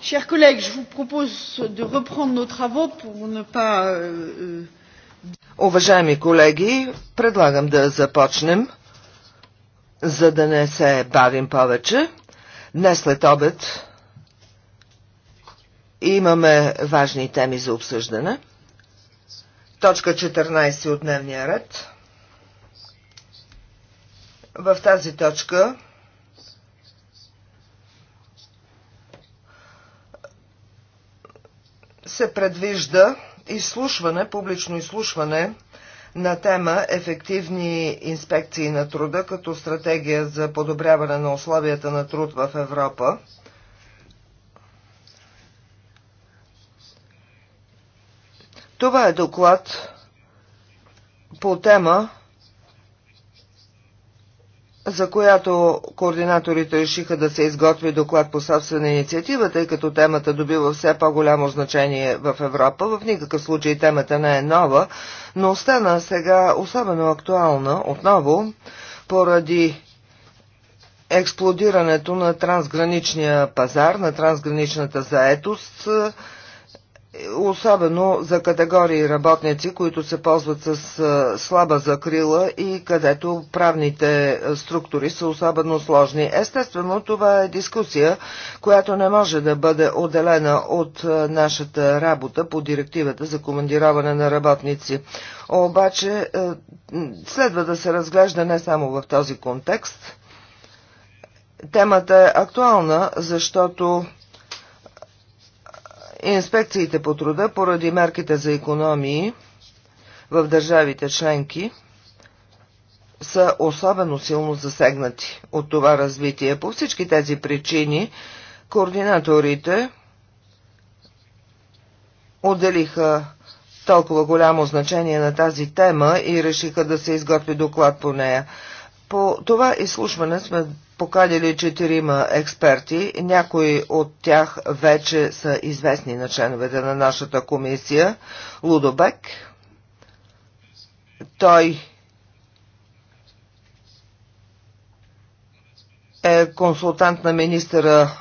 chers collègues je vous propose de reprendre nos travaux pour ne pas euh, Уважаеми колеги, предлагам да започнем, за да не се бавим повече. Днес след обед имаме важни теми за обсъждане. Точка 14 от дневния ред. В тази точка се предвижда изслушване, публично изслушване на тема Ефективни инспекции на труда като стратегия за подобряване на условията на труд в Европа. Това е доклад по тема за която координаторите решиха да се изготви доклад по собствена инициатива, тъй като темата добива все по-голямо значение в Европа. В никакъв случай темата не е нова, но остана сега особено актуална отново поради експлодирането на трансграничния пазар, на трансграничната заетост, особено за категории работници, които се ползват с слаба закрила и където правните структури са особено сложни. Естествено, това е дискусия, която не може да бъде отделена от нашата работа по директивата за командироване на работници. Обаче, следва да се разглежда не само в този контекст. Темата е актуална, защото Инспекциите по труда поради мерките за економии в държавите членки са особено силно засегнати от това развитие. По всички тези причини координаторите отделиха толкова голямо значение на тази тема и решиха да се изготви доклад по нея. По това изслушване сме поканили четирима експерти. Някои от тях вече са известни на членовете на нашата комисия. Лудобек. Той е консултант на министъра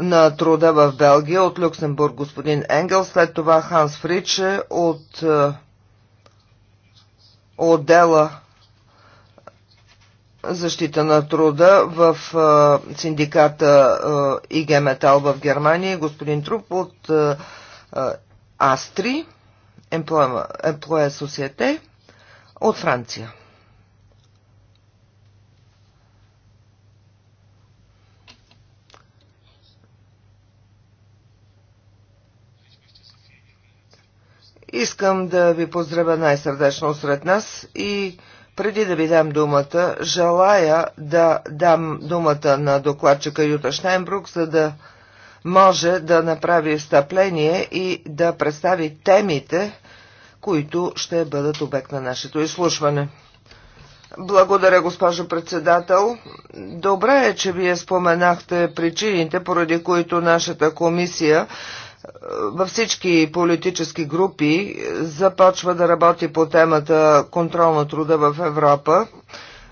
на труда в Белгия от Люксембург господин Енгел, след това Ханс Фриче от е, отдела защита на труда в синдиката ИГ Метал в Германия, господин Труп от Астри, Емплоя Societe от Франция. Искам да ви поздравя най-сърдечно сред нас и преди да ви дам думата, желая да дам думата на докладчика Юта Штайнбрук, за да може да направи встъпление и да представи темите, които ще бъдат обект на нашето изслушване. Благодаря, госпожо председател. Добре е, че вие споменахте причините, поради които нашата комисия във всички политически групи започва да работи по темата контрол на труда в Европа.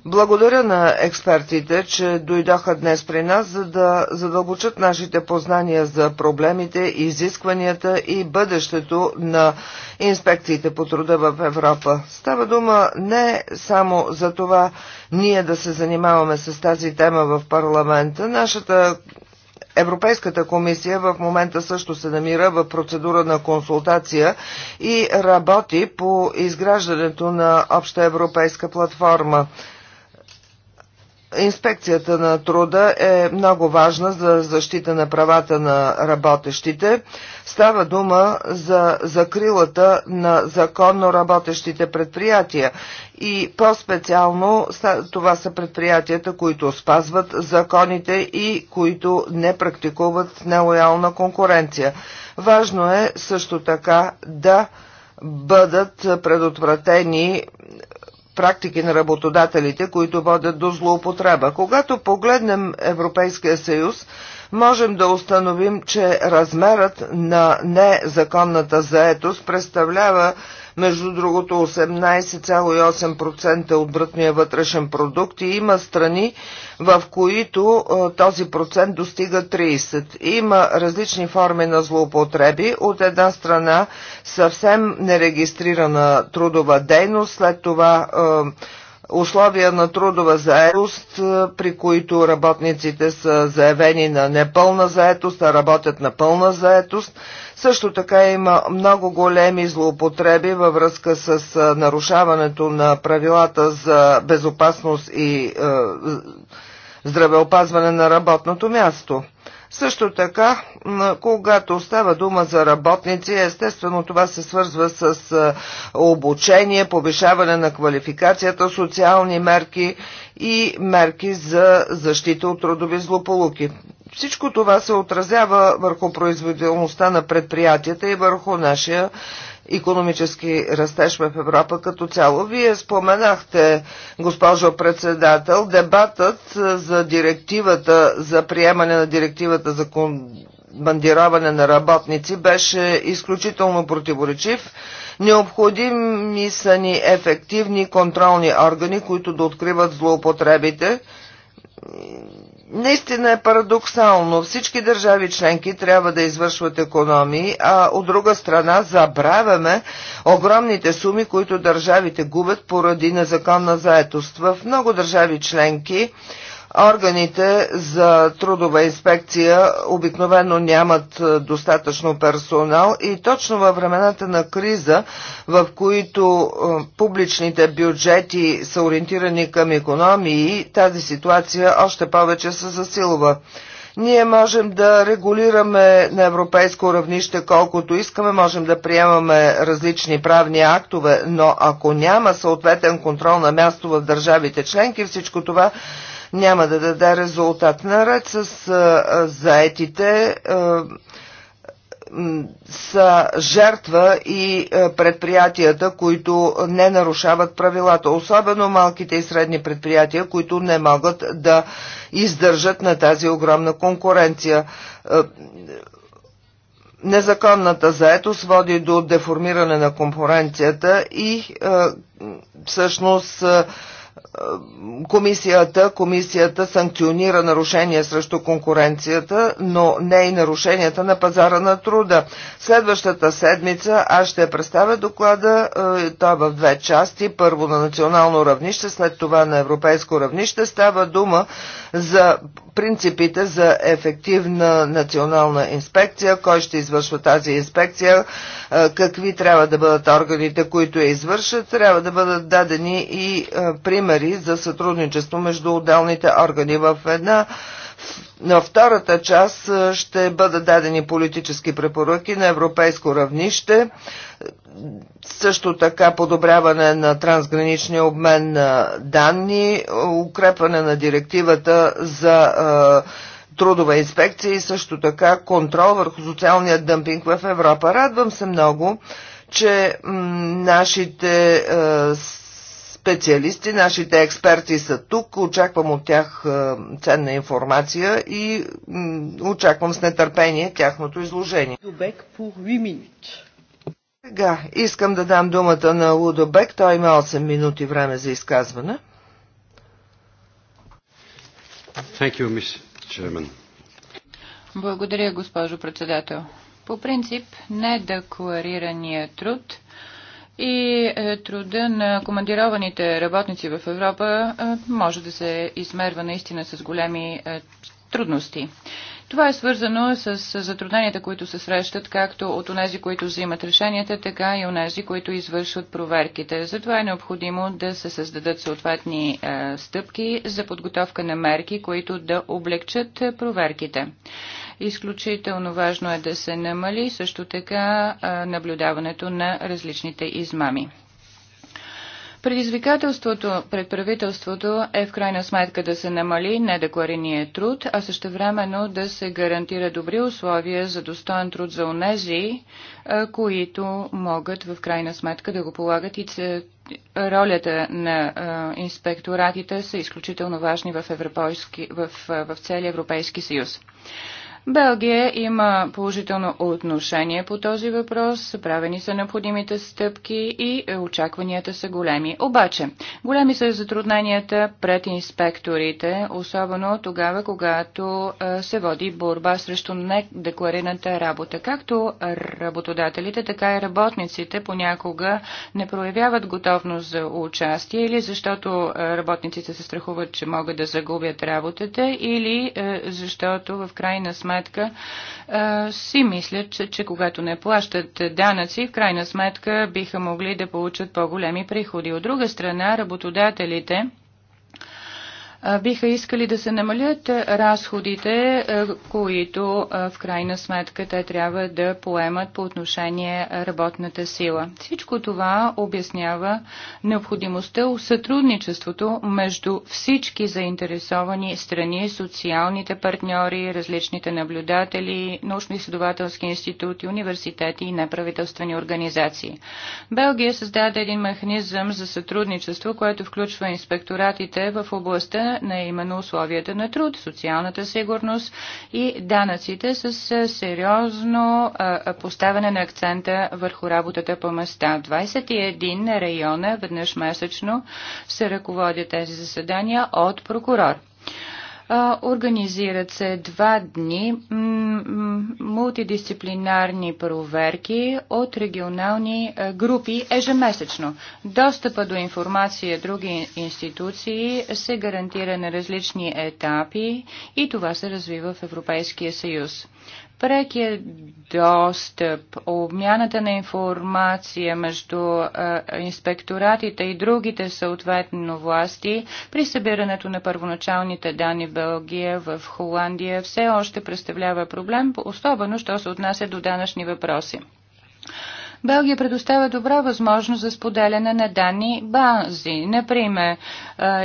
Благодаря на експертите, че дойдоха днес при нас, за да задълбочат нашите познания за проблемите, изискванията и бъдещето на инспекциите по труда в Европа. Става дума не само за това ние да се занимаваме с тази тема в парламента. Нашата Европейската комисия в момента също се намира в процедура на консултация и работи по изграждането на обща европейска платформа. Инспекцията на труда е много важна за защита на правата на работещите. Става дума за закрилата на законно работещите предприятия и по-специално това са предприятията, които спазват законите и които не практикуват нелоялна конкуренция. Важно е също така да бъдат предотвратени практики на работодателите, които водят до злоупотреба. Когато погледнем Европейския съюз, можем да установим, че размерът на незаконната заетост представлява между другото 18,8% от брътния вътрешен продукт и има страни, в които този процент достига 30. Има различни форми на злоупотреби. От една страна съвсем нерегистрирана трудова дейност, след това условия на трудова заетост, при които работниците са заявени на непълна заетост, а работят на пълна заетост – също така има много големи злоупотреби във връзка с нарушаването на правилата за безопасност и е, здравеопазване на работното място. Също така, когато става дума за работници, естествено това се свързва с обучение, повишаване на квалификацията, социални мерки и мерки за защита от трудови злополуки. Всичко това се отразява върху производителността на предприятията и върху нашия економически растеж в Европа като цяло. Вие споменахте, госпожо председател, дебатът за директивата, за приемане на директивата за бандираване на работници беше изключително противоречив. Необходими са ни ефективни контролни органи, които да откриват злоупотребите Наистина е парадоксално. Всички държави членки трябва да извършват економии, а от друга страна забравяме огромните суми, които държавите губят поради незаконна заетост. В много държави членки Органите за трудова инспекция обикновено нямат е, достатъчно персонал и точно във времената на криза, в които е, публичните бюджети са ориентирани към економии, тази ситуация още повече се засилва. Ние можем да регулираме на европейско равнище колкото искаме, можем да приемаме различни правни актове, но ако няма съответен контрол на място в държавите членки, всичко това няма да даде резултат. Наред с заетите са жертва и предприятията, които не нарушават правилата, особено малките и средни предприятия, които не могат да издържат на тази огромна конкуренция. Незаконната заетост води до деформиране на конкуренцията и всъщност комисията, комисията санкционира нарушения срещу конкуренцията, но не и нарушенията на пазара на труда. Следващата седмица аз ще представя доклада, е, той е в две части, първо на национално равнище, след това на европейско равнище. Става дума за принципите за ефективна национална инспекция, кой ще извършва тази инспекция, какви трябва да бъдат органите, които я извършат, трябва да бъдат дадени и примери за сътрудничество между отделните органи в една на втората част ще бъдат дадени политически препоръки на европейско равнище, също така подобряване на трансграничния обмен на данни, укрепване на директивата за трудова инспекция и също така контрол върху социалния дъмпинг в Европа. Радвам се много, че нашите е, специалисти, нашите експерти са тук. Очаквам от тях е, ценна информация и очаквам с нетърпение тяхното изложение. Сега искам да дам думата на Лудобек. Той има 8 минути време за изказване. Thank you, Miss. Chairman. Благодаря, госпожо председател. По принцип, недекларираният труд и е, труда на командированите работници в Европа е, може да се измерва наистина с големи е, трудности. Това е свързано с затрудненията, които се срещат, както от онези, които взимат решенията, така и онези, които извършват проверките. Затова е необходимо да се създадат съответни е, стъпки за подготовка на мерки, които да облегчат проверките. Изключително важно е да се намали също така е, наблюдаването на различните измами. Предизвикателството пред правителството е в крайна сметка да се намали недекларения труд, а също времено да се гарантира добри условия за достоен труд за онези, които могат в крайна сметка да го полагат и ц... ролята на инспекторатите са изключително важни в, европейски, в, в целия Европейски съюз. Белгия има положително отношение по този въпрос, правени са необходимите стъпки и е, очакванията са големи. Обаче, големи са затрудненията пред инспекторите, особено тогава, когато е, се води борба срещу недекларираната работа. Както работодателите, така и работниците понякога не проявяват готовност за участие или защото е, работниците се страхуват, че могат да загубят работата или защото в крайна сметка сметка си мислят, че, че когато не плащат данъци, в крайна сметка биха могли да получат по-големи приходи. От друга страна, работодателите биха искали да се намалят разходите, които в крайна сметка те трябва да поемат по отношение работната сила. Всичко това обяснява необходимостта от сътрудничеството между всички заинтересовани страни, социалните партньори, различните наблюдатели, научно-изследователски институти, университети и неправителствени организации. Белгия създаде един механизъм за сътрудничество, което включва инспекторатите в областта на именно условията на труд, социалната сигурност и данъците с сериозно поставяне на акцента върху работата по места. 21 района веднъж месечно се ръководят тези заседания от прокурор. Организират се два дни мултидисциплинарни проверки от регионални групи ежемесечно. Достъпа до информация други институции се гарантира на различни етапи и това се развива в Европейския съюз прекия достъп, обмяната на информация между инспекторатите и другите съответно власти при събирането на първоначалните данни в Белгия, в Холандия, все още представлява проблем, особено що се отнася до данъчни въпроси. Белгия предоставя добра възможност за споделяне на данни бази. Например,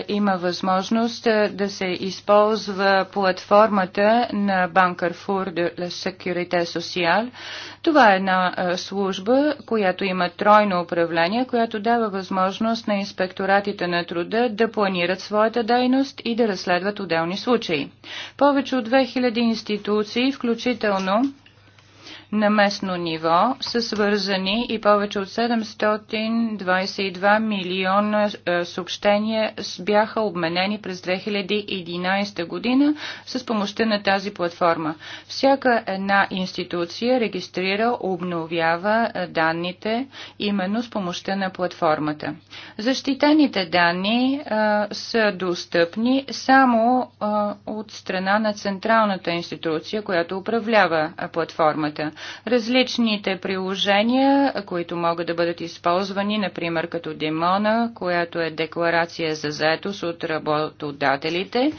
има възможност да се използва платформата на Банкарфур de la Securité Това е една служба, която има тройно управление, която дава възможност на инспекторатите на труда да планират своята дейност и да разследват отделни случаи. Повече от 2000 институции, включително на местно ниво са свързани и повече от 722 милиона е, съобщения бяха обменени през 2011 година с помощта на тази платформа. Всяка една институция регистрира, обновява е, данните именно с помощта на платформата. Защитените данни а, е, са достъпни само а, от страна на централната институция, която управлява платформата различните приложения, които могат да бъдат използвани, например като Демона, която е декларация за заетост от работодателите е,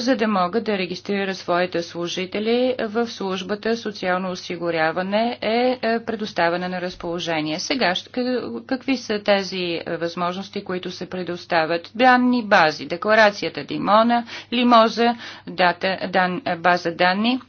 за да могат да регистрира своите служители в службата социално осигуряване е, е предоставена на разположение. Сега, какви са тези възможности, които се предоставят? Данни бази, декларацията Димона, Лимоза, дата, дан, база данни –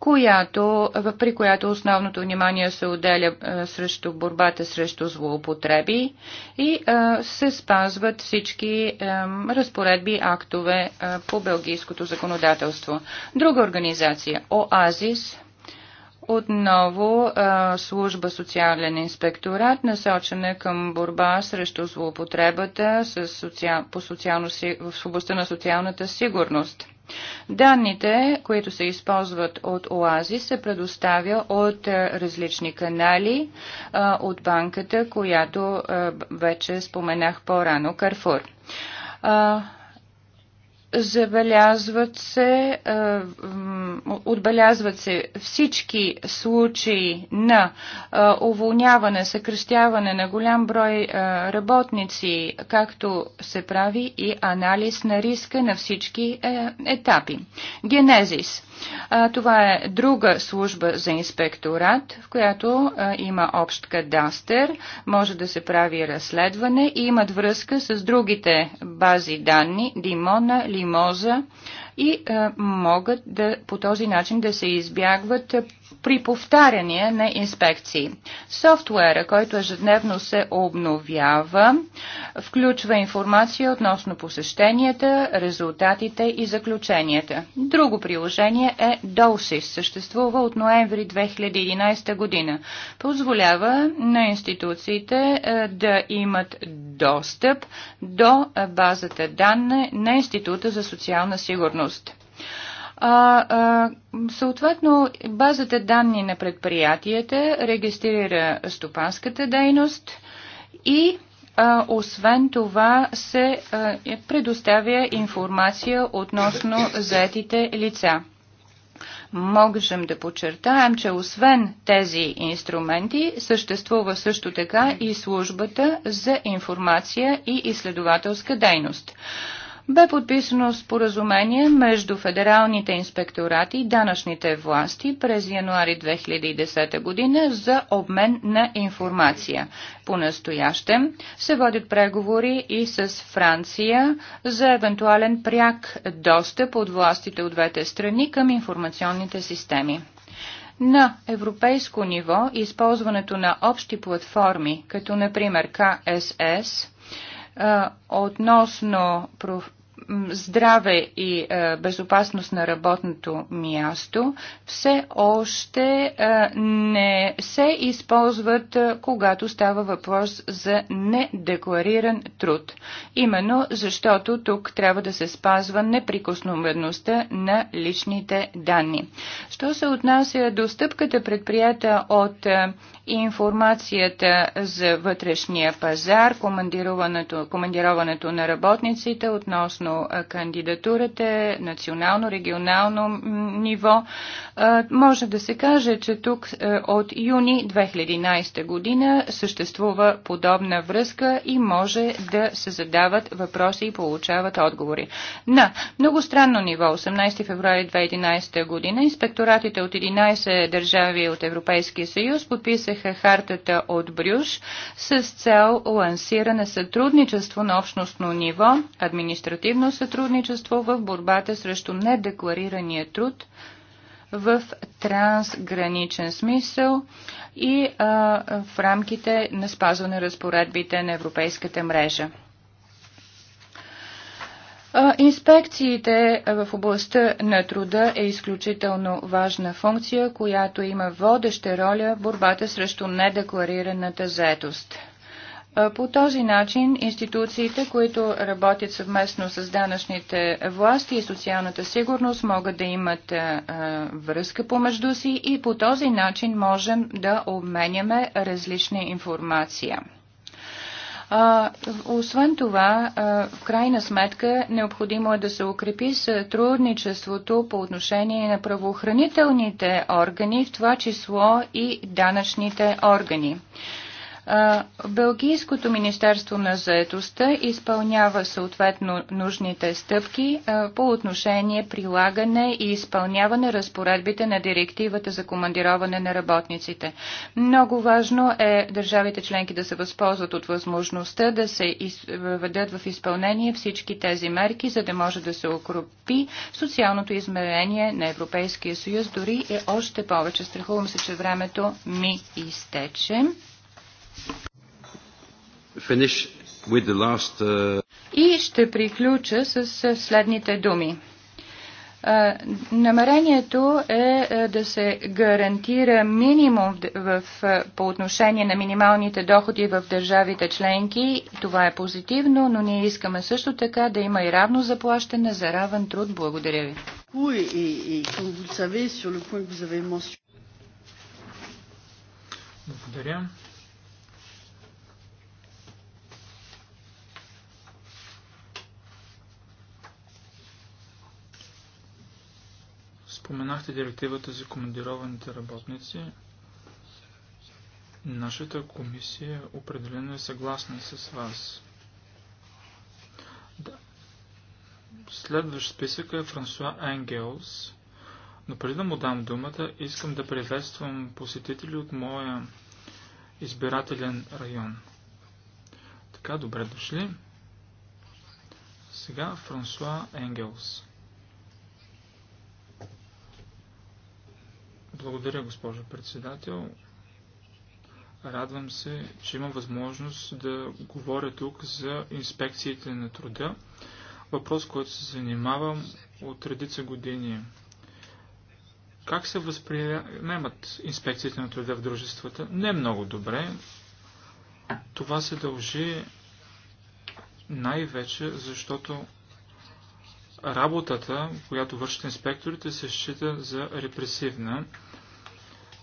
която, при която основното внимание се отделя а, срещу борбата срещу злоупотреби и а, се спазват всички а, разпоредби, актове а, по белгийското законодателство. Друга организация, ОАЗИС, отново а, служба социален инспекторат, насочена към борба срещу злоупотребата социал... по социално... в областта на социалната сигурност. Данните, които се използват от ОАЗИ, се предоставя от е, различни канали е, от банката, която е, вече споменах по-рано, Карфур. Забелязват се, е, отбелязват се всички случаи на е, уволняване, съкръщяване на голям брой е, работници, както се прави и анализ на риска на всички етапи. Генезис това е друга служба за инспекторат, в която има общ кадастър, може да се прави разследване и имат връзка с другите бази данни Димона, Лимоза, и е, могат да, по този начин да се избягват е, при повтаряния на инспекции. Софтуера, който ежедневно се обновява, включва информация относно посещенията, резултатите и заключенията. Друго приложение е DOSIS, съществува от ноември 2011 година. Позволява на институциите е, да имат достъп до базата данни на Института за социална сигурност отговорност. А, а, съответно, базата данни на предприятията регистрира стопанската дейност и а, освен това се а, предоставя информация относно заетите лица. Можем да подчертаем, че освен тези инструменти съществува също така и службата за информация и изследователска дейност бе подписано споразумение между федералните инспекторати и данъчните власти през януари 2010 година за обмен на информация. По-настоящем се водят преговори и с Франция за евентуален пряк достъп от властите от двете страни към информационните системи. На европейско ниво използването на общи платформи, като например КСС, относно здраве и е, безопасност на работното място все още е, не се използват, е, когато става въпрос за недеклариран труд. Именно защото тук трябва да се спазва неприкосновеността на личните данни. Що се отнася до стъпката предприята от информацията за вътрешния пазар, командироването, командироването на работниците относно включително кандидатурата, е национално, регионално ниво. Може да се каже, че тук е, от юни 2011 година съществува подобна връзка и може да се задават въпроси и получават отговори. На многостранно ниво, 18 февруари 2011 година, инспекторатите от 11 държави от Европейския съюз подписаха хартата от Брюш с цел лансиране сътрудничество на общностно ниво, административно взаимно сътрудничество в борбата срещу недекларирания труд в трансграничен смисъл и а, в рамките на спазване разпоредбите на Европейската мрежа. Инспекциите в областта на труда е изключително важна функция, която има водеща роля в борбата срещу недекларираната заетост. По този начин институциите, които работят съвместно с данъчните власти и социалната сигурност, могат да имат връзка помежду си и по този начин можем да обменяме различна информация. Освен това, в крайна сметка, необходимо е да се укрепи сътрудничеството по отношение на правоохранителните органи, в това число и данъчните органи. Белгийското министерство на заедостта изпълнява съответно нужните стъпки по отношение прилагане и изпълняване разпоредбите на директивата за командироване на работниците. Много важно е държавите членки да се възползват от възможността да се въведат в изпълнение всички тези мерки, за да може да се укропи социалното измерение на Европейския съюз. Дори е още повече. Страхувам се, че времето ми изтече last, uh... И ще приключа с следните думи. Намерението е, е да се гарантира минимум в, в, по отношение на минималните доходи в държавите членки. Това е позитивно, но ние искаме също така да има и равно заплащане за равен труд. Благодаря ви. Благодаря. Споменахте директивата за командированите работници. Нашата комисия определено е съгласна с вас. Да. Следващ списък е Франсуа Енгелс. Но преди да му дам думата, искам да приветствам посетители от моя избирателен район. Така, добре дошли. Сега Франсуа Енгелс. Благодаря, госпожо председател. Радвам се, че имам възможност да говоря тук за инспекциите на труда. Въпрос, който се занимавам от редица години. Как се възприемат инспекциите на труда в дружествата? Не много добре. Това се дължи най-вече, защото работата, която вършат инспекторите, се счита за репресивна.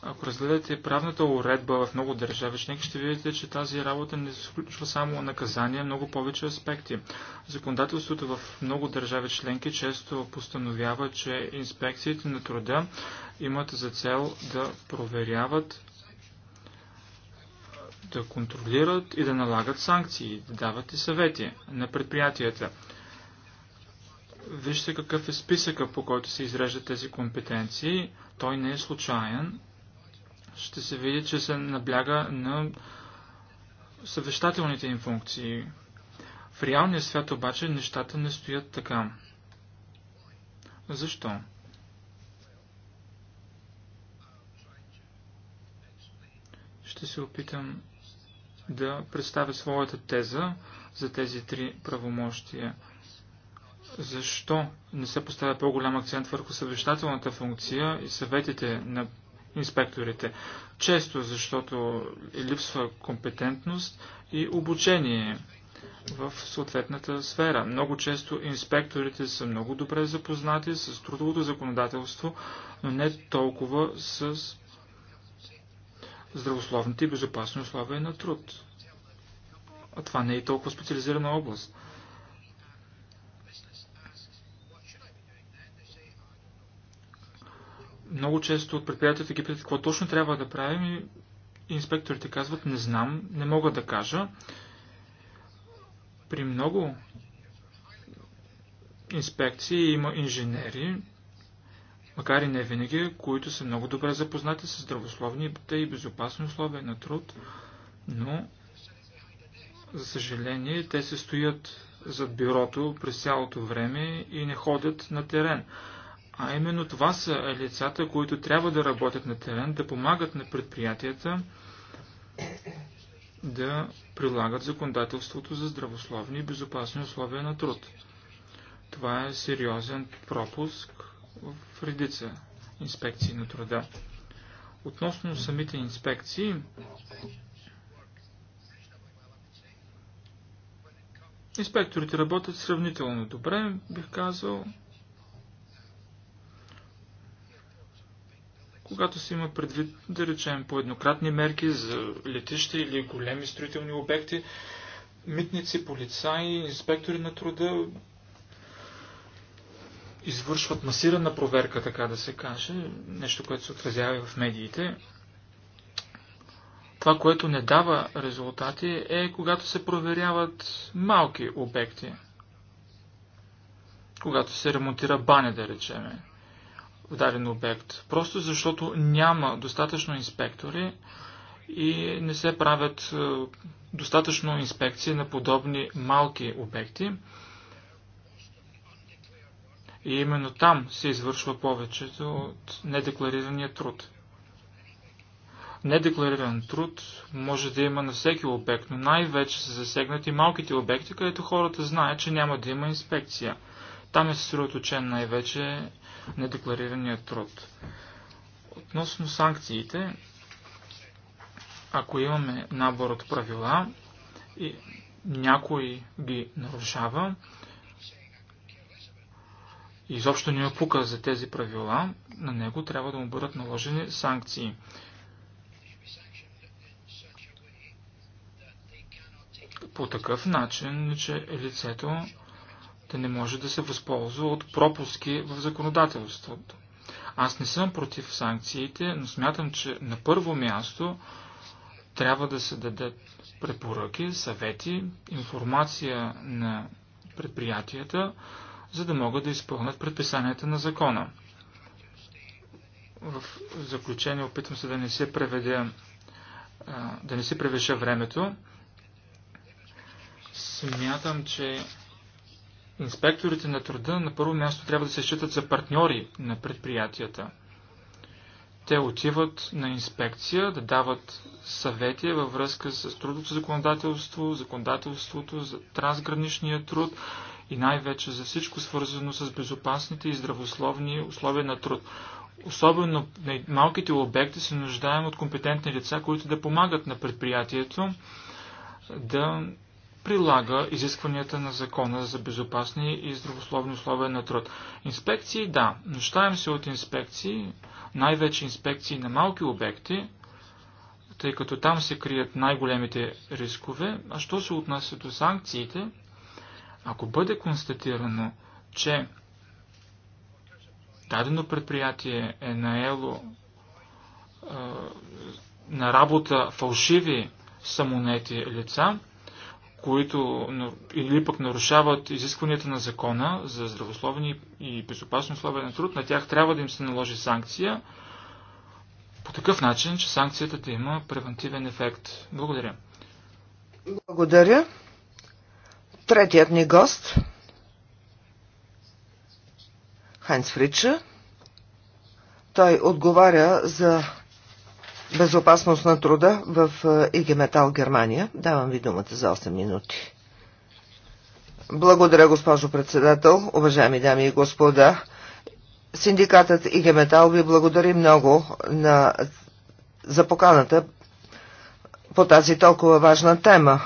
Ако разгледате правната уредба в много държави членки, ще видите, че тази работа не включва само наказания, много повече аспекти. Законодателството в много държави членки често постановява, че инспекциите на труда имат за цел да проверяват, да контролират и да налагат санкции, да дават и съвети на предприятията. Вижте какъв е списъка, по който се изреждат тези компетенции. Той не е случайен. Ще се види, че се набляга на съвещателните им функции. В реалния свят обаче нещата не стоят така. Защо? Ще се опитам да представя своята теза за тези три правомощия – защо не се поставя по-голям акцент върху съвещателната функция и съветите на инспекторите. Често, защото липсва компетентност и обучение в съответната сфера. Много често инспекторите са много добре запознати с трудовото законодателство, но не толкова с здравословните и безопасни условия на труд. А това не е и толкова специализирана област. много често от предприятията ги питат какво точно трябва да правим и инспекторите казват не знам, не мога да кажа. При много инспекции има инженери, макар и не винаги, които са много добре запознати с здравословните и безопасни условия на труд, но за съжаление те се стоят зад бюрото през цялото време и не ходят на терен. А именно това са лицата, които трябва да работят на терен, да помагат на предприятията да прилагат законодателството за здравословни и безопасни условия на труд. Това е сериозен пропуск в редица инспекции на труда. Относно самите инспекции, инспекторите работят сравнително добре, бих казал, Когато се има предвид, да речем, по еднократни мерки за летища или големи строителни обекти, митници, полицаи, инспектори на труда извършват масирана проверка, така да се каже, нещо, което се отразява и в медиите. Това, което не дава резултати, е когато се проверяват малки обекти. Когато се ремонтира баня, да речеме в даден обект. Просто защото няма достатъчно инспектори и не се правят е, достатъчно инспекции на подобни малки обекти. И именно там се извършва повечето от недекларирания труд. Недеклариран труд може да има на всеки обект, но най-вече са засегнати малките обекти, където хората знаят, че няма да има инспекция. Там е съсредоточен най-вече недекларирания труд. Относно санкциите, ако имаме набор от правила и някой ги нарушава, изобщо не е пука за тези правила, на него трябва да му бъдат наложени санкции. По такъв начин, че лицето да не може да се възползва от пропуски в законодателството. Аз не съм против санкциите, но смятам, че на първо място трябва да се дадат препоръки, съвети, информация на предприятията, за да могат да изпълнят предписанията на закона. В заключение опитвам се да не се преведя, да не се превеша времето. Смятам, че Инспекторите на труда на първо място трябва да се считат за партньори на предприятията. Те отиват на инспекция да дават съвети във връзка с трудното законодателство, законодателството за трансграничния труд и най-вече за всичко свързано с безопасните и здравословни условия на труд. Особено на малките обекти се нуждаем от компетентни лица, които да помагат на предприятието да прилага изискванията на закона за безопасни и здравословни условия на труд. Инспекции, да, нуждаем се от инспекции, най-вече инспекции на малки обекти, тъй като там се крият най-големите рискове. А що се отнася до санкциите, ако бъде констатирано, че дадено предприятие е наело е, на работа фалшиви самонети лица, които или пък нарушават изискванията на закона за здравословни и безопасни условия на труд, на тях трябва да им се наложи санкция по такъв начин, че санкцията да има превентивен ефект. Благодаря. Благодаря. Третият ни гост Хайнц Фрича. Той отговаря за безопасност на труда в е, ИГ Метал Германия. Давам ви думата за 8 минути. Благодаря, госпожо председател, уважаеми дами и господа. Синдикатът ИГ Метал ви благодари много на, за поканата по тази толкова важна тема.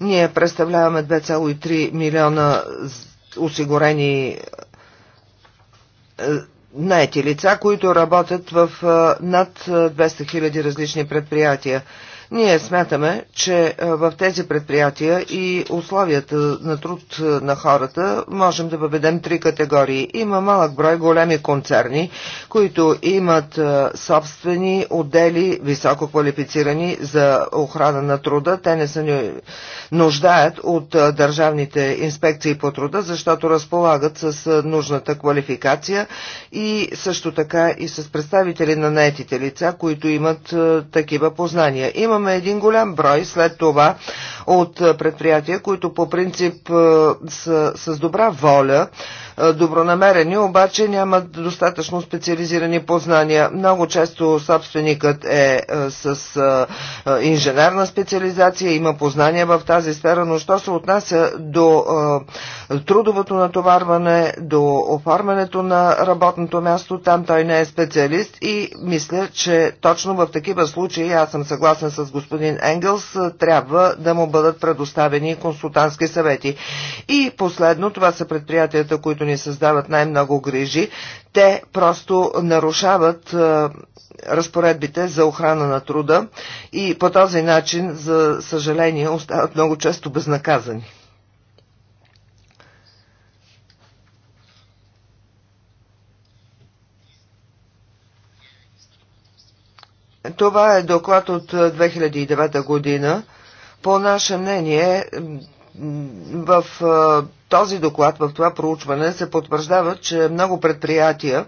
Ние представляваме 2,3 милиона осигурени е, наети лица, които работят в над 200 000 различни предприятия. Ние смятаме, че в тези предприятия и условията на труд на хората можем да въведем три категории. Има малък брой големи концерни, които имат собствени отдели, високо квалифицирани за охрана на труда. Те не се нуждаят от държавните инспекции по труда, защото разполагат с нужната квалификация и също така и с представители на наетите лица, които имат такива познания. Има имаме един голям брой след това от предприятия, които по принцип е, са с добра воля е, добронамерени, обаче нямат достатъчно специализирани познания. Много често собственикът е, е с е, инженерна специализация, има познания в тази сфера, но що се отнася до трудовото натоварване, до оформянето на работното място, там той не е специалист и мисля, че точно в такива случаи, аз съм съгласен с господин Енгелс, трябва да му бъдат предоставени консултантски съвети. И последно, това са предприятията, които ни създават най-много грижи, те просто нарушават е, разпоредбите за охрана на труда и по този начин, за съжаление, остават много често безнаказани. Това е доклад от 2009 е, година. По наше мнение, в е, този доклад, в това проучване се потвърждава, че много предприятия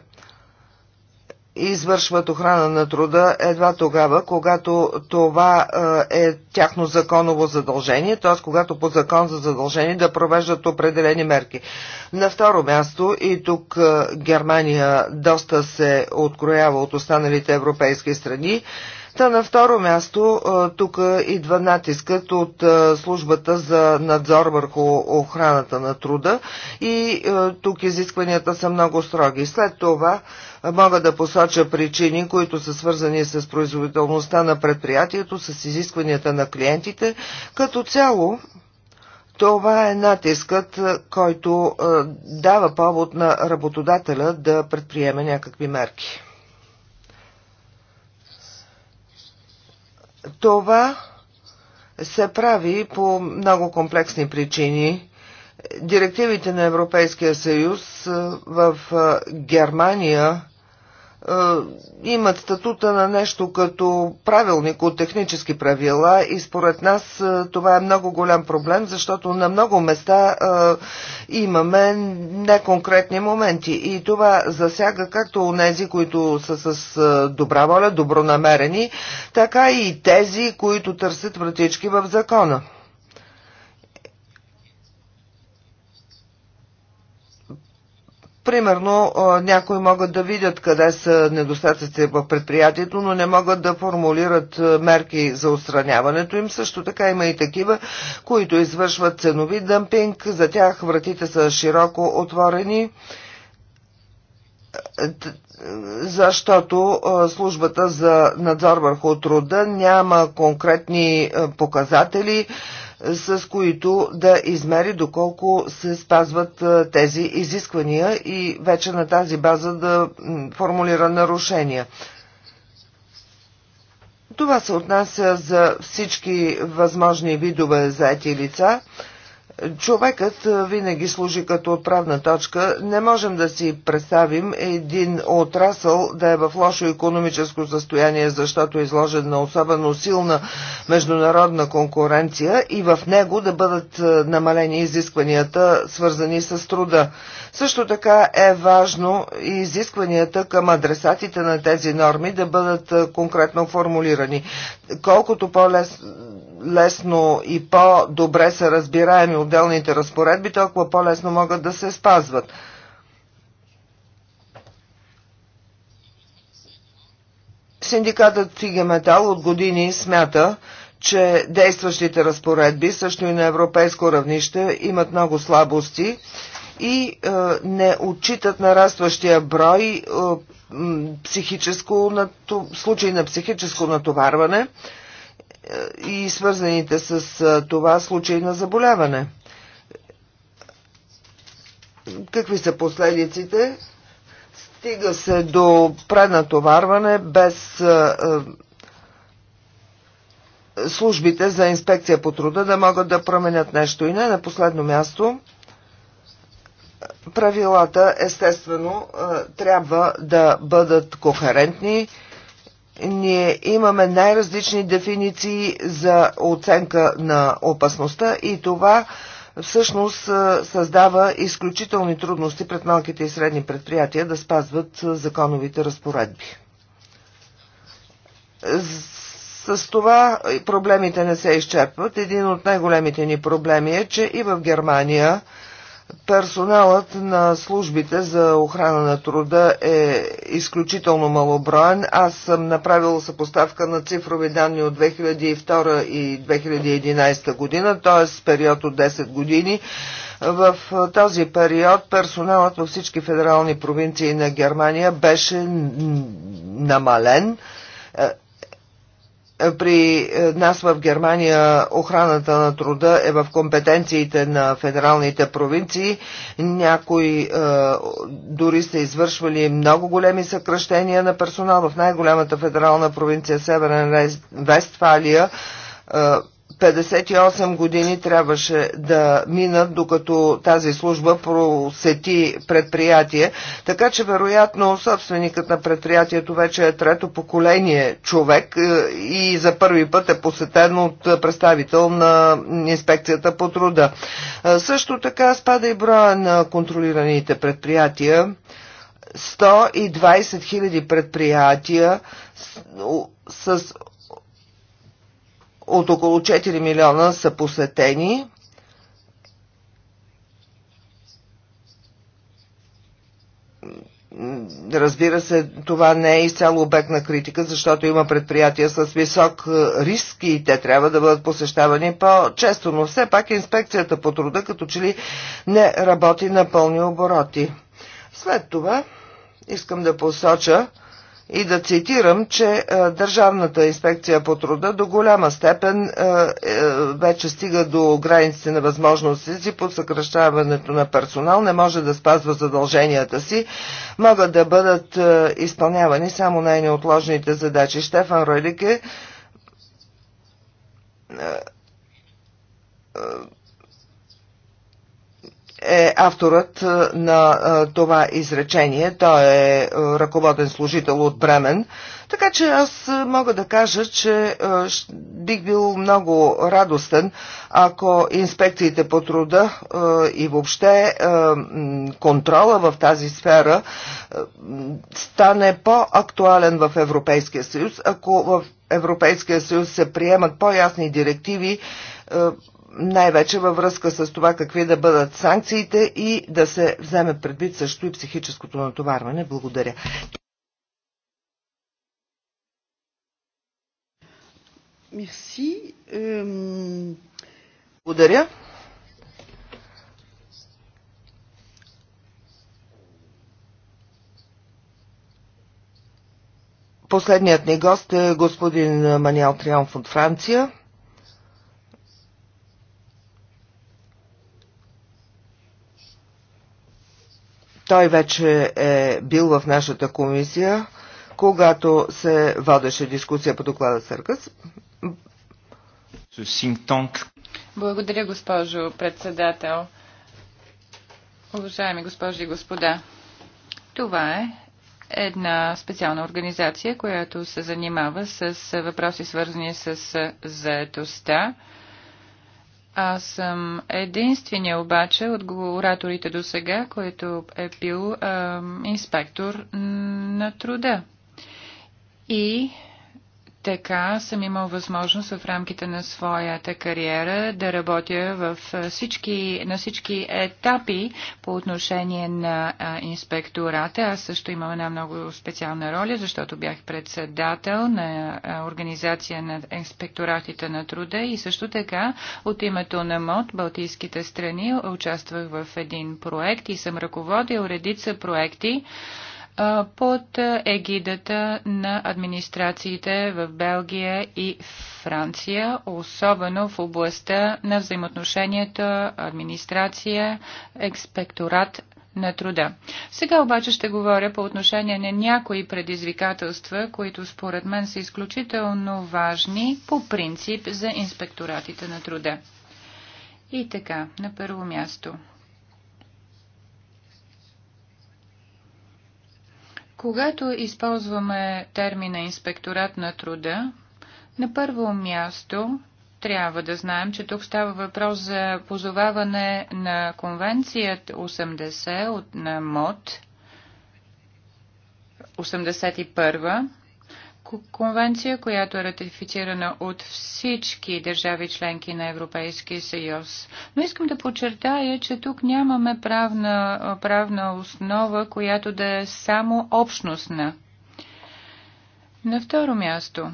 извършват охрана на труда едва тогава, когато това е тяхно законово задължение, т.е. когато по закон за задължение да провеждат определени мерки. На второ място и тук Германия доста се откроява от останалите европейски страни Та на второ място, тук идва натискът от службата за надзор върху охраната на труда и тук изискванията са много строги. След това мога да посоча причини, които са свързани с производителността на предприятието, с изискванията на клиентите. Като цяло, това е натискът, който дава повод на работодателя да предприеме някакви мерки. Това се прави по много комплексни причини. Директивите на Европейския съюз в Германия е, имат статута на нещо като правилник от технически правила и според нас е, това е много голям проблем, защото на много места е, имаме неконкретни моменти и това засяга както онези, които са с добра воля, добронамерени, така и тези, които търсят вратички в закона. Примерно, някои могат да видят къде са недостатъците в предприятието, но не могат да формулират мерки за отстраняването им. Също така има и такива, които извършват ценови дъмпинг. За тях вратите са широко отворени защото службата за надзор върху труда няма конкретни показатели с които да измери доколко се спазват тези изисквания и вече на тази база да формулира нарушения. Това се отнася за всички възможни видове заети лица. Човекът винаги служи като отправна точка. Не можем да си представим един отрасъл да е в лошо економическо състояние, защото е изложен на особено силна международна конкуренция и в него да бъдат намалени изискванията, свързани с труда. Също така е важно и изискванията към адресатите на тези норми да бъдат конкретно формулирани. Колкото по-лесно и по-добре са разбираеми отделните разпоредби, толкова по-лесно могат да се спазват. Синдикатът Фиге Метал от години смята, че действащите разпоредби, също и на европейско равнище, имат много слабости и е, не отчитат нарастващия брой е, психическо нату... случаи на психическо натоварване е, и свързаните с е, това случаи на заболяване. Какви са последиците? Стига се до пренатоварване без е, службите за инспекция по труда да могат да променят нещо. И не на последно място – правилата, естествено, е, трябва да бъдат кохерентни. Ние имаме най-различни дефиниции за оценка на опасността и това всъщност е, създава изключителни трудности пред малките и средни предприятия да спазват е, законовите разпоредби. С това проблемите не се изчерпват. Един от най-големите ни проблеми е, че и в Германия – Персоналът на службите за охрана на труда е изключително малоброен. Аз съм направил съпоставка на цифрови данни от 2002 и 2011 година, т.е. период от 10 години. В този период персоналът във всички федерални провинции на Германия беше намален е, при нас в Германия охраната на труда е в компетенциите на федералните провинции. Някои е, дори са извършвали много големи съкръщения на персонал в най-голямата федерална провинция Северен Вестфалия. Е, 58 години трябваше да минат, докато тази служба просети предприятие, така че вероятно собственикът на предприятието вече е трето поколение човек е, и за първи път е посетен от представител на инспекцията по труда. Е, също така спада и броя на контролираните предприятия. 120 000 предприятия с от около 4 милиона са посетени. Разбира се, това не е изцяло обект на критика, защото има предприятия с висок е, риск и те трябва да бъдат посещавани по-често, но все пак инспекцията по труда като че ли не работи на пълни обороти. След това искам да посоча, и да цитирам, че е, Държавната инспекция по труда до голяма степен е, е, вече стига до границите на възможности си под съкръщаването на персонал, не може да спазва задълженията си, могат да бъдат изпълнявани само най-неотложните задачи. Штефан Ройлике е авторът е, на е, това изречение. Той е, е ръководен служител от Бремен. Така че аз мога да кажа, че бих бил много радостен, ако инспекциите по труда и въобще контрола в тази сфера стане по-актуален в Европейския съюз, ако в Европейския съюз се приемат по-ясни директиви най-вече във връзка с това какви да бъдат санкциите и да се вземе предвид също и психическото натоварване. Благодаря. Мерси. Благодаря. Последният ни гост е господин Маниал Триамф от Франция. Той вече е бил в нашата комисия, когато се водеше дискусия по доклада Съркъс. Благодаря, госпожо председател. Уважаеми госпожи и господа, това е една специална организация, която се занимава с въпроси свързани с заетостта аз съм единствения обаче от ораторите до сега, който е бил а, инспектор на труда. И така съм имал възможност в рамките на своята кариера да работя в всички, на всички етапи по отношение на инспектората. Аз също имам една много специална роля, защото бях председател на Организация на инспекторатите на труда и също така от името на МОД Балтийските страни участвах в един проект и съм ръководил редица проекти под егидата на администрациите в Белгия и Франция, особено в областта на взаимоотношенията администрация, експекторат на труда. Сега обаче ще говоря по отношение на някои предизвикателства, които според мен са изключително важни по принцип за инспекторатите на труда. И така, на първо място – Когато използваме термина инспекторат на труда, на първо място трябва да знаем, че тук става въпрос за позоваване на конвенцият 80 от, на МОД 81 конвенция, която е ратифицирана от всички държави членки на Европейския съюз. Но искам да подчертая, че тук нямаме правна, правна основа, която да е само общностна. На второ място.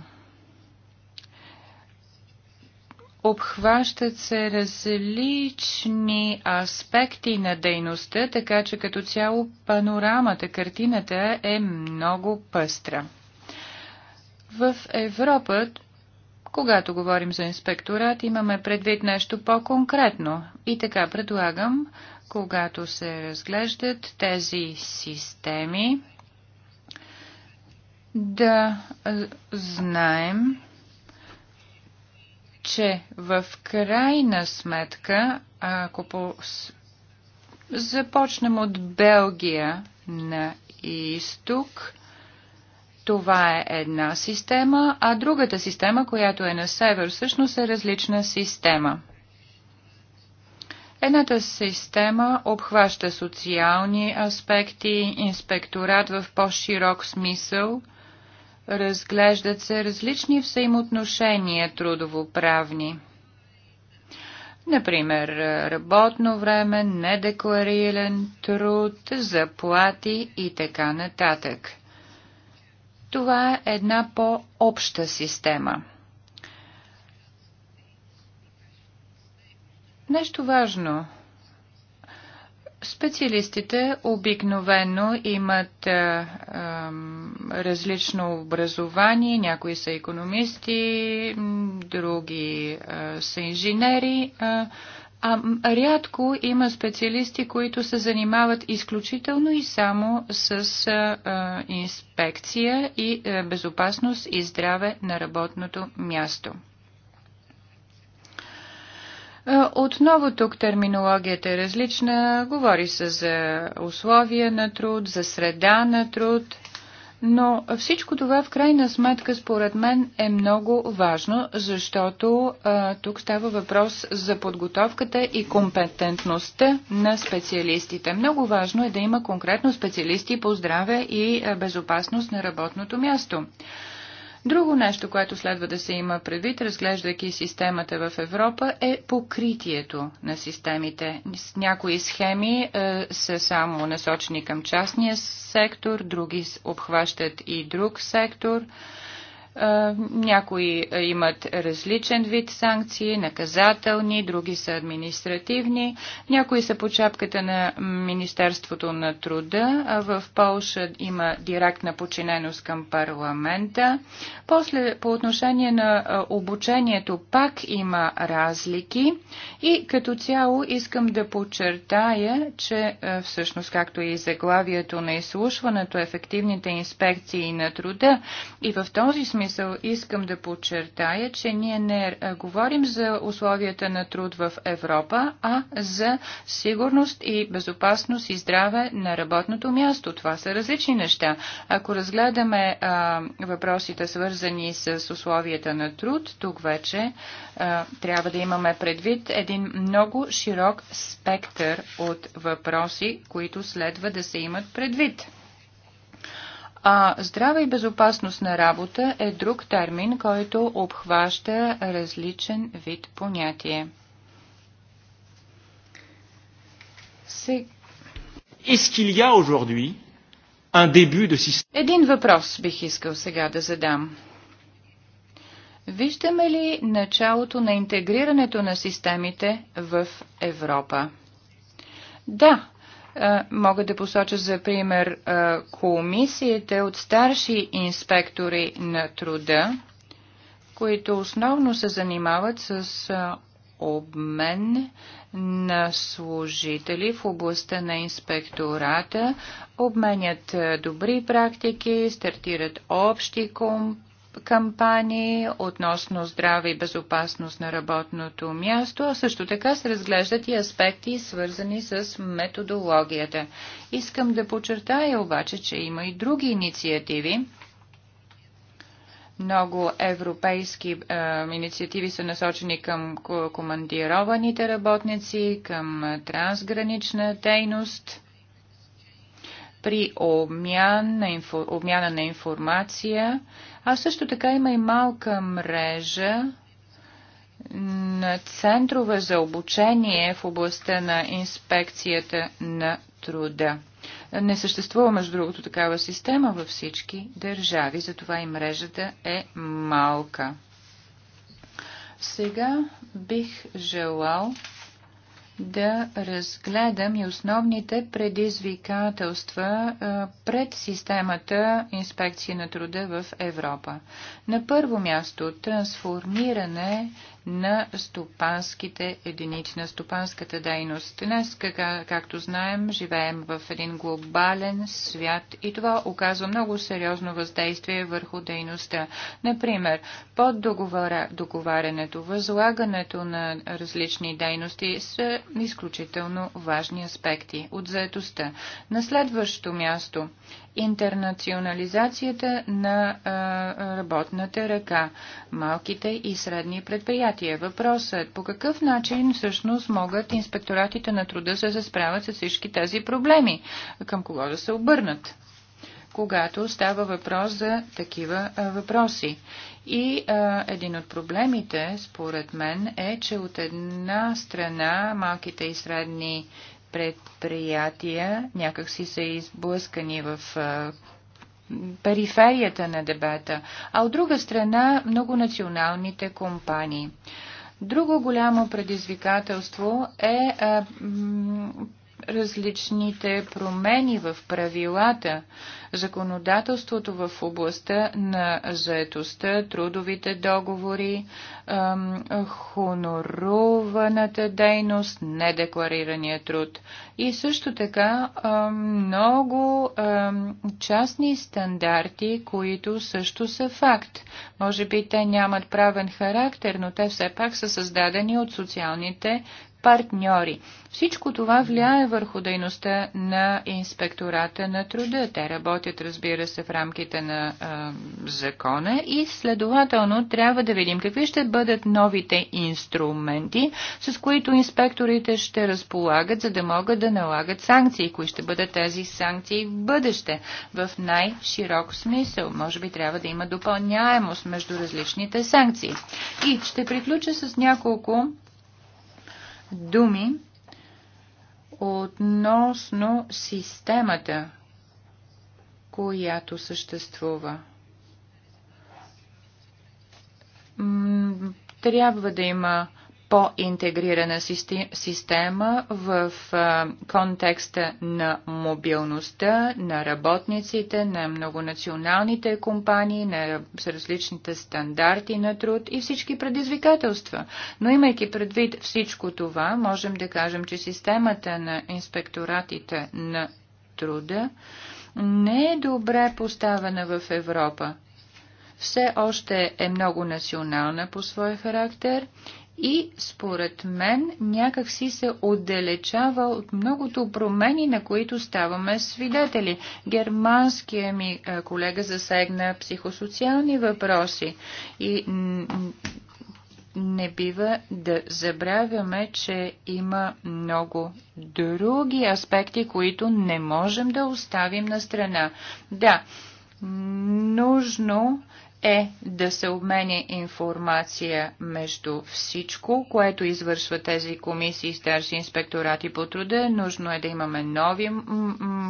Обхващат се различни аспекти на дейността, така че като цяло панорамата, картината е много пъстра. В Европа, когато говорим за инспекторат, имаме предвид нещо по-конкретно. И така предлагам, когато се разглеждат тези системи, да знаем, че в крайна сметка, ако по... започнем от Белгия на изток, това е една система, а другата система, която е на север, всъщност е различна система. Едната система обхваща социални аспекти, инспекторат в по-широк смисъл, разглеждат се различни взаимоотношения трудовоправни. Например, работно време, недеклариран труд, заплати и така нататък – това е една по-обща система. Нещо важно. Специалистите обикновено имат е, е, различно образование. Някои са економисти, други е, са инженери. Е, а рядко има специалисти, които се занимават изключително и само с а, инспекция и а, безопасност и здраве на работното място. Отново тук терминологията е различна. Говори се за условия на труд, за среда на труд – но всичко това в крайна сметка според мен е много важно, защото а, тук става въпрос за подготовката и компетентността на специалистите. Много важно е да има конкретно специалисти по здраве и безопасност на работното място. Друго нещо, което следва да се има предвид, разглеждайки системата в Европа, е покритието на системите. Някои схеми е, са само насочени към частния сектор, други обхващат и друг сектор. Е, е, някои е, имат различен вид санкции, наказателни, други са административни, някои са по чапката на Министерството на труда. В Полша има директна починеност към парламента. После по отношение на е, обучението пак има разлики и като цяло искам да подчертая, че всъщност както и заглавието на изслушването, ефективните инспекции на труда и в този смисъл смисъл искам да подчертая, че ние не е, говорим за условията на труд в Европа, а за сигурност и безопасност и здраве на работното място. Това са различни неща. Ако разгледаме а, въпросите свързани с условията на труд, тук вече а, трябва да имаме предвид един много широк спектър от въпроси, които следва да се имат предвид. А здраве и безопасност на работа е друг термин, който обхваща различен вид понятие. Един въпрос бих искал сега да задам. Виждаме ли началото на интегрирането на системите в Европа? Да, е, мога да посоча за пример е, комисиите от старши инспектори на труда, които основно се занимават с е, обмен на служители в областта на инспектората, обменят добри практики, стартират общи компании, кампании относно здраве и безопасност на работното място, а също така се разглеждат и аспекти, свързани с методологията. Искам да подчертая обаче, че има и други инициативи, много европейски е, инициативи са насочени към командированите работници, към трансгранична дейност, при обмяна на информация а също така има и малка мрежа на центрове за обучение в областта на инспекцията на труда. Не съществува, между другото, такава система във всички държави, затова и мрежата е малка. Сега бих желал да разгледам и основните предизвикателства пред системата инспекции на труда в Европа. На първо място трансформиране на стопанските единици, на стопанската дейност. Днес, както знаем, живеем в един глобален свят и това оказва много сериозно въздействие върху дейността. Например, под договора, договарянето, възлагането на различни дейности са изключително важни аспекти от заедостта. На следващо място – интернационализацията на а, работната ръка, малките и средни предприятия. Въпросът по какъв начин всъщност могат инспекторатите на труда да се справят с всички тези проблеми, към кого да се обърнат когато става въпрос за такива а, въпроси. И а, един от проблемите, според мен, е, че от една страна малките и средни предприятия някакси са изблъскани в периферията на дебата, а от друга страна многонационалните компании. Друго голямо предизвикателство е а, различните промени в правилата, законодателството в областта на заетостта, трудовите договори, хонорованата дейност, недекларирания труд. И също така много частни стандарти, които също са факт. Може би те нямат правен характер, но те все пак са създадени от социалните партньори. Всичко това влияе върху дейността на инспектората на труда. Те работят, разбира се, в рамките на а, закона и следователно трябва да видим какви ще бъдат новите инструменти, с които инспекторите ще разполагат, за да могат да налагат санкции. Кои ще бъдат тези санкции в бъдеще? В най-широк смисъл. Може би трябва да има допълняемост между различните санкции. И ще приключа с няколко думи относно системата, която съществува. Трябва да има по-интегрирана система в контекста на мобилността, на работниците, на многонационалните компании, на различните стандарти на труд и всички предизвикателства. Но имайки предвид всичко това, можем да кажем, че системата на инспекторатите на труда не е добре поставена в Европа все още е много национална по своя характер и според мен някак си се отдалечава от многото промени, на които ставаме свидетели. Германския ми е, колега засегна психосоциални въпроси и не бива да забравяме, че има много други аспекти, които не можем да оставим на страна. Да, нужно е да се обменя информация между всичко, което извършва тези комисии, старши инспекторати по труда. Нужно е да имаме нови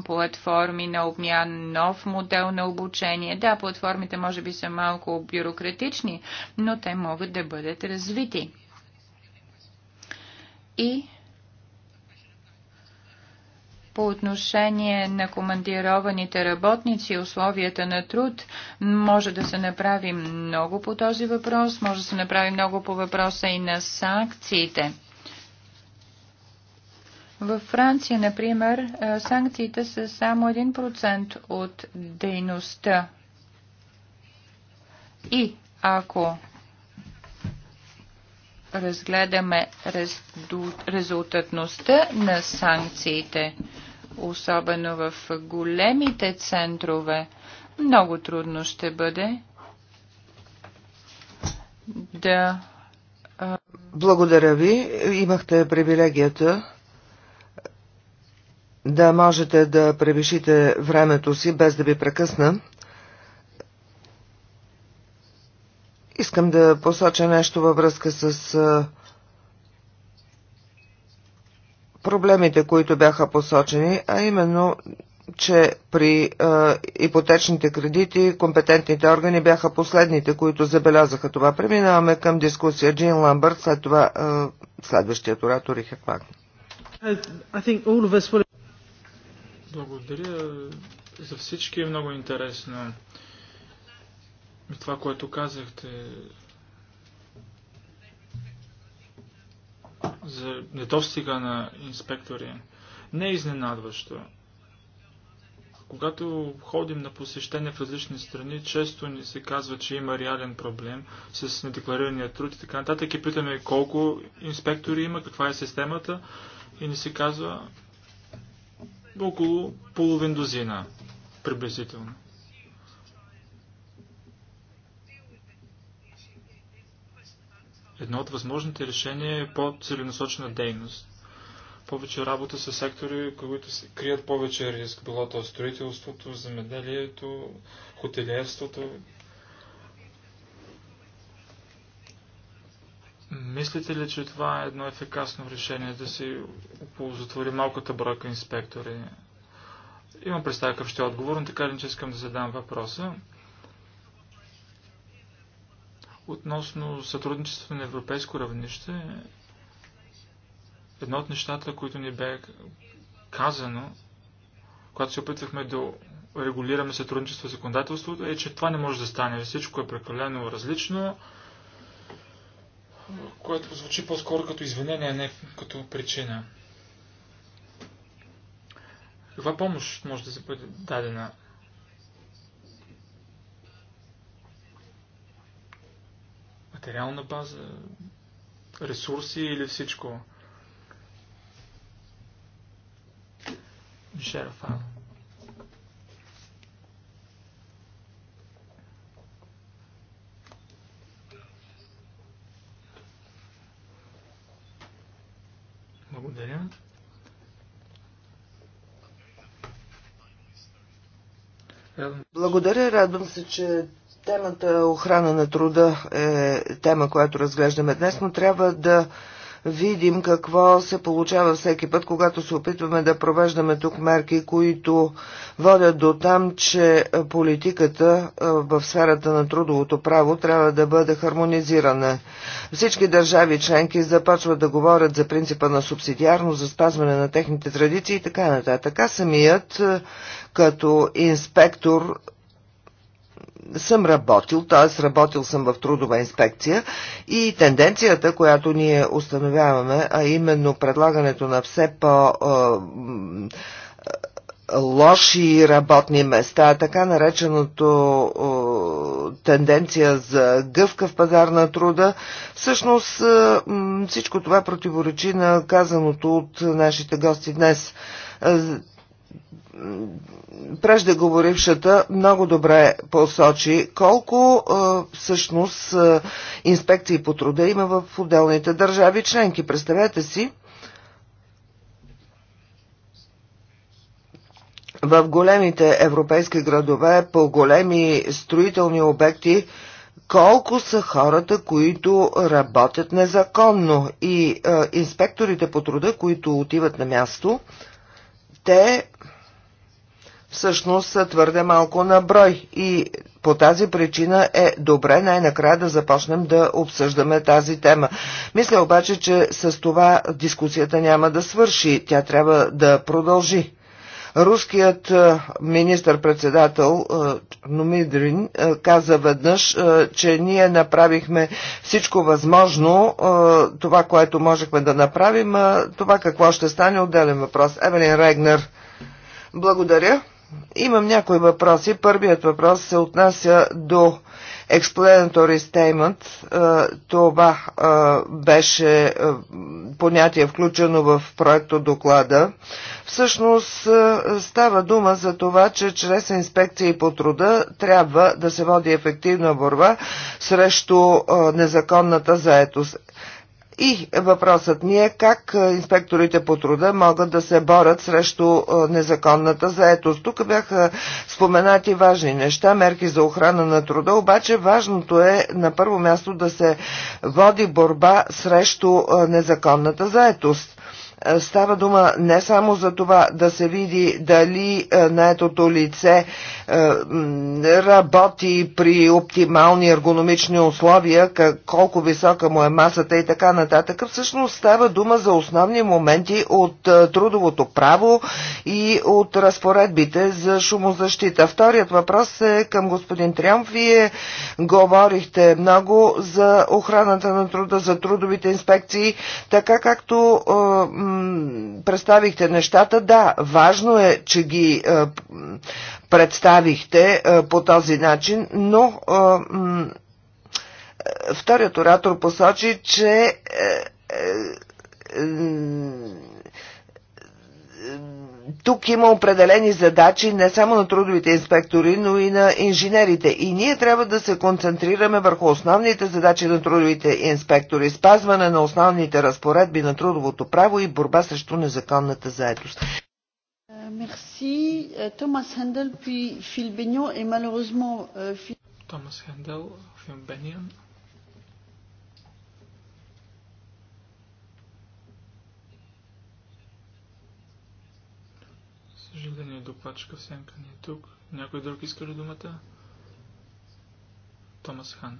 платформи на обмян, нов модел на обучение. Да, платформите може би са малко бюрократични, но те могат да бъдат развити. И по отношение на командированите работници и условията на труд. Може да се направи много по този въпрос, може да се направи много по въпроса и на санкциите. Във Франция, например, санкциите са само 1% от дейността. И ако разгледаме резултатността на санкциите, особено в големите центрове, много трудно ще бъде да. Благодаря ви. Имахте привилегията да можете да превишите времето си, без да ви прекъсна. Искам да посоча нещо във връзка с проблемите, които бяха посочени, а именно че при а, ипотечните кредити компетентните органи бяха последните, които забелязаха това. Преминаваме към дискусия. Джин Ламбърт, след това а, следващият оратор Рихард пак. Will... Благодаря за всички. много интересно. И това, което казахте за недостига на инспектори не е изненадващо. Когато ходим на посещение в различни страни, често ни се казва, че има реален проблем с недекларирания труд и така нататък. И питаме колко инспектори има, каква е системата и ни се казва около половин дозина, приблизително. Едно от възможните решения е по-целенасочена дейност. Повече работа с сектори, които се крият повече риск, било то строителството, замеделието, хотелиерството. Мислите ли, че това е едно ефикасно решение да се оползотвори малката бройка инспектори? Имам представя какъв ще е отговор, но така ли, че искам да задам въпроса. Относно сътрудничеството на европейско равнище, едно от нещата, които ни бе казано, когато се опитвахме да регулираме сътрудничество в законодателството, е, че това не може да стане. Всичко е прекалено различно, което звучи по-скоро като извинение, а не като причина. Каква помощ може да се бъде дадена? материална база, ресурси или всичко. Шерафа. Благодаря. Благодаря, радвам се, че Темата охрана на труда е тема, която разглеждаме днес, но трябва да видим какво се получава всеки път, когато се опитваме да провеждаме тук мерки, които водят до там, че политиката в сферата на трудовото право трябва да бъде хармонизирана. Всички държави членки започват да говорят за принципа на субсидиарност, за спазване на техните традиции и така нататък. Така самият като инспектор съм работил, т.е. работил съм в трудова инспекция и тенденцията, която ние установяваме, а именно предлагането на все по лоши работни места, така нареченото тенденция за гъвкав пазар на труда, всъщност всичко това противоречи на казаното от нашите гости днес преждеговорившата много добре посочи колко всъщност инспекции по труда има в отделните държави членки. Представете си, в големите европейски градове по големи строителни обекти колко са хората, които работят незаконно и е, инспекторите по труда, които отиват на място, те всъщност са твърде малко на брой и по тази причина е добре най-накрая да започнем да обсъждаме тази тема. Мисля обаче, че с това дискусията няма да свърши, тя трябва да продължи. Руският е, министр-председател е, Номидрин е, каза веднъж, че ние направихме всичко възможно, това, което можехме да направим, това какво ще стане, отделен въпрос. Евелин Регнер, благодаря. Имам някои въпроси. Първият въпрос се отнася до explanatory statement. Е, това е, беше е, понятие включено в проекто доклада. Всъщност става дума за това, че чрез инспекции по труда трябва да се води ефективна борба срещу незаконната заетост. И въпросът ми е как инспекторите по труда могат да се борят срещу незаконната заетост. Тук бяха споменати важни неща, мерки за охрана на труда, обаче важното е на първо място да се води борба срещу незаконната заетост. Е, става дума не само за това да се види дали е, наетото лице е, работи при оптимални ергономични условия, колко висока му е масата и така нататък. Всъщност става дума за основни моменти от трудовото право и от разпоредбите за шумозащита. Вторият въпрос е към господин Трямф. Вие говорихте много за охраната на труда, за трудовите инспекции, така както представихте нещата. Да, важно е, че ги е, представихте е, по този начин, но е, вторият оратор посочи, че тук има определени задачи не само на трудовите инспектори, но и на инженерите. И ние трябва да се концентрираме върху основните задачи на трудовите инспектори, спазване на основните разпоредби на трудовото право и борба срещу незаконната заедост. Е, мерси. Е, Томас Хендел, Фил Беньо и Томас Хендел, Фил съжаление докладчика Сенка ни е тук. Някой друг иска ли думата? Томас Хан.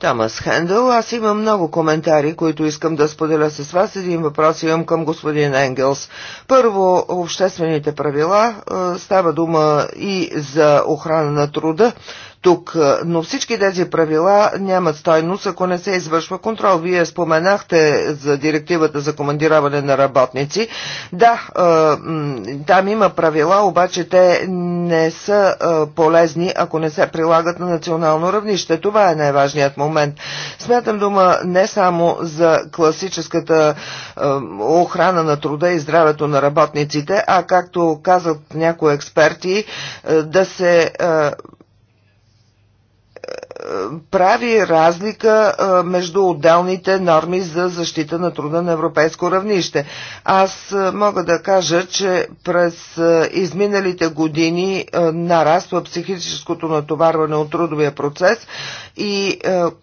Тамас Хендъл, аз имам много коментари, които искам да споделя с вас. Един въпрос имам към господин Енгелс. Първо, обществените правила. Е, става дума и за охрана на труда тук, но всички тези правила нямат стойност, ако не се извършва контрол. Вие споменахте за директивата за командираване на работници. Да, там има правила, обаче те не са полезни, ако не се прилагат на национално равнище. Това е най-важният момент. Смятам дума не само за класическата охрана на труда и здравето на работниците, а както казват някои експерти, да се прави разлика между отделните норми за защита на труда на европейско равнище. Аз мога да кажа, че през изминалите години нараства психическото натоварване от трудовия процес и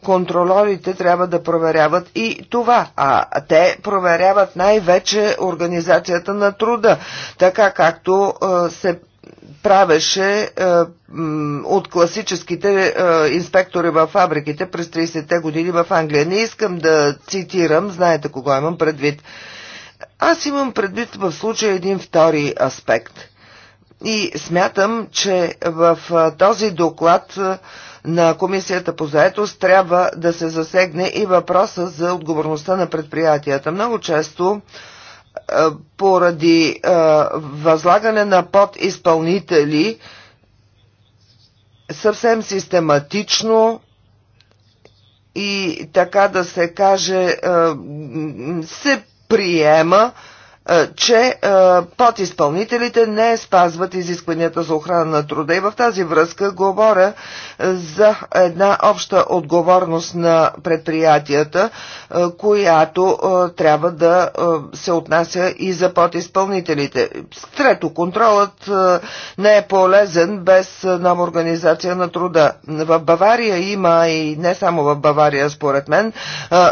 контролорите трябва да проверяват и това. А те проверяват най-вече организацията на труда, така както се правеше е, от класическите е, инспектори във фабриките през 30-те години в Англия. Не искам да цитирам, знаете кого имам предвид. Аз имам предвид в случая един втори аспект. И смятам, че в е, този доклад е, на Комисията по заетост трябва да се засегне и въпроса за отговорността на предприятията. Много често е, поради възлагане на подизпълнители съвсем систематично и така да се каже се приема че подизпълнителите не спазват изискванията за охрана на труда. И в тази връзка говоря за една обща отговорност на предприятията, която трябва да се отнася и за подизпълнителите. Трето, контролът не е полезен без нова организация на труда. В Бавария има и не само в Бавария, според мен,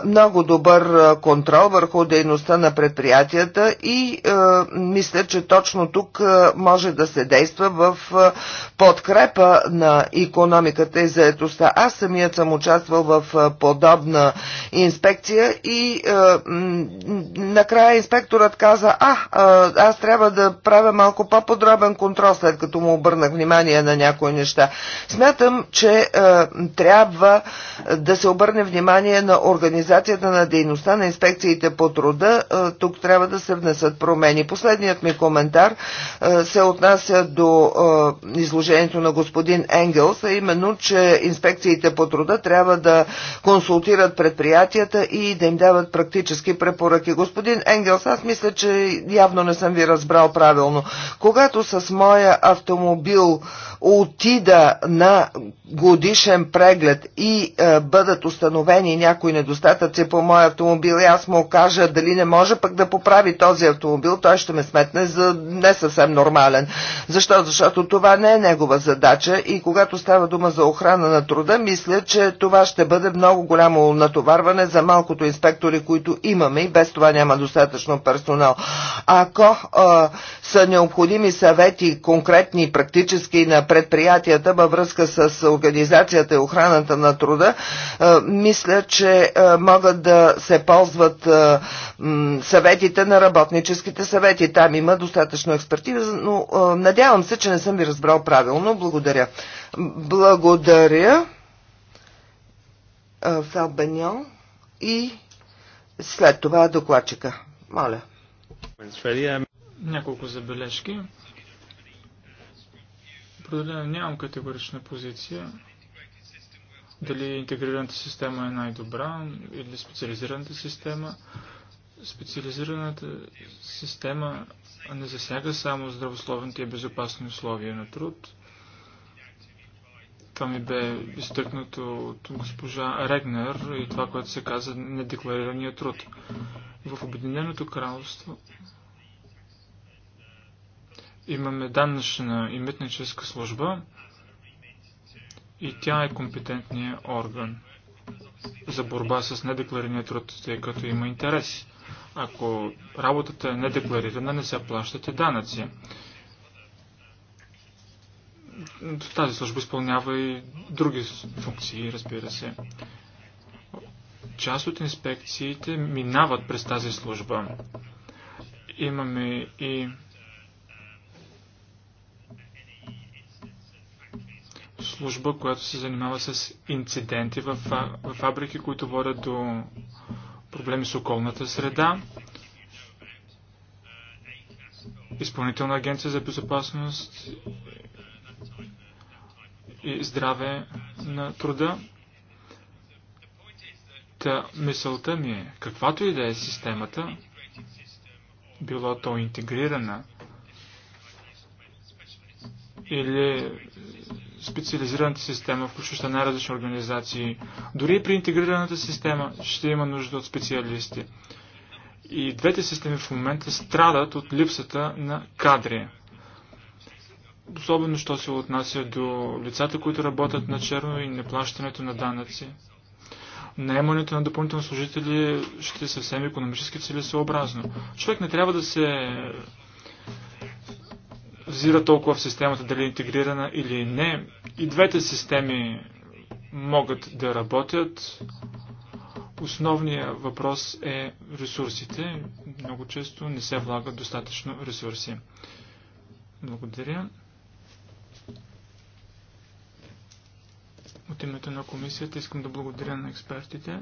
много добър контрол върху дейността на предприятията и е, мисля, че точно тук е, може да се действа в е, подкрепа на економиката и заедостта. Аз самият съм участвал в подобна инспекция и накрая инспекторът каза, а, аз трябва да правя малко по-подробен контрол, след като му обърнах внимание на някои неща. Смятам, че трябва да се обърне внимание на организацията на дейността на инспекциите по труда. Тук трябва да се внесе внесат промени. Последният ми коментар е, се отнася до е, изложението на господин Енгелс, а именно, че инспекциите по труда трябва да консултират предприятията и да им дават практически препоръки. Господин Енгелс, аз мисля, че явно не съм ви разбрал правилно. Когато с моя автомобил отида на годишен преглед и е, бъдат установени някои недостатъци по моя автомобил и аз му кажа дали не може пък да поправи този този автомобил, той ще ме сметне за не съвсем нормален. Защо? Защото това не е негова задача и когато става дума за охрана на труда, мисля, че това ще бъде много голямо натоварване за малкото инспектори, които имаме и без това няма достатъчно персонал. Ако а, са необходими съвети, конкретни, практически на предприятията във връзка с организацията и охраната на труда, а, мисля, че а, могат да се ползват а, м, съветите на работа работническите съвети. Там има достатъчно експертиза, но а, надявам се, че не съм ви разбрал правилно. Благодаря. Благодаря. Фалбаньон и след това докладчика. Моля. Няколко забележки. Определено нямам категорична позиция дали интегрираната система е най-добра или специализираната система. Специализираната система не засяга само здравословните и безопасни условия на труд. Това ми бе изтъкнато от госпожа Регнер и това, което се каза недекларирания труд. В Обединеното кралство имаме данъчна и митническа служба и тя е компетентният орган за борба с недекларирания труд, тъй като има интереси. Ако работата е недекларирана, не се плащат и данъци. Тази служба изпълнява и други функции, разбира се. Част от инспекциите минават през тази служба. Имаме и служба, която се занимава с инциденти в фабрики, които водят до проблеми с околната среда, Изпълнителна агенция за безопасност и здраве на труда. Та мисълта ми е, каквато и да е системата, било то интегрирана или специализираната система, включваща най-различни организации. Дори и при интегрираната система ще има нужда от специалисти. И двете системи в момента страдат от липсата на кадри. Особено, що се отнася до лицата, които работят на черно и неплащането на данъци. Наемането на допълнителни служители ще е съвсем економически целесообразно. Човек не трябва да се взира толкова в системата, дали е интегрирана или не. И двете системи могат да работят. Основният въпрос е ресурсите. Много често не се влагат достатъчно ресурси. Благодаря. От името на комисията искам да благодаря на експертите.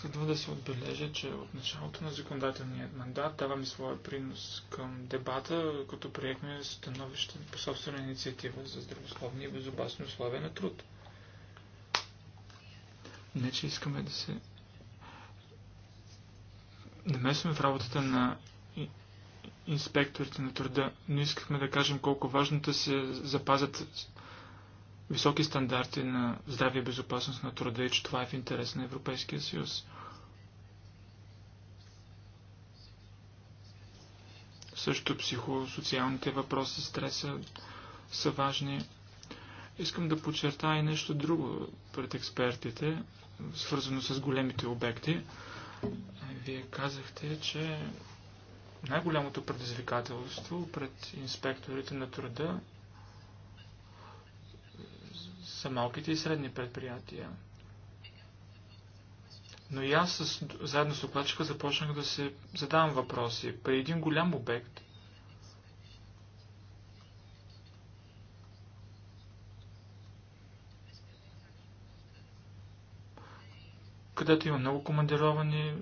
Следва да се отбележа, че от началото на законодателния мандат даваме своя принос към дебата, като приехме становище по собствена инициатива за здравословни и безопасни условия на труд. Не, че искаме да се намесваме в работата на инспекторите на труда, но искахме да кажем колко важно е да се запазят високи стандарти на здраве и безопасност на труда и че това е в интерес на Европейския съюз. Също психосоциалните въпроси, стреса са важни. Искам да подчертая и нещо друго пред експертите, свързано с големите обекти. Вие казахте, че най-голямото предизвикателство пред инспекторите на труда са малките и средни предприятия. Но и аз с, заедно с докладчика започнах да се задавам въпроси. При един голям обект, където има много командировани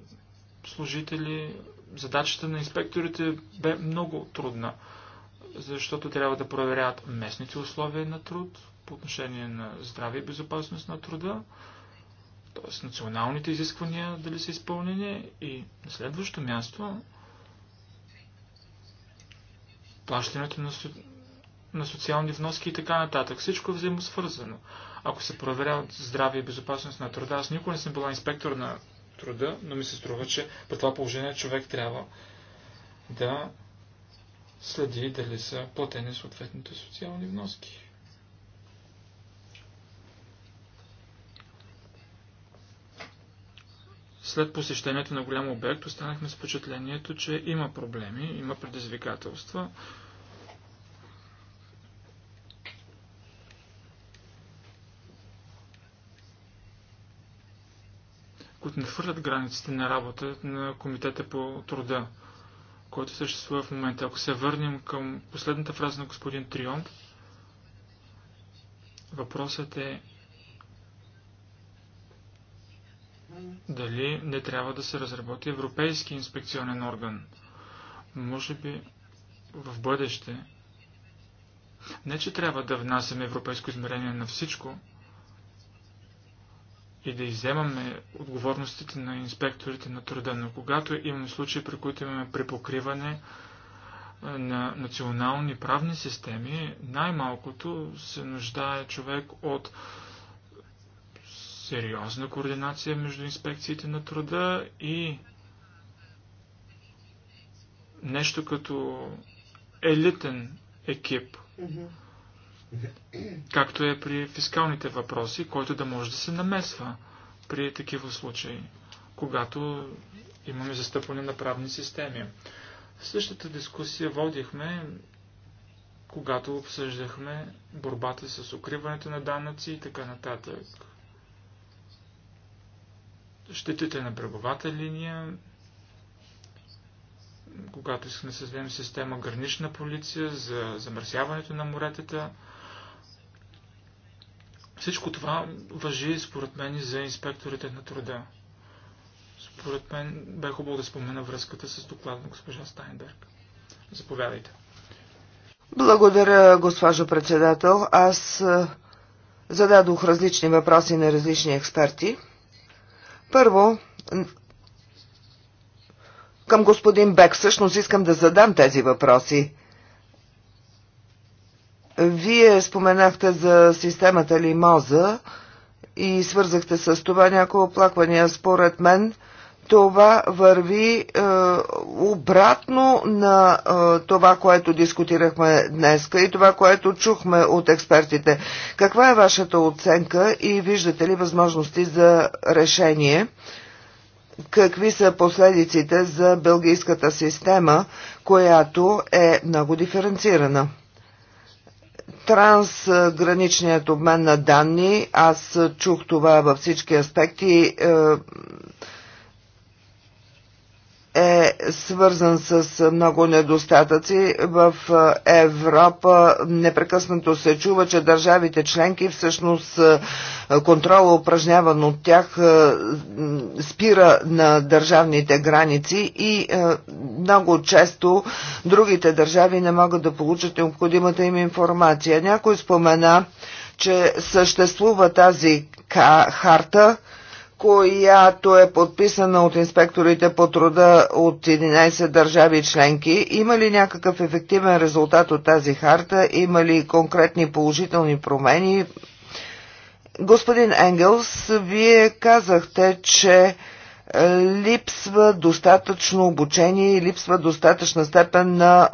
служители, задачата на инспекторите бе много трудна, защото трябва да проверяват местните условия на труд, по отношение на здраве и безопасност на труда, т.е. националните изисквания дали са изпълнени и на следващо място плащането на, со... на социални вноски и така нататък. Всичко е взаимосвързано. Ако се проверя здраве и безопасност на труда, аз никога не съм била инспектор на труда, но ми се струва, че при това положение човек трябва да следи дали са платени съответните социални вноски. След посещението на голям обект останахме с впечатлението, че има проблеми, има предизвикателства. които не хвърлят границите на работа на Комитета по труда, който съществува в момента. Ако се върнем към последната фраза на господин Трион, въпросът е дали не трябва да се разработи европейски инспекционен орган. Може би в бъдеще. Не, че трябва да внасяме европейско измерение на всичко и да иземаме отговорностите на инспекторите на труда, но когато имаме случаи, при които имаме препокриване на национални правни системи, най-малкото се нуждае човек от сериозна координация между инспекциите на труда и нещо като елитен екип, както е при фискалните въпроси, който да може да се намесва при такива случаи, когато имаме застъпване на правни системи. Същата дискусия водихме, когато обсъждахме борбата с укриването на данъци и така нататък щетите на бреговата линия, когато искаме да създадем система гранична полиция за замърсяването на моретата. Всичко това въжи според мен и за инспекторите на труда. Според мен бе хубаво да спомена връзката с доклада на госпожа Стайнберг. Заповядайте. Благодаря, госпожо председател. Аз е, зададох различни въпроси на различни експерти. Първо, към господин Бек всъщност искам да задам тези въпроси. Вие споменахте за системата Лимоза и свързахте с това някои оплаквания. Според мен, това върви е, обратно на е, това, което дискутирахме днес и това, което чухме от експертите. Каква е вашата оценка и виждате ли възможности за решение? Какви са последиците за бългийската система, която е много диференцирана? Трансграничният обмен на данни, аз чух това във всички аспекти. Е, е свързан с много недостатъци. В е, Европа непрекъснато се чува, че държавите членки всъщност е, контрола упражняван от тях е, спира на държавните граници и много често другите държави не могат да получат необходимата им информация. Някой спомена, че съществува тази харта, която е подписана от инспекторите по труда от 11 държави членки. Има ли някакъв ефективен резултат от тази харта? Има ли конкретни положителни промени? Господин Енгелс, вие казахте, че е, липсва достатъчно обучение и липсва достатъчна степен на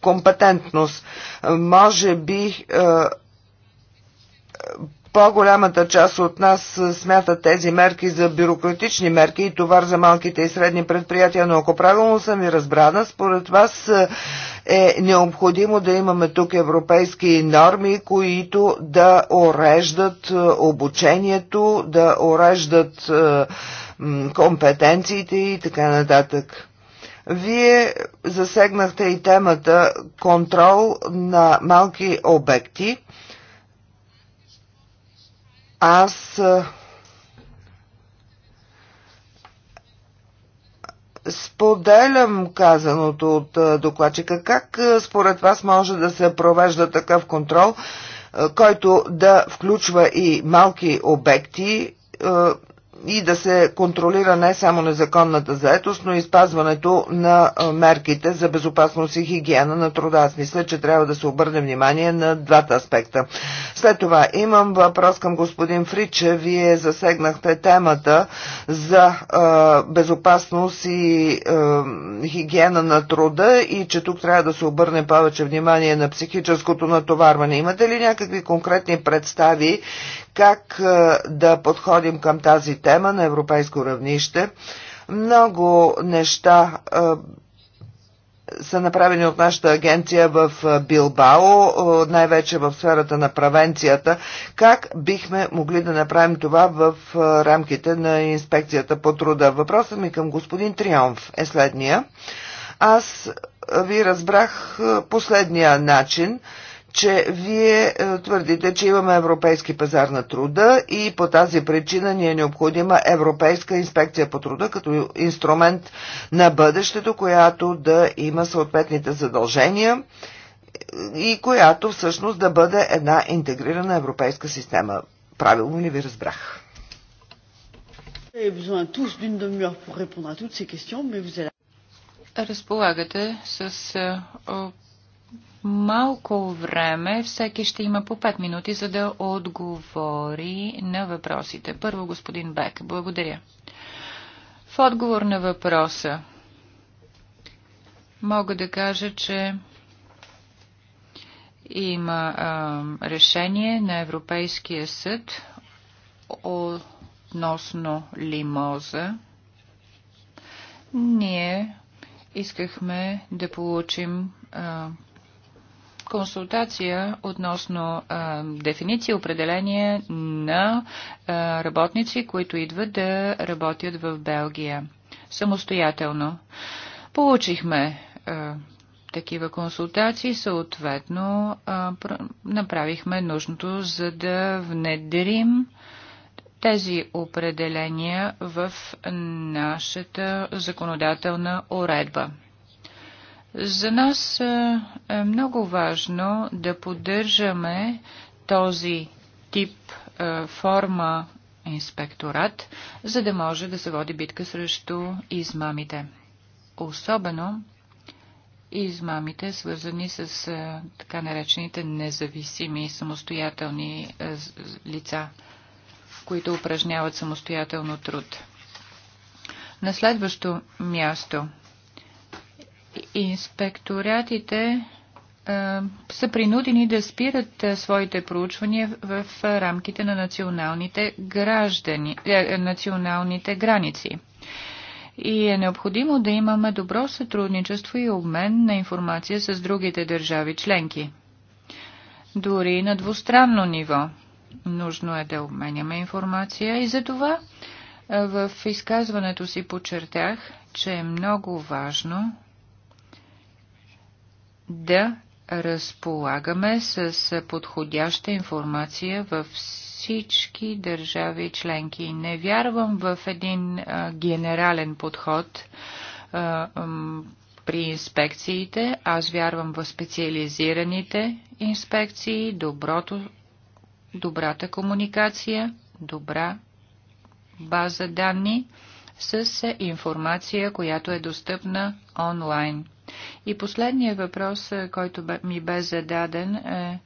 компетентност. Може би е, по-голямата част от нас смятат тези мерки за бюрократични мерки и товар за малките и средни предприятия, но ако правилно съм ви разбрана, според вас е, е необходимо да имаме тук европейски норми, които да ореждат е, обучението, да ореждат е, компетенциите и така нататък. Вие засегнахте и темата контрол на малки обекти. Аз Споделям казаното от докладчика. Как според вас може да се провежда такъв контрол, който да включва и малки обекти, и да се контролира не само незаконната заетост, но и спазването на мерките за безопасност и хигиена на труда. Аз мисля, че трябва да се обърне внимание на двата аспекта. След това имам въпрос към господин Фриче. Вие засегнахте темата за безопасност и хигиена на труда и че тук трябва да се обърне повече внимание на психическото натоварване. Имате ли някакви конкретни представи как е, да подходим към тази тема на европейско равнище. Много неща е, са направени от нашата агенция в е, Билбао, най-вече в сферата на превенцията. Как бихме могли да направим това в рамките на инспекцията по труда? Въпросът ми към господин Триумф е следния. Аз ви разбрах последния начин че вие е, твърдите, че имаме европейски пазар на труда и по тази причина ни е необходима Европейска инспекция по труда като инструмент на бъдещето, която да има съответните задължения и която всъщност да бъде една интегрирана европейска система. Правилно ли ви разбрах? Разполагате с е, малко време. Всеки ще има по 5 минути, за да отговори на въпросите. Първо, господин Бек, благодаря. В отговор на въпроса мога да кажа, че има а, решение на Европейския съд относно лимоза. Ние искахме да получим а, консултация относно а, дефиниция, определение на а, работници, които идват да работят в Белгия самостоятелно. Получихме а, такива консултации, съответно а, направихме нужното, за да внедрим тези определения в нашата законодателна уредба. За нас е, е много важно да поддържаме този тип е, форма инспекторат, за да може да се води битка срещу измамите. Особено измамите, свързани с е, така наречените независими самостоятелни лица, които упражняват самостоятелно труд. На следващо място – инспекторатите е, са принудени да спират е, своите проучвания в рамките на националните, граждани, е, националните граници. И е необходимо да имаме добро сътрудничество и обмен на информация с другите държави членки. Дори на двустранно ниво нужно е да обменяме информация и за това в изказването си подчертах, че е много важно да разполагаме с подходяща информация във всички държави членки. Не вярвам в един а, генерален подход а, м, при инспекциите. Аз вярвам в специализираните инспекции, доброто, добрата комуникация, добра база данни с информация, която е достъпна онлайн. И последният въпрос, е, който ми бе зададен е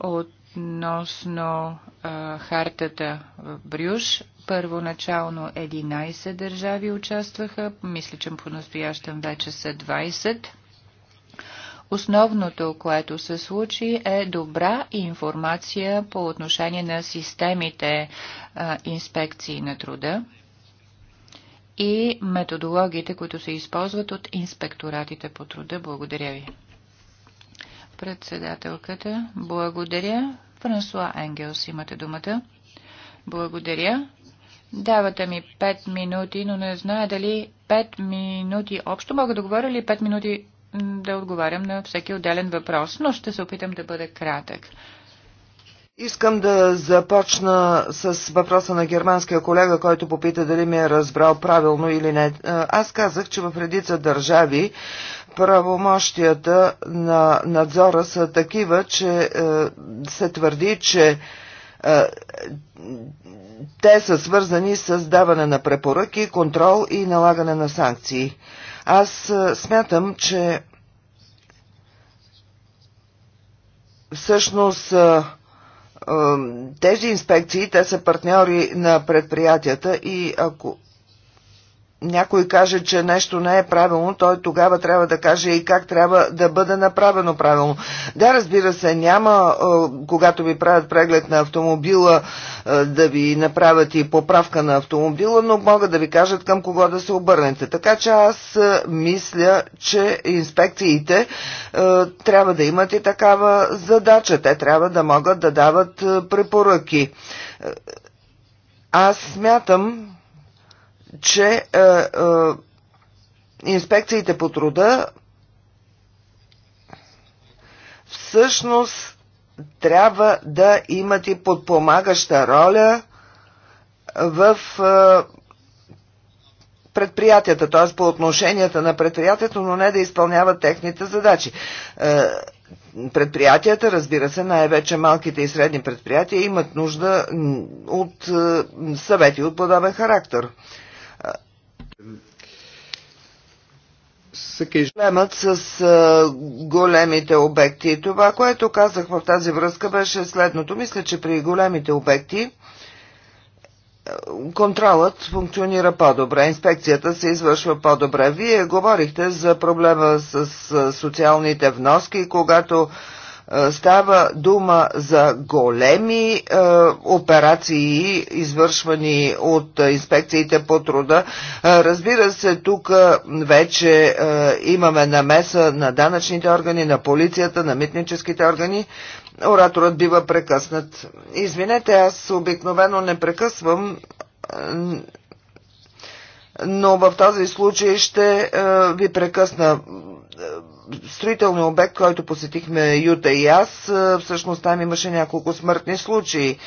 относно а, е, хартата в Брюш. Първоначално 11 държави участваха, мисля, че по-настоящем вече са 20. Основното, което се случи, е добра информация по отношение на системите а, е, инспекции на труда и методологиите, които се използват от инспекторатите по труда. Благодаря ви. Председателката, благодаря. Франсуа Енгелс, имате думата. Благодаря. Давате ми 5 минути, но не знае дали 5 минути общо мога да говоря или 5 минути да отговарям на всеки отделен въпрос, но ще се опитам да бъда кратък. Искам да започна с въпроса на германския колега, който попита дали ми е разбрал правилно или не. Аз казах, че в редица държави правомощията на надзора са такива, че е, се твърди, че е, те са свързани с даване на препоръки, контрол и налагане на санкции. Аз е, смятам, че всъщност тези инспекции, те са партньори на предприятията и ако някой каже, че нещо не е правилно, той тогава трябва да каже и как трябва да бъде направено правилно. Да, разбира се, няма, е, когато ви правят преглед на автомобила, е, да ви направят и поправка на автомобила, но могат да ви кажат към кого да се обърнете. Така че аз е, мисля, че инспекциите трябва да имат и такава задача. Те трябва да могат да дават препоръки. Аз смятам, че е, е, инспекциите по труда всъщност трябва да имат и подпомагаща роля в е, предприятията, т.е. по отношенията на предприятието, но не да изпълняват техните задачи. Е, предприятията, разбира се, най-вече малките и средни предприятия имат нужда от е, съвети от подобен характер. Проблемът с а, големите обекти. Това, което казах в тази връзка, беше следното. Мисля, че при големите обекти контролът функционира по-добре, инспекцията се извършва по-добре. Вие говорихте за проблема с социалните вноски, когато е, става дума за големи е, операции, извършвани от инспекциите по труда. Е, разбира се, тук вече е, имаме намеса на данъчните органи, на полицията, на митническите органи. Ораторът бива прекъснат. Извинете, аз обикновено не прекъсвам е, но в този случай ще е, ви прекъсна. Е, строителният обект, който посетихме Юта и аз, е, всъщност там имаше няколко смъртни случаи.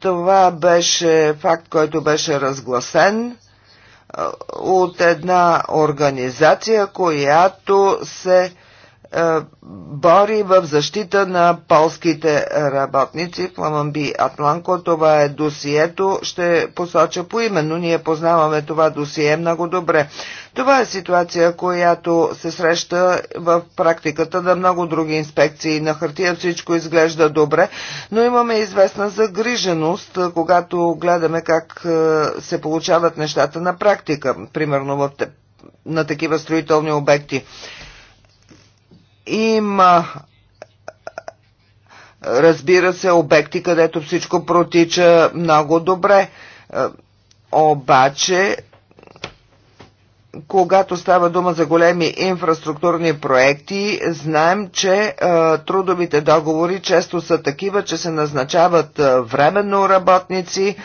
Това беше факт, който беше разгласен от една организация, която се е, бори в защита на полските работници Пламамби Атланко. Това е досието, ще посоча поименно. Ние познаваме това досие много добре. Това е ситуация, която се среща в практиката на много други инспекции. На хартия всичко изглежда добре, но имаме известна загриженост, е, когато гледаме как е, се получават нещата на практика, примерно в, на такива строителни обекти. Има разбира се, обекти, където всичко протича много добре. Е, обаче, когато става дума за големи инфраструктурни проекти, знаем, че е, трудовите договори често са такива, че се назначават е, временно работници,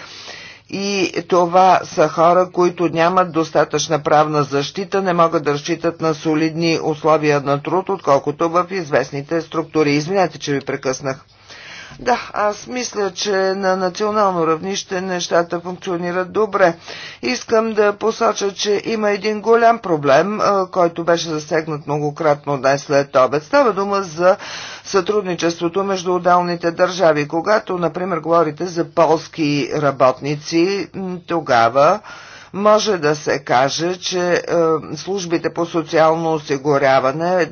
и това са хора, които нямат достатъчна правна защита, не могат да разчитат на солидни условия на труд, отколкото в известните структури. Извинете, че ви прекъснах. Да, аз мисля, че на национално равнище нещата функционират добре. Искам да посоча, че има един голям проблем, който беше засегнат многократно днес след обед. Става дума за сътрудничеството между отдалните държави. Когато, например, говорите за полски работници, тогава може да се каже, че е, службите по социално осигуряване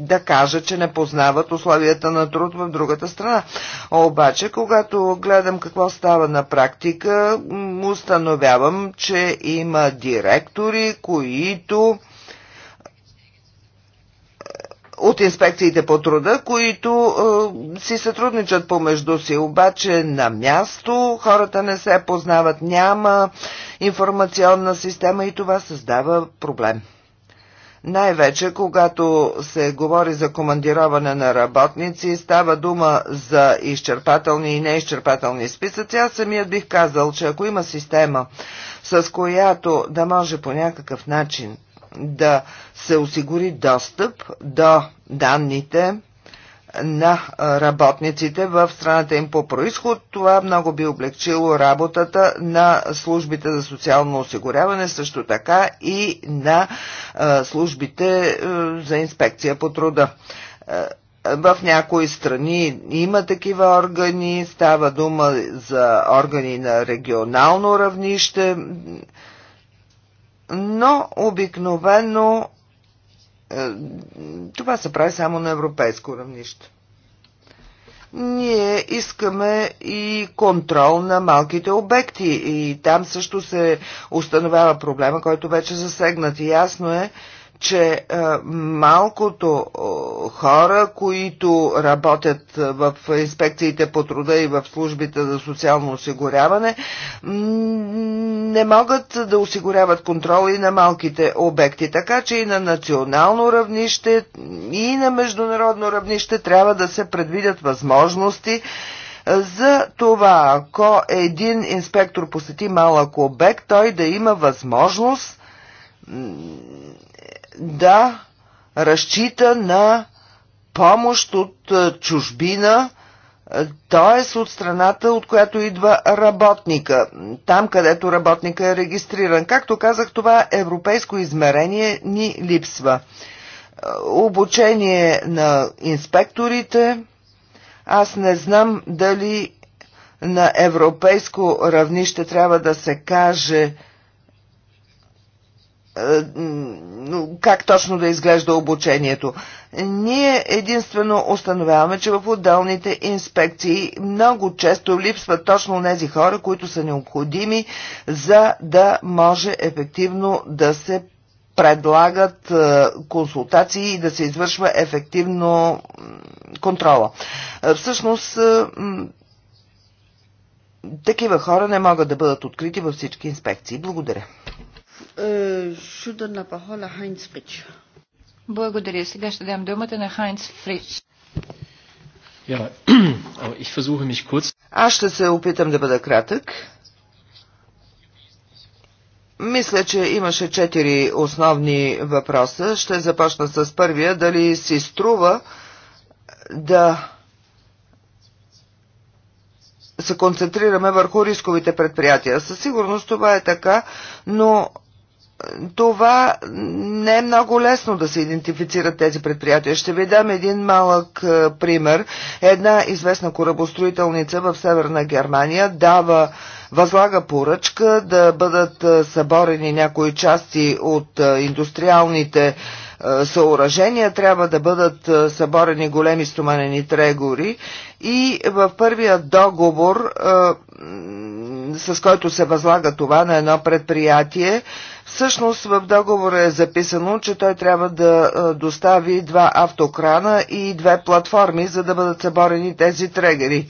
да кажат, че не познават условията на труд в другата страна. Обаче, когато гледам какво става на практика, установявам, че има директори, които от инспекциите по труда, които е, си сътрудничат помежду си. Обаче на място хората не се познават, няма информационна система и това създава проблем. Най-вече, когато се говори за командироване на работници, става дума за изчерпателни и неизчерпателни списъци. Аз самият бих казал, че ако има система, с която да може по някакъв начин да се осигури достъп до данните на работниците в страната им по происход. Това много би облегчило работата на службите за социално осигуряване, също така и на службите за инспекция по труда. В някои страни има такива органи, става дума за органи на регионално равнище, но обикновено е, това се прави само на европейско равнище. Ние искаме и контрол на малките обекти и там също се установява проблема, който вече е засегнат. И ясно е, че е, малкото хора, които работят в инспекциите по труда и в службите за социално осигуряване, не могат да осигуряват контрол и на малките обекти. Така че и на национално равнище, и на международно равнище трябва да се предвидят възможности за това, ако един инспектор посети малък обект, той да има възможност да разчита на помощ от е, чужбина, е, т.е. от страната, от която идва работника, там където работника е регистриран. Както казах, това европейско измерение ни липсва. Е, обучение на инспекторите. Аз не знам дали на европейско равнище трябва да се каже – е, как точно да изглежда обучението. Ние единствено установяваме, че в отделните инспекции много често липсват точно тези хора, които са необходими, за да може ефективно да се предлагат е, консултации и да се извършва ефективно контрола. Е, всъщност, такива хора не могат да бъдат открити във всички инспекции. Благодаря. Благодаря. Сега ще дам думата на Хайнц Фрич. Аз ще се опитам да бъда кратък. Мисля, че имаше четири основни въпроса. Ще започна с първия. Дали си струва да се концентрираме върху рисковите предприятия. Със сигурност това е така, но това не е много лесно да се идентифицират тези предприятия. Ще ви дам един малък е, пример. Една известна корабостроителница в Северна Германия дава възлага поръчка да бъдат е, съборени някои части от е, индустриалните съоръжения, трябва да бъдат съборени големи стоманени трегори и в първия договор, е, с който се възлага това на едно предприятие, всъщност в договора е записано, че той трябва да е, достави два автокрана и две платформи, за да бъдат съборени тези трегери.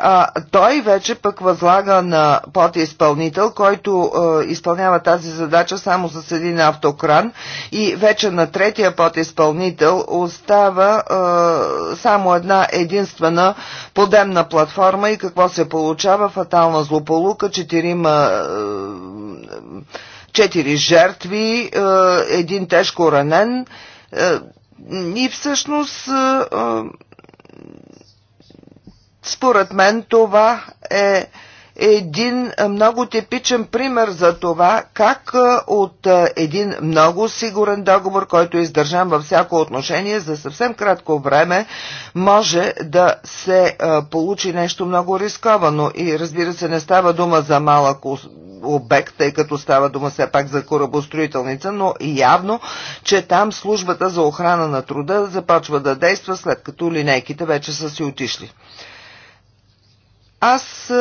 А, той вече пък възлага на подизпълнител, който а, е, изпълнява тази задача само с един автокран и вече на третия подизпълнител остава а, само една единствена подемна платформа и какво се получава? Фатална злополука, четирима е, четири жертви, е, един тежко ранен е, и всъщност според мен това е един много типичен пример за това как от един много сигурен договор, който е издържан във всяко отношение, за съвсем кратко време може да се получи нещо много рисковано. И разбира се, не става дума за малък обект, тъй като става дума все пак за корабостроителница, но явно, че там службата за охрана на труда започва да действа след като линейките вече са си отишли. Аз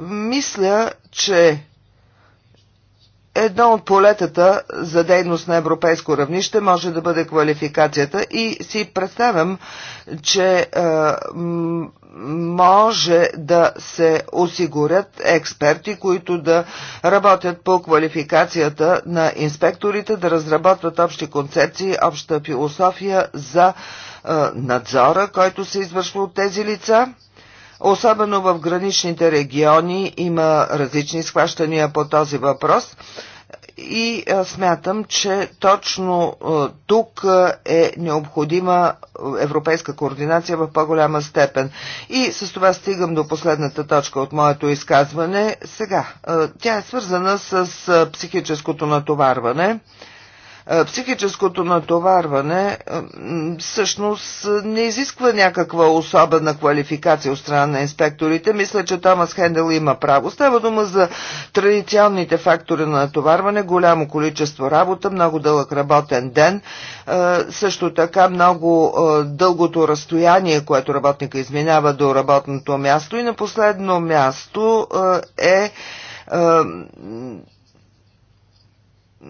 мисля, че едно от полетата за дейност на европейско равнище може да бъде квалификацията и си представям, че е, може да се осигурят експерти, които да работят по квалификацията на инспекторите, да разработват общи концепции, обща философия за е, надзора, който се извършва от тези лица. Особено в граничните региони има различни схващания по този въпрос и смятам, че точно тук е необходима европейска координация в по-голяма степен. И с това стигам до последната точка от моето изказване. Сега, тя е свързана с психическото натоварване. Е, психическото натоварване е, всъщност е, не изисква някаква особена квалификация от страна на инспекторите. Мисля, че Томас Хендел има право. Става дума за традиционните фактори на натоварване, голямо количество работа, много дълъг работен ден, също така много дългото разстояние, което работника изминава до работното място и на последно място е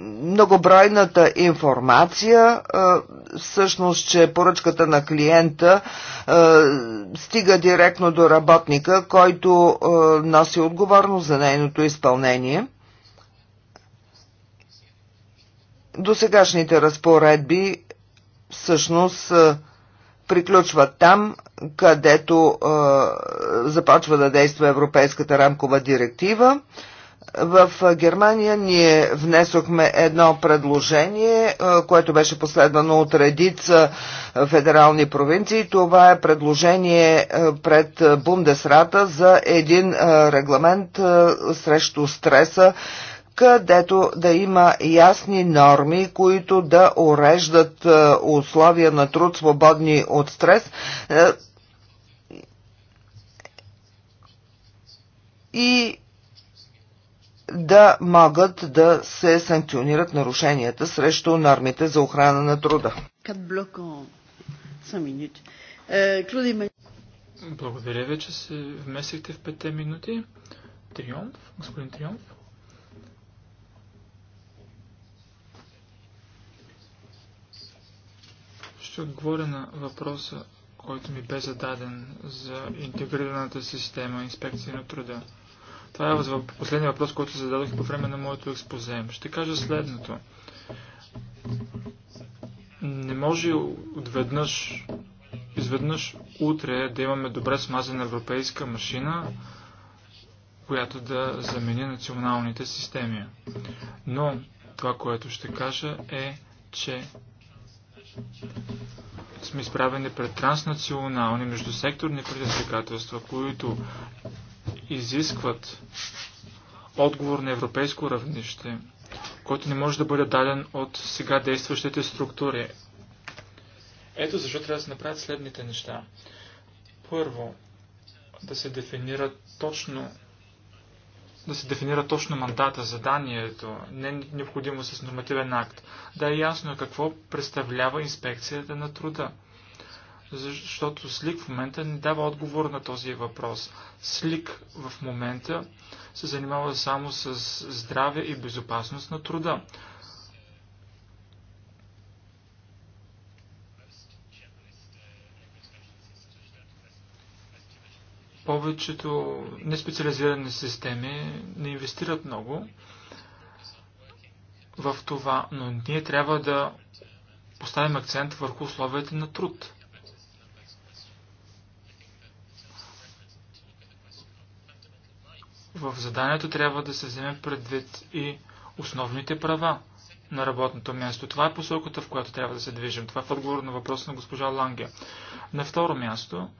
многобройната информация, всъщност, че поръчката на клиента стига директно до работника, който носи отговорност за нейното изпълнение. До сегашните разпоредби всъщност приключват там, където започва да действа Европейската рамкова директива. В Германия ние внесохме едно предложение, е, което беше последвано от редица федерални провинции. Това е предложение е, пред Бундесрата за един е, регламент срещу стреса, където да има ясни норми, които да уреждат условия на труд свободни от стрес. И да могат да се санкционират нарушенията срещу нормите за охрана на труда. Е, Благодаря ви, че се вместихте в пете минути. Триумф, господин Триумф. Ще отговоря на въпроса, който ми бе зададен за интегрираната система инспекция на труда. Това е последния въпрос, който зададох по време на моето експозе. Ще кажа следното. Не може отведнъж, изведнъж утре да имаме добре смазана европейска машина, която да замени националните системи. Но това, което ще кажа е, че сме изправени пред транснационални, междусекторни предизвикателства, които изискват отговор на европейско равнище, който не може да бъде даден от сега действащите структури. Ето защо трябва да се направят следните неща. Първо, да се дефинира точно да се дефинира точно мандата, заданието, не необходимо с нормативен акт, да е ясно какво представлява инспекцията на труда защото СЛИК в момента не дава отговор на този въпрос. СЛИК в момента се занимава само с здраве и безопасност на труда. Повечето неспециализирани системи не инвестират много в това, но ние трябва да поставим акцент върху условията на труд. В заданието трябва да се вземе предвид и основните права на работното място. Това е посоката, в която трябва да се движим. Това е в отговор на въпроса на госпожа Ланге. На второ място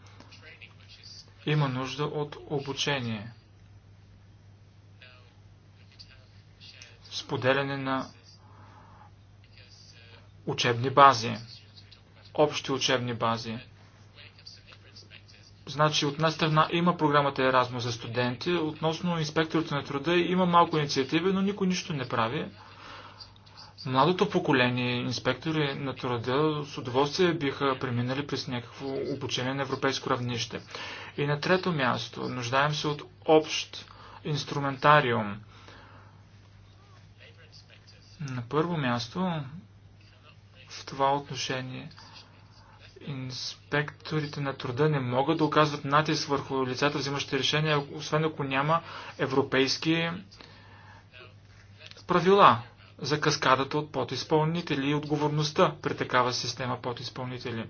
има нужда от обучение. Споделяне на учебни бази. Общи учебни бази. Значи от една страна има програмата Еразмус за студенти, относно инспекторите на труда има малко инициативи, но никой нищо не прави. Младото поколение инспектори на труда с удоволствие биха преминали през някакво обучение на европейско равнище. И на трето място, нуждаем се от общ инструментариум. На първо място, в това отношение – Инспекторите на труда не могат да оказват натиск върху лицата, взимащи решения, освен ако няма европейски правила за каскадата от подизпълнители и отговорността при такава система подизпълнители.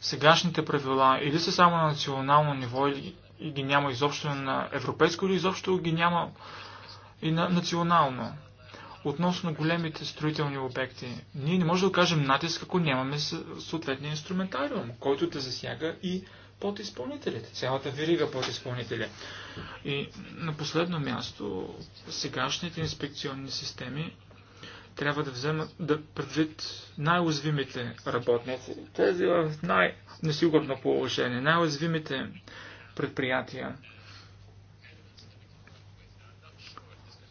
Сегашните правила или са само на национално ниво и ги няма изобщо на европейско, или изобщо ги няма и на национално. Относно големите строителни обекти, ние не можем да окажем натиск, ако нямаме съответния инструментариум, който да засяга и подизпълнителите, цялата верига подизпълнители. И на последно място, сегашните инспекционни системи трябва да вземат да предвид най-уязвимите работници, тези в най-несигурно положение, най-уязвимите предприятия.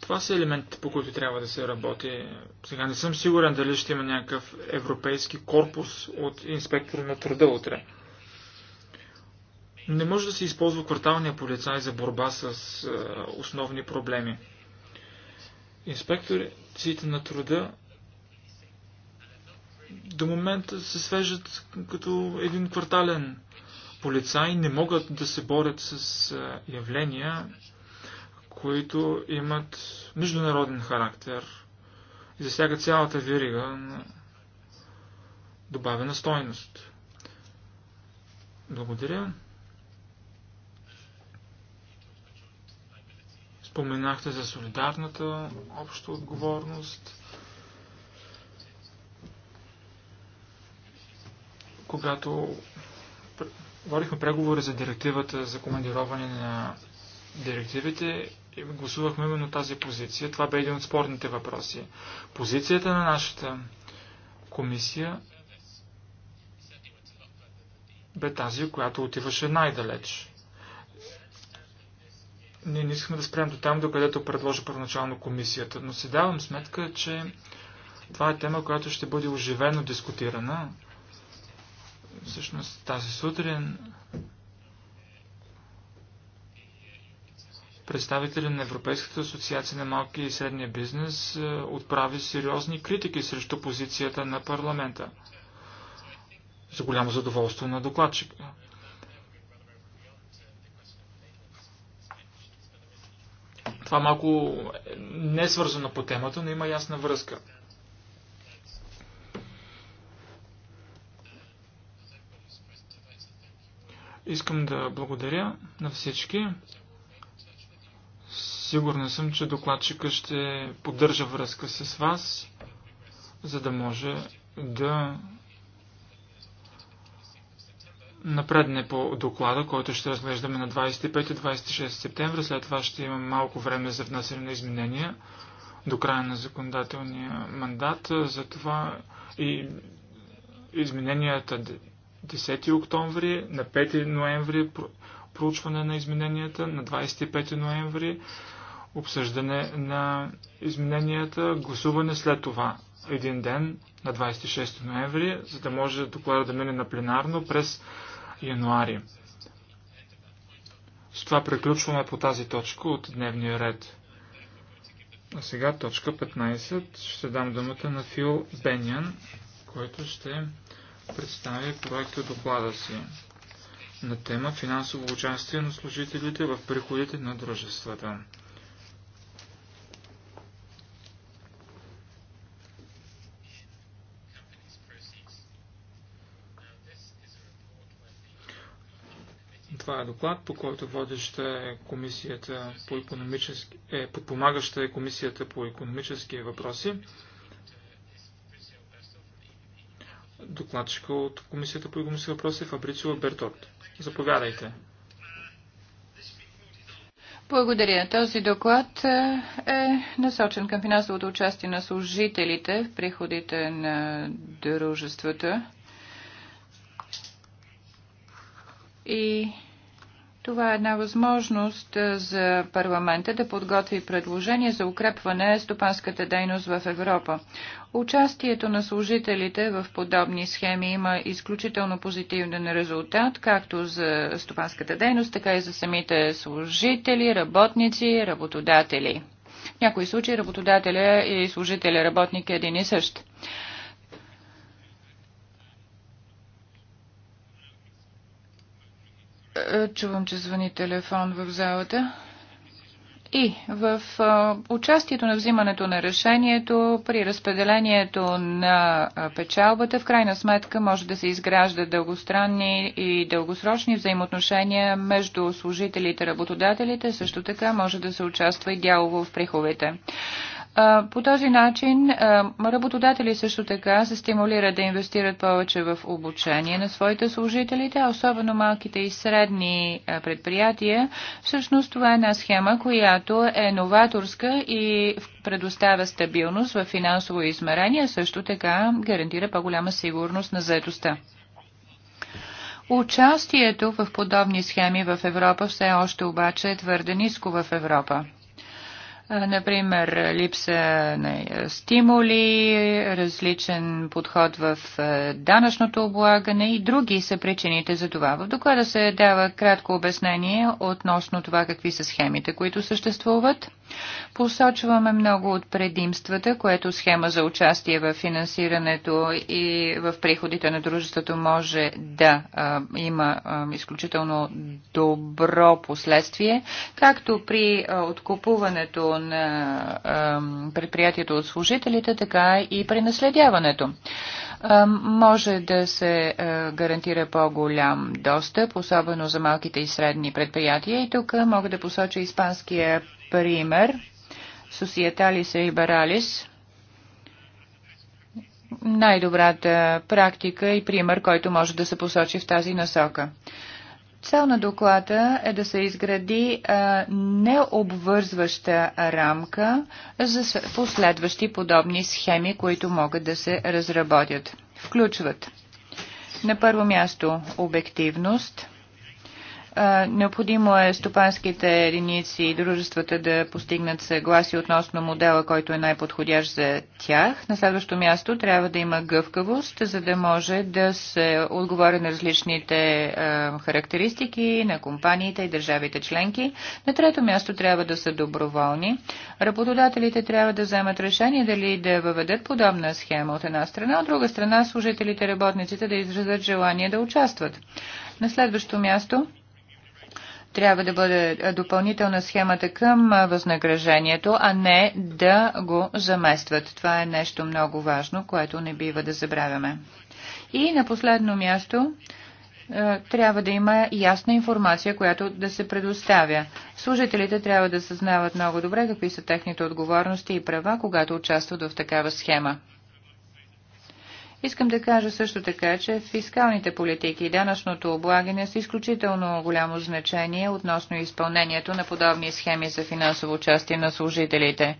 Това са елементите, по които трябва да се работи. Сега не съм сигурен дали ще има някакъв европейски корпус от инспектора на труда утре. Не може да се използва кварталния полицай за борба с е, основни проблеми. Инспекторите на труда до момента се свежат като един квартален полицай, не могат да се борят с е, явления, които имат международен характер и засяга цялата верига на добавена стойност. Благодаря. Споменахте за солидарната обща отговорност. Когато говорихме преговори за директивата за командироване на директивите, гласувахме именно тази позиция. Това бе един от спорните въпроси. Позицията на нашата комисия бе тази, която отиваше най-далеч. Ние не искаме да спрем до там, докъдето предложи първоначално комисията, но си давам сметка, че това е тема, която ще бъде оживено дискутирана. Всъщност тази сутрин представители на Европейската асоциация на малки и средния бизнес е, отправи сериозни критики срещу позицията на парламента. За голямо задоволство на докладчика. Това малко не е свързано по темата, но има ясна връзка. Искам да благодаря на всички. Сигурна съм, че докладчика ще поддържа връзка с вас, за да може да напредне по доклада, който ще разглеждаме на 25 26 септември. След това ще имам малко време за внасяне на изменения до края на законодателния мандат. Затова и измененията 10 октомври, на 5 ноември проучване на измененията, на 25 ноември обсъждане на измененията, гласуване след това един ден, на 26 ноември, за да може доклада да мине на пленарно през януари. С това приключваме по тази точка от дневния ред. А сега точка 15. Ще дам думата на Фил Бенян, който ще представи проекта доклада си на тема финансово участие на служителите в приходите на дружествата. Това е доклад, по който водеща е комисията по економически, е, подпомагаща е комисията по економически въпроси. Докладчика от комисията по економически въпроси е Фабрицио Бертот. Заповядайте. Благодаря. Този доклад е, е насочен към финансовото участие на служителите в приходите на дружествата. И това е една възможност е, за парламента да подготви предложение за укрепване стопанската дейност в Европа. Участието на служителите в подобни схеми има изключително позитивен резултат, както за стопанската дейност, така и за самите служители, работници, работодатели. В някои случаи работодателя и служителя работник е един и същ. Е, чувам, че звъни телефон в залата. И в е, участието на взимането на решението, при разпределението на е, печалбата, в крайна сметка може да се изграждат дългостранни и дългосрочни взаимоотношения между служителите и работодателите, също така може да се участва и дялово в приховете. По този начин работодатели също така се стимулират да инвестират повече в обучение на своите служителите, особено малките и средни предприятия. Всъщност това е една схема, която е новаторска и предоставя стабилност в финансово измерение, също така гарантира по-голяма сигурност на заедостта. Участието в подобни схеми в Европа все още обаче е твърде ниско в Европа. Например, липса на стимули, различен подход в данъчното облагане и други са причините за това. В доклада се дава кратко обяснение относно това какви са схемите, които съществуват Посочваме много от предимствата, което схема за участие в финансирането и в приходите на дружеството може да а, има а, изключително добро последствие, както при а, откупуването на а, предприятието от служителите, така и при наследяването може да се гарантира по-голям достъп, особено за малките и средни предприятия. И тук мога да посоча испанския пример Societalis Liberalis, най-добрата практика и пример, който може да се посочи в тази насока. Цел на доклада е да се изгради необвързваща рамка за последващи подобни схеми, които могат да се разработят. Включват на първо място обективност – Необходимо е стопанските единици и дружествата да постигнат съгласие относно модела, който е най-подходящ за тях. На следващо място трябва да има гъвкавост, за да може да се отговори на различните характеристики на компаниите и държавите членки. На трето място трябва да са доброволни. Работодателите трябва да вземат решение дали да въведат подобна схема от една страна, от друга страна служителите, работниците да изразят желание да участват. На следващо място трябва да бъде допълнителна схемата към възнаграждението, а не да го заместват. Това е нещо много важно, което не бива да забравяме. И на последно място трябва да има ясна информация, която да се предоставя. Служителите трябва да съзнават много добре какви са техните отговорности и права, когато участват в такава схема. Искам да кажа също така, че фискалните политики и данъчното облагане са изключително голямо значение относно изпълнението на подобни схеми за финансово участие на служителите.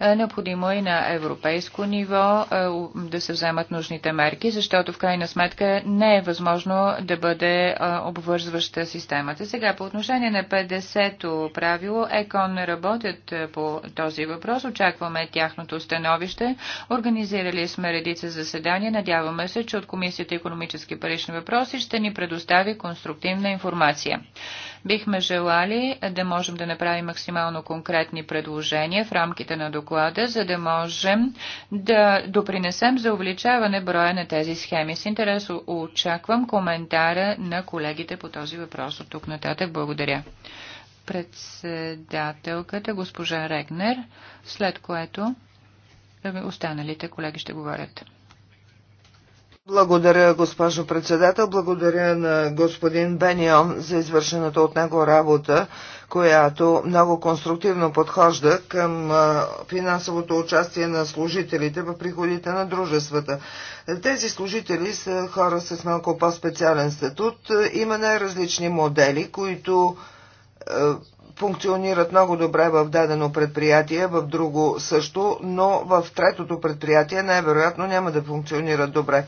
Е, необходимо е на европейско ниво е, да се вземат нужните мерки, защото в крайна сметка не е възможно да бъде е, обвързваща системата. Сега по отношение на 50-то правило, ЕКОН работят по този въпрос. Очакваме тяхното становище. Организирали сме редица заседания Надяваме се, че от Комисията економически парични въпроси ще ни предостави конструктивна информация. Бихме желали да можем да направим максимално конкретни предложения в рамките на доклада, за да можем да допринесем за увеличаване броя на тези схеми. С интерес очаквам коментара на колегите по този въпрос от тук нататък. Благодаря председателката госпожа Регнер, след което останалите колеги ще говорят. Благодаря, госпожо председател. Благодаря на господин Бенион за извършената от него работа, която много конструктивно подхожда към финансовото участие на служителите в приходите на дружествата. Тези служители са хора с малко по-специален статут. Има най-различни модели, които функционират много добре в дадено предприятие, в друго също, но в третото предприятие най-вероятно няма да функционират добре.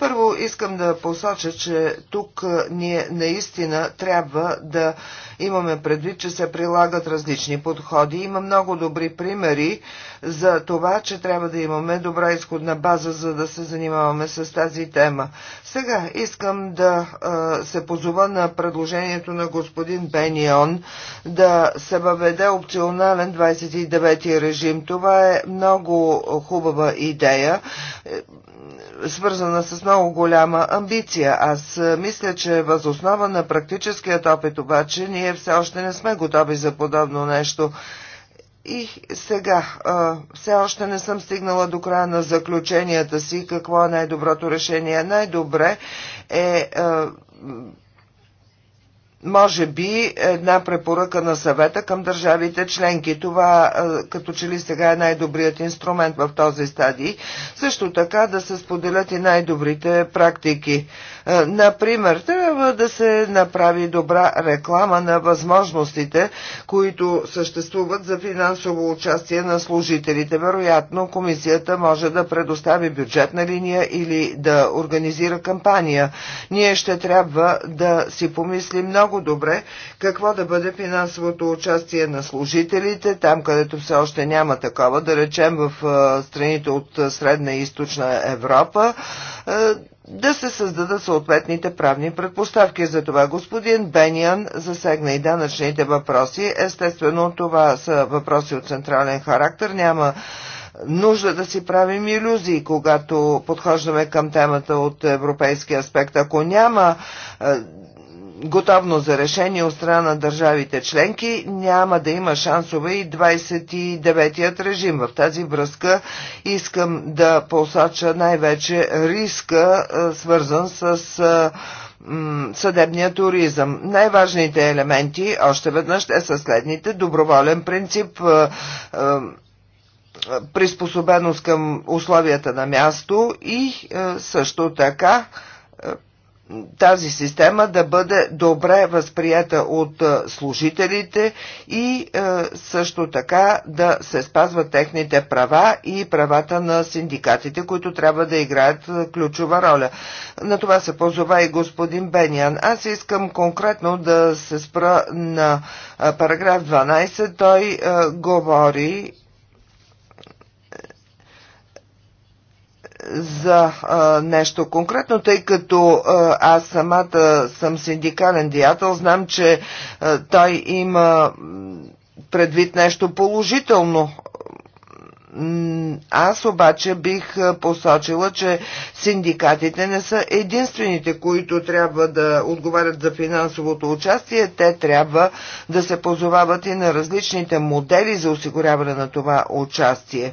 Първо искам да посоча, че тук ние наистина трябва да имаме предвид, че се прилагат различни подходи. Има много добри примери за това, че трябва да имаме добра изходна база, за да се занимаваме с тази тема. Сега искам да се позова на предложението на господин Бенион да се въведе опционален 29 ти режим. Това е много хубава идея свързана с много голяма амбиция. Аз мисля, че въз основа на практическият опит обаче ние все още не сме готови за подобно нещо. И сега, а, все още не съм стигнала до края на заключенията си, какво е най-доброто решение. Най-добре е а, може би една препоръка на съвета към държавите членки. Това като че ли сега е най-добрият инструмент в този стадий. Също така да се споделят и най-добрите практики. Е, например, трябва да се направи добра реклама на възможностите, които съществуват за финансово участие на служителите. Вероятно, комисията може да предостави бюджетна линия или да организира кампания. Ние ще трябва да си помислим много добре какво да бъде финансовото участие на служителите, там където все още няма такова, да речем в е, страните от е, Средна и Източна Европа да се създадат съответните правни предпоставки. За това господин Бениан засегна и данъчните въпроси. Естествено, това са въпроси от централен характер. Няма нужда да си правим иллюзии, когато подхождаме към темата от европейски аспект. Ако няма е, готовно за решение от страна на държавите членки, няма да има шансове и 29-ият режим. В тази връзка искам да посоча най-вече риска, свързан с съдебния туризъм. Най-важните елементи, още веднъж, е са следните. Доброволен принцип, приспособеност към условията на място и също така тази система да бъде добре възприята от е, служителите и е, също така да се спазват техните права и правата на синдикатите, които трябва да играят е, ключова роля. На това се позова и господин Бениан. Аз искам конкретно да се спра на параграф 12. Той говори за а, нещо конкретно, тъй като а, аз самата съм синдикален диятел, знам, че а, той има предвид нещо положително. Аз обаче бих посочила, че синдикатите не са единствените, които трябва да отговарят за финансовото участие. Те трябва да се позовават и на различните модели за осигуряване на това участие.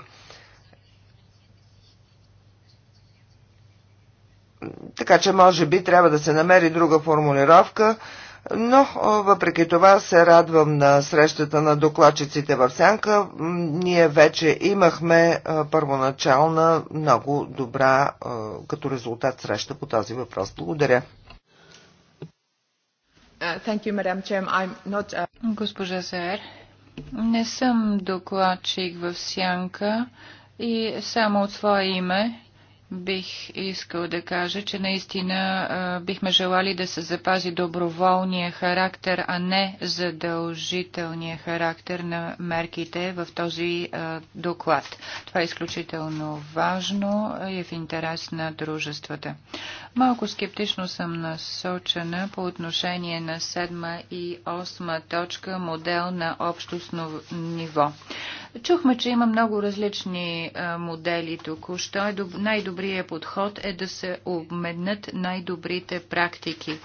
така че може би трябва да се намери друга формулировка, но въпреки това се радвам на срещата на докладчиците в Сянка. Ние вече имахме първоначална много добра като резултат среща по този въпрос. Благодаря. Uh, Госпожа Зер, не съм докладчик в Сянка и само от свое име Бих искал да кажа, че наистина бихме желали да се запази доброволния характер, а не задължителния характер на мерките в този доклад. Това е изключително важно и в интерес на дружествата. Малко скептично съм насочена по отношение на седма и осма точка модел на общостно ниво. Чухме, че има много различни модели тук що Най-добрият подход е да се обменят най-добрите практики.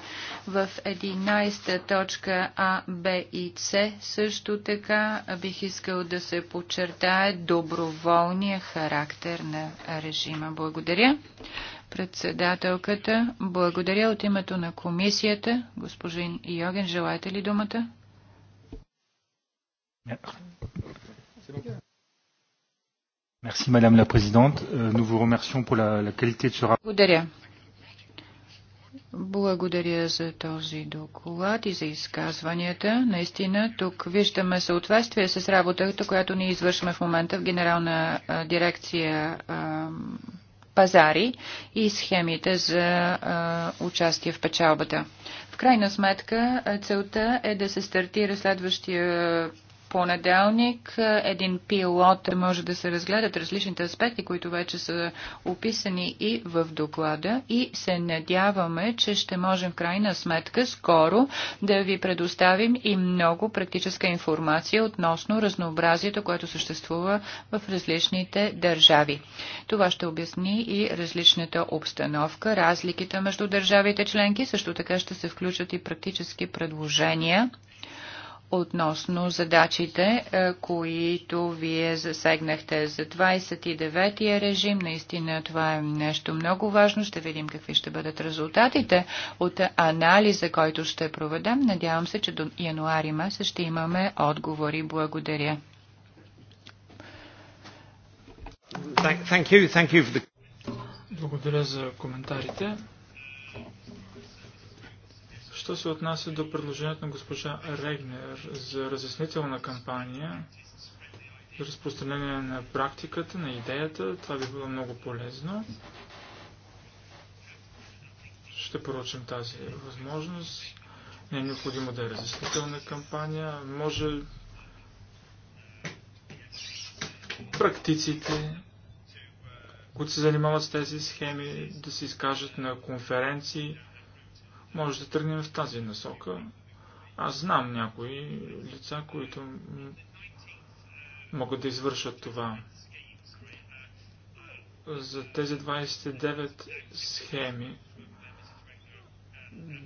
В 11-та точка А, Б и С също така бих искал да се подчертае доброволния характер на режима. Благодаря. Председателката, благодаря от името на комисията. Госпожин Йоген, желаете ли думата? Merci, Madame la Présidente. Euh, nous vous remercions pour la, la qualité de ce rapport. Благодаря. Благодаря за този доклад и за изказванията. Наистина, тук виждаме съответствие с работата, която ние извършваме в момента в Генерална дирекция пазари и схемите за участие в печалбата. В крайна сметка целта е да се стартира следващия понеделник е, един пилот може да се разгледат различните аспекти, които вече са описани и в доклада и се надяваме, че ще можем в крайна сметка скоро да ви предоставим и много практическа информация относно разнообразието, което съществува в различните държави. Това ще обясни и различната обстановка, разликите между държавите членки, също така ще се включат и практически предложения относно задачите, е, които вие засегнахте за 29-я режим. Наистина това е нещо много важно. Ще видим какви ще бъдат резултатите от анализа, който ще проведем. Надявам се, че до януари месец ще имаме отговори. Благодаря. Thank you. Thank you the... Благодаря за коментарите. Що се отнася до предложението на госпожа Регнер за разяснителна кампания, за разпространение на практиката, на идеята, това би било много полезно. Ще поручим тази възможност. Не е необходимо да е разяснителна кампания. Може практиците, които се занимават с тези схеми, да се изкажат на конференции, може да тръгнем в тази насока. Аз знам някои лица, които могат да извършат това. За тези 29 схеми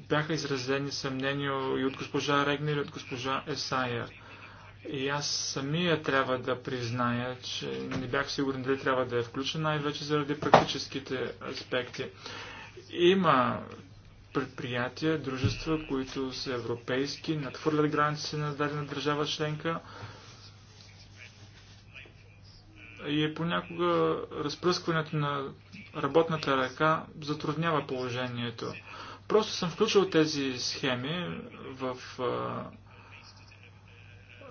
бяха изразени съмнения и от госпожа Регнер, и от госпожа Есайер. И аз самия трябва да призная, че не бях сигурен дали трябва да е включен, най-вече заради практическите аспекти. Има предприятия, дружества, които са европейски, надхвърлят границите на дадена държава членка и е понякога разпръскването на работната ръка затруднява положението. Просто съм включил тези схеми в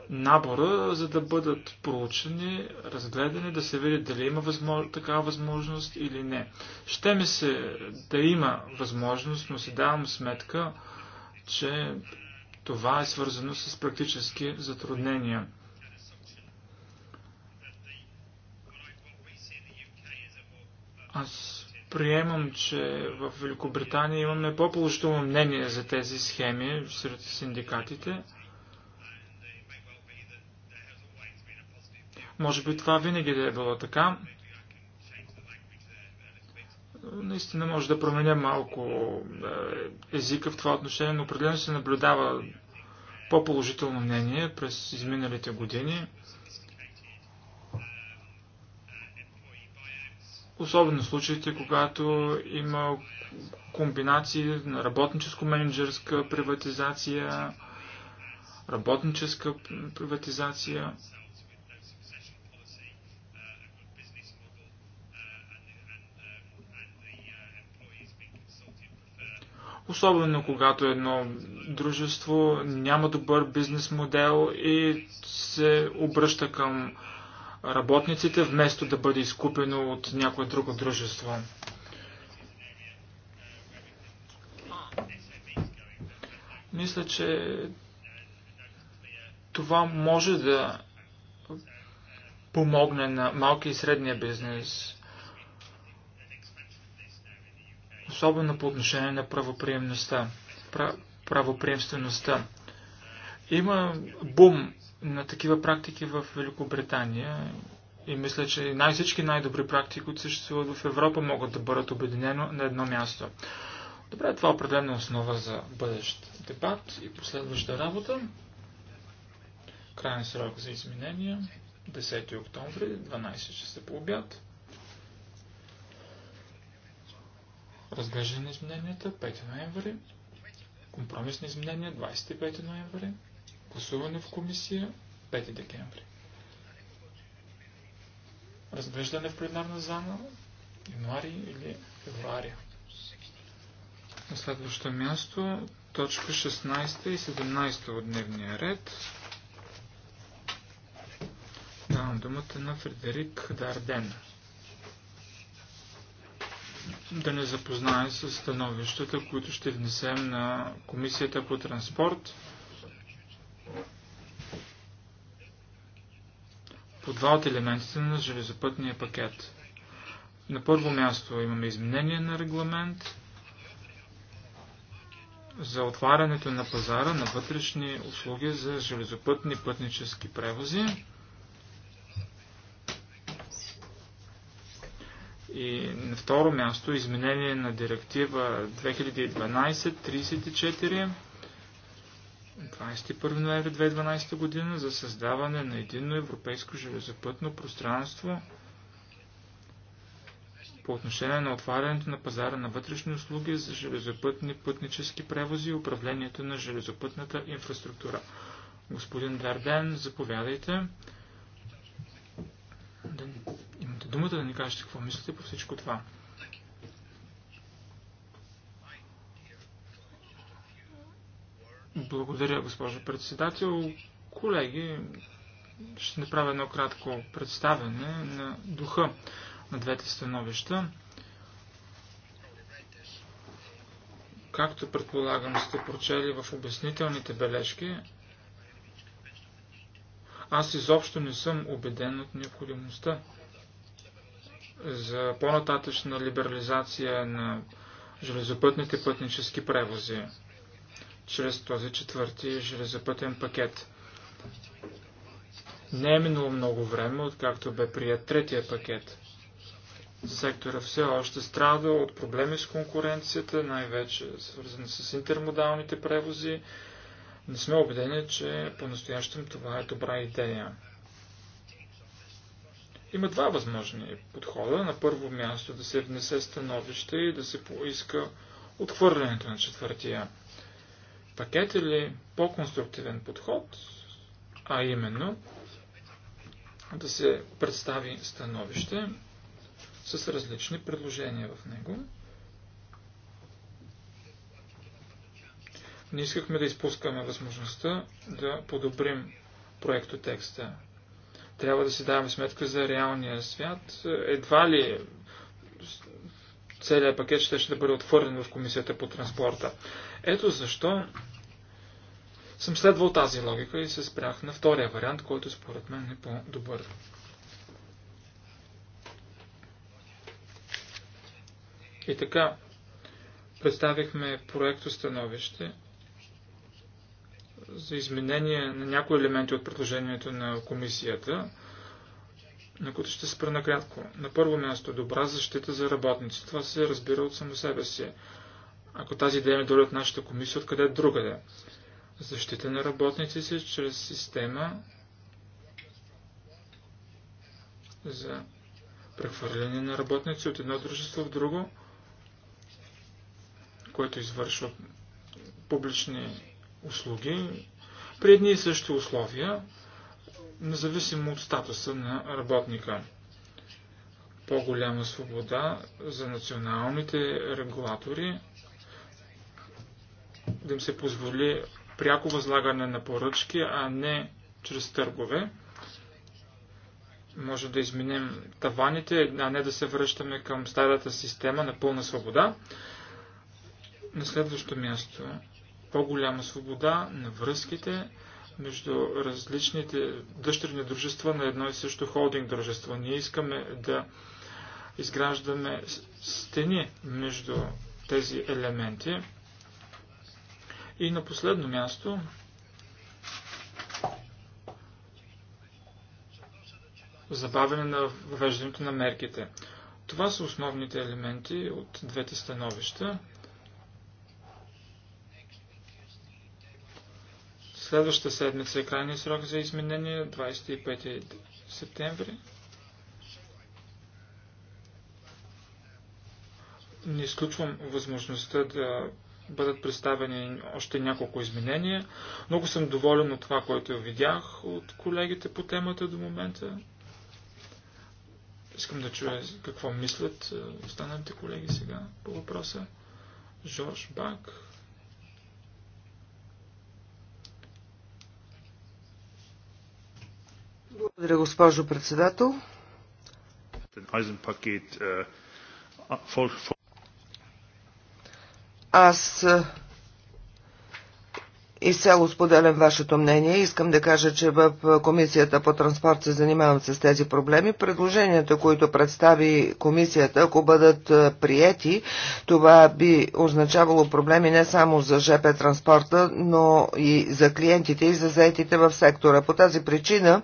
набора, за да бъдат проучени, разгледани, да се види дали има възможно, такава възможност или не. Ще ми се да има възможност, но си давам сметка, че това е свързано с практически затруднения. Аз приемам, че в Великобритания имаме по-положително мнение за тези схеми сред синдикатите – Може би това винаги да е било така. Наистина може да променя малко е, езика в това отношение, но определено се наблюдава по-положително мнение през изминалите години. Особено в случаите, когато има комбинации на работническо-менеджерска приватизация, работническа приватизация. Особено когато едно дружество няма добър бизнес модел и се обръща към работниците, вместо да бъде изкупено от някое друго дружество. Мисля, че това може да помогне на малки и средния бизнес. особено по отношение на правоприемността. правоприемствеността. Има бум на такива практики в Великобритания и мисля, че най- всички най-добри практики, които съществуват в Европа, могат да бъдат обединено на едно място. Добре, това е определена основа за бъдещ дебат и последваща работа. Крайен срок за изменения 10 октомври, 12 часа по обяд. Разглеждане на измененията 5 ноември. на изменения 25 ноември. Гласуване в комисия 5 декември. Разглеждане в пленарна зала януари или февруари. На следващо място точка 16 и 17 от дневния ред. Давам думата на Фредерик Дарден да не запознае с становищата, които ще внесем на Комисията по транспорт. по два от елементите на железопътния пакет. На първо място имаме изменение на регламент за отварянето на пазара на вътрешни услуги за железопътни пътнически превози. И на второ място изменение на директива 2012-34 21 ноември 2012 година за създаване на единно европейско железопътно пространство по отношение на отварянето на пазара на вътрешни услуги за железопътни пътнически превози и управлението на железопътната инфраструктура. Господин Дарден, заповядайте думата да ни кажете какво мислите по всичко това. Благодаря, госпожо председател. Колеги, ще направя едно кратко представяне на духа на двете становища. Както предполагам сте прочели в обяснителните бележки, аз изобщо не съм убеден от необходимостта за по-нататъчна либерализация на железопътните пътнически превози чрез този четвърти железопътен пакет. Не е минало много време, откакто бе прият третия пакет. Сектора все още страда от проблеми с конкуренцията, най-вече свързани с интермодалните превози. Не сме убедени, че по-настоящем това е добра идея. Има два възможни подхода. На първо място да се внесе становище и да се поиска отхвърлянето на четвъртия пакет или по-конструктивен подход, а именно да се представи становище с различни предложения в него. Не искахме да изпускаме възможността да подобрим текста. Трябва да си даваме сметка за реалния свят. Едва ли целият пакет ще, ще бъде отвърлен в комисията по транспорта. Ето защо съм следвал тази логика и се спрях на втория вариант, който според мен е по-добър. И така, представихме проекто становище – за изменение на някои елементи от предложението на комисията, на които ще спра накратко. На първо място, добра защита за работници. Това се разбира от само себе си. Ако тази идея не дойде от нашата комисия, откъде другаде? Защита на работници се чрез система за прехвърляне на работници от едно дружество в друго, което извършва публични услуги при едни и същи условия, независимо от статуса на работника. По-голяма свобода за националните регулатори да им се позволи пряко възлагане на поръчки, а не чрез търгове. Може да изменим таваните, а не да се връщаме към старата система на пълна свобода. На следващо място по-голяма свобода на връзките между различните дъщерни дружества на едно и също холдинг дружество. Ние искаме да изграждаме стени между тези елементи. И на последно място забавяне на въвеждането на мерките. Това са основните елементи от двете становища. Следващата седмица е крайният срок за изменение, 25 септември. Не изключвам възможността да бъдат представени още няколко изменения. Много съм доволен от това, което видях от колегите по темата до момента. Искам да чуя какво мислят е, останалите колеги сега по въпроса. Жорж Бак. Благодаря, госпожо председател. Е, Аз е, Изцяло споделям вашето мнение. Искам да кажа, че в Комисията по транспорт се занимавам с тези проблеми. Предложенията, които представи Комисията, ако бъдат е, приети, това би означавало проблеми не само за ЖП транспорта, но и за клиентите и за заетите в сектора. По тази причина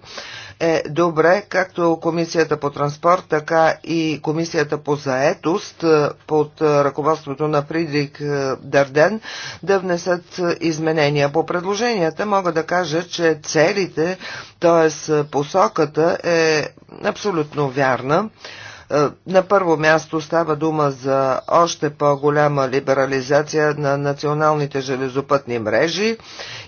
е добре, както Комисията по транспорт, така и Комисията по заетост е, под ръководството на Фридрик е, Дарден да внесат е, изменения. По предложенията мога да кажа, че целите, т.е. посоката е абсолютно вярна. Е, на първо място става дума за още по-голяма либерализация на националните железопътни мрежи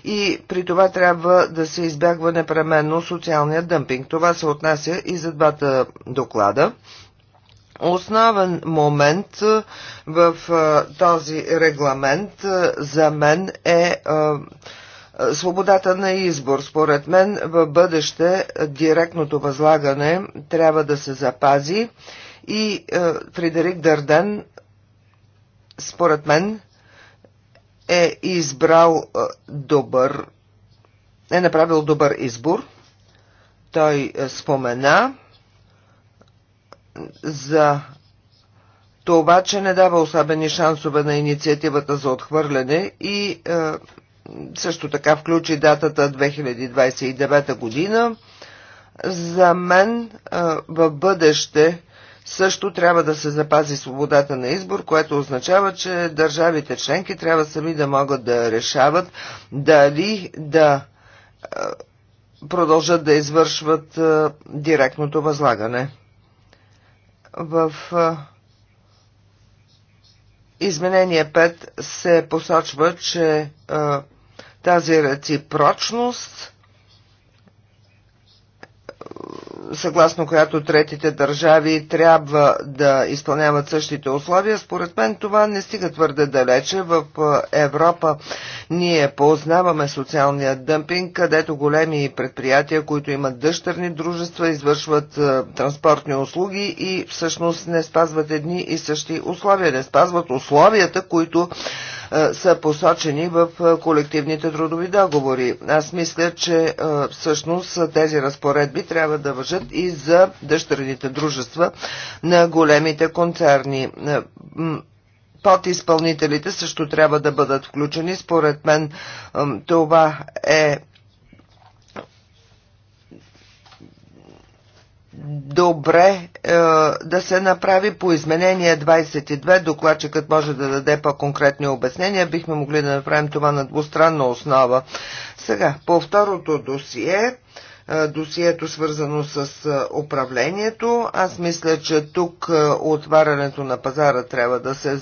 и при това трябва да се избягва непременно социалния дъмпинг. Това се отнася и за двата доклада. Основен момент е, в е, този регламент за мен е Свободата на избор, според мен, в бъдеще директното възлагане трябва да се запази и е, Фредерик Дарден, според мен, е избрал е, добър, е направил добър избор. Той е, спомена за това, че не дава особени шансове на инициативата за отхвърляне и е, също така включи датата 2029 година. За мен в бъдеще също трябва да се запази свободата на избор, което означава, че държавите членки трябва сами да могат да решават дали да продължат да извършват директното възлагане. В изменение 5 се посочва, че тази реципрочност, съгласно която третите държави трябва да изпълняват същите условия, според мен това не стига твърде далече. В Европа ние познаваме социалния дъмпинг, където големи предприятия, които имат дъщерни дружества, извършват транспортни услуги и всъщност не спазват едни и същи условия, не спазват условията, които са посочени в колективните трудови договори. Аз мисля, че всъщност тези разпоредби трябва да въжат и за дъщерните дружества на големите концерни. Подизпълнителите също трябва да бъдат включени. Според мен това е добре е, да се направи по изменение 22. Докладчикът може да даде по-конкретни обяснения. Бихме могли да направим това на двустранна основа. Сега, по второто досие, е, досието свързано с е, управлението, аз мисля, че тук е, отварянето на пазара трябва да се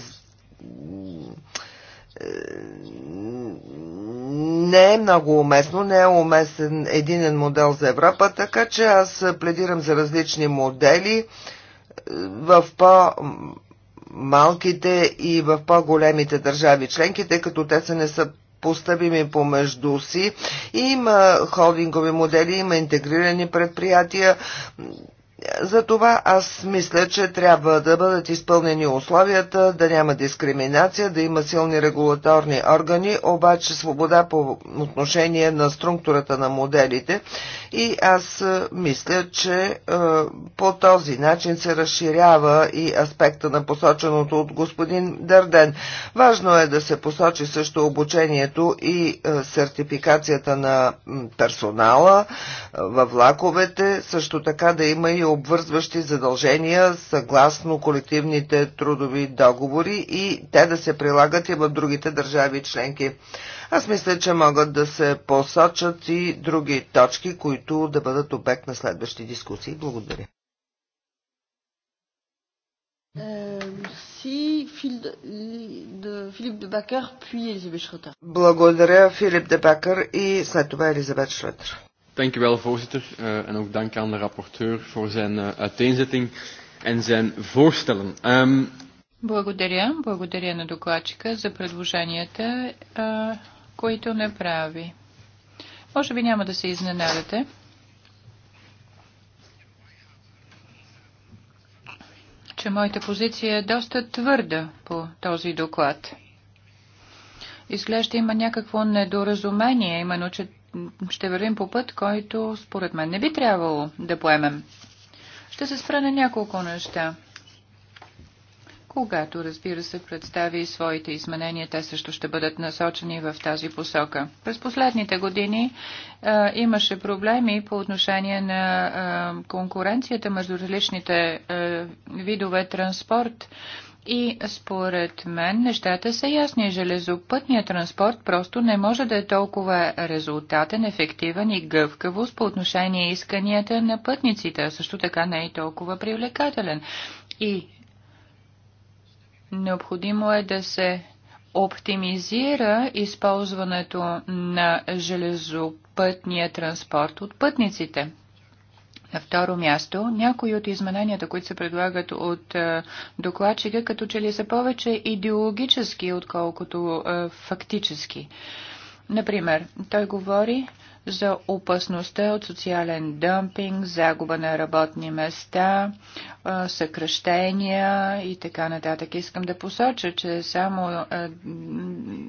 не е много уместно, не е уместен единен модел за Европа, така че аз пледирам за различни модели е, в по малките и в по-големите държави членки, тъй като те са не са поставими помежду си. Има холдингови модели, има интегрирани предприятия. Затова аз мисля, че трябва да бъдат изпълнени условията, да няма дискриминация, да има силни регулаторни органи, обаче свобода по отношение на структурата на моделите и аз мисля, че по този начин се разширява и аспекта на посоченото от господин Дърден. Важно е да се посочи също обучението и сертификацията на персонала във влаковете, също така да има и обвързващи задължения съгласно колективните трудови договори и те да се прилагат и в другите държави членки. Аз мисля, че могат да се посочат и други точки, които да бъдат обект на следващи дискусии. Благодаря. Е, Благодаря Филип де Бакър и след това Елизабет Шретер. Dank u wel, voorzitter. Uh, en ook dank aan de rapporteur voor zijn uh, uiteenzetting en zijn voorstellen. Um... Благодаря. Благодаря на докладчика за предложенията. Uh, които не прави. Може би няма да се изненадате. че моята позиция е доста твърда по този доклад. Изглежда има някакво недоразумение, именно, че ще вървим по път, който според мен не би трябвало да поемем. Ще се спра на няколко неща. Когато, разбира се, представи своите изменения, те също ще бъдат насочени в тази посока. През последните години а, имаше проблеми по отношение на а, конкуренцията между различните а, видове транспорт. И според мен нещата са ясни. Железопътният транспорт просто не може да е толкова резултатен, ефективен и гъвкавост по отношение исканията на пътниците, а също така не е и толкова привлекателен. И Необходимо е да се оптимизира използването на железопътния транспорт от пътниците. На второ място, някои от измененията, които се предлагат от е, докладчика, като че ли са повече идеологически, отколкото е, фактически. Например, той говори за опасността от социален дъмпинг, загуба на работни места, съкръщения и така нататък. Искам да посоча, че само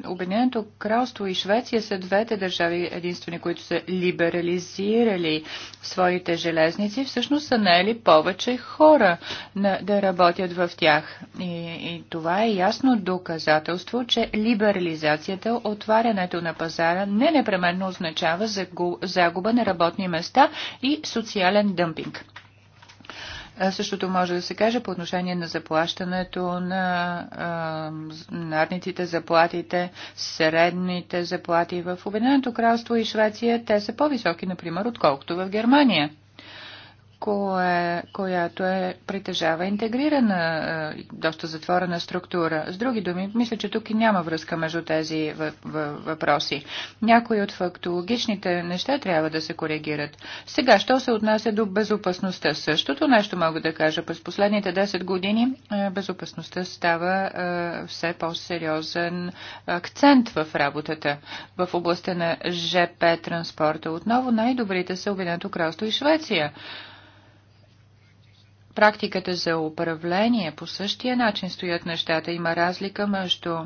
Обединеното кралство и Швеция са двете държави единствени, които са либерализирали своите железници. Всъщност са наели повече хора да работят в тях. И, и това е ясно доказателство, че либерализацията, отварянето на пазара не непременно означава за загуба на работни места и социален дъмпинг. Същото може да се каже по отношение на заплащането на надниците, заплатите, средните заплати в Обединеното кралство и Швеция. Те са по-високи, например, отколкото в Германия кое, която е, притежава интегрирана, е, доста затворена структура. С други думи, мисля, че тук и няма връзка между тези въпроси. Някои от фактологичните неща трябва да се коригират. Сега, що се отнася до безопасността? Същото нещо мога да кажа. През последните 10 години е, безопасността става е, все по-сериозен акцент в работата. В областта на ЖП транспорта отново най-добрите са Обединеното кралство и Швеция практиката за управление по същия начин стоят нещата. Има разлика между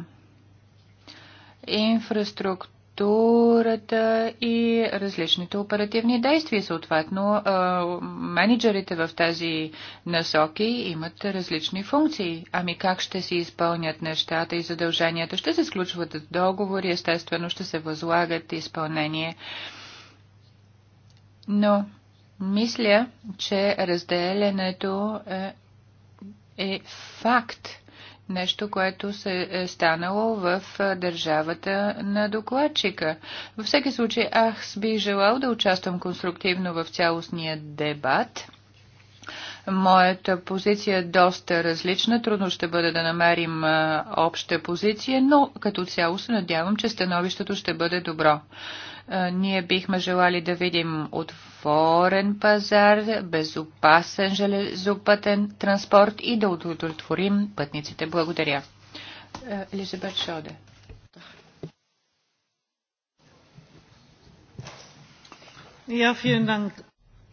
инфраструктурата и различните оперативни действия. Съответно, менеджерите в тези насоки имат различни функции. Ами как ще си изпълнят нещата и задълженията? Ще се сключват договори, естествено ще се възлагат изпълнение. Но мисля, че разделянето е, е факт. Нещо, което се е станало в е, държавата на докладчика. Във всеки случай, аз би желал да участвам конструктивно в цялостния дебат. Моята позиция е доста различна. Трудно ще бъде да намерим е, обща позиция, но като цяло се надявам, че становището ще бъде добро. Ние бихме желали да видим отворен пазар, безопасен железопътен транспорт и да удовлетворим пътниците. Благодаря. Елизабет Шоде.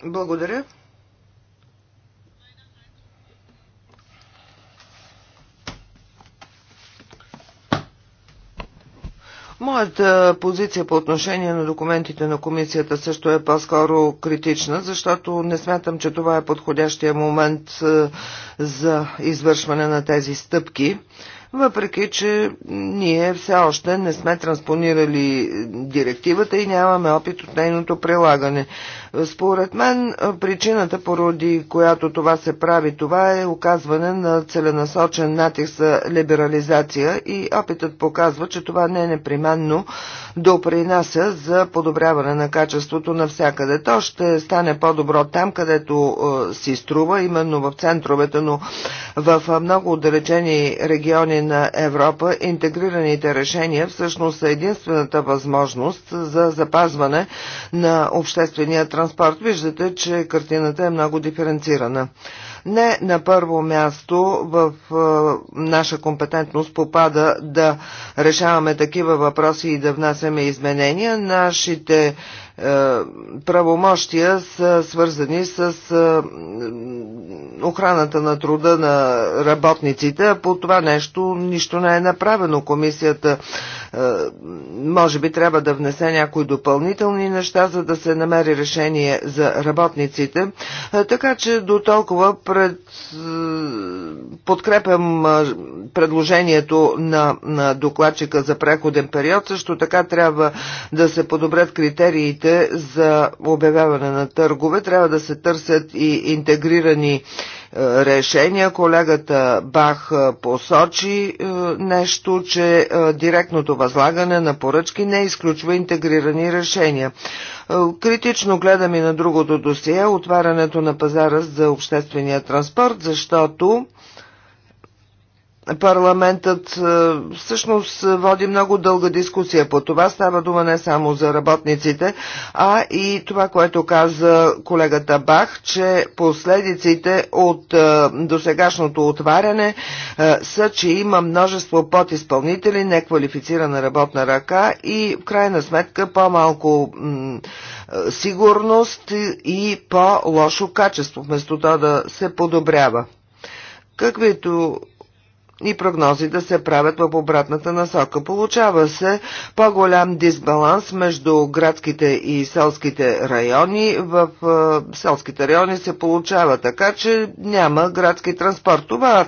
Благодаря. Моята позиция по отношение на документите на комисията също е по-скоро критична, защото не смятам, че това е подходящия момент е, за извършване на тези стъпки въпреки че ние все още не сме транспонирали директивата и нямаме опит от нейното прилагане. Според мен причината, поради която това се прави, това е оказване на целенасочен натиск за либерализация и опитът показва, че това не е непременно допринася за подобряване на качеството навсякъде. То ще стане по-добро там, където си струва, именно в центровете, но в много отдалечени региони на Европа интегрираните решения всъщност са единствената възможност за запазване на обществения транспорт транспорт. Виждате, че картината е много диференцирана. Не на първо място в наша компетентност попада да решаваме такива въпроси и да внасяме изменения. Нашите е, правомощия са свързани с е, охраната на труда на работниците. по това нещо нищо не е направено. Комисията е, може би трябва да внесе някои допълнителни неща, за да се намери решение за работниците. Така че до толкова пред... подкрепям предложението на, на докладчика за преходен период. Също така трябва да се подобрят критериите мерките за обявяване на търгове. Трябва да се търсят и интегрирани е, решения. Колегата Бах е, посочи е, нещо, че директното възлагане на поръчки не изключва интегрирани решения. Критично гледам и на другото досие, отварянето на пазара за обществения транспорт, защото парламентът е, всъщност води много дълга дискусия по това. Става дума не само за работниците, а и това, което каза колегата Бах, че последиците от е, досегашното отваряне е, са, че има множество подизпълнители, неквалифицирана работна ръка и в крайна сметка по-малко сигурност и по-лошо качество, вместо това да се подобрява. Каквито и прогнози да се правят в обратната насока. Получава се по-голям дисбаланс между градските и селските райони. В е, селските райони се получава така, че няма градски транспорт. Това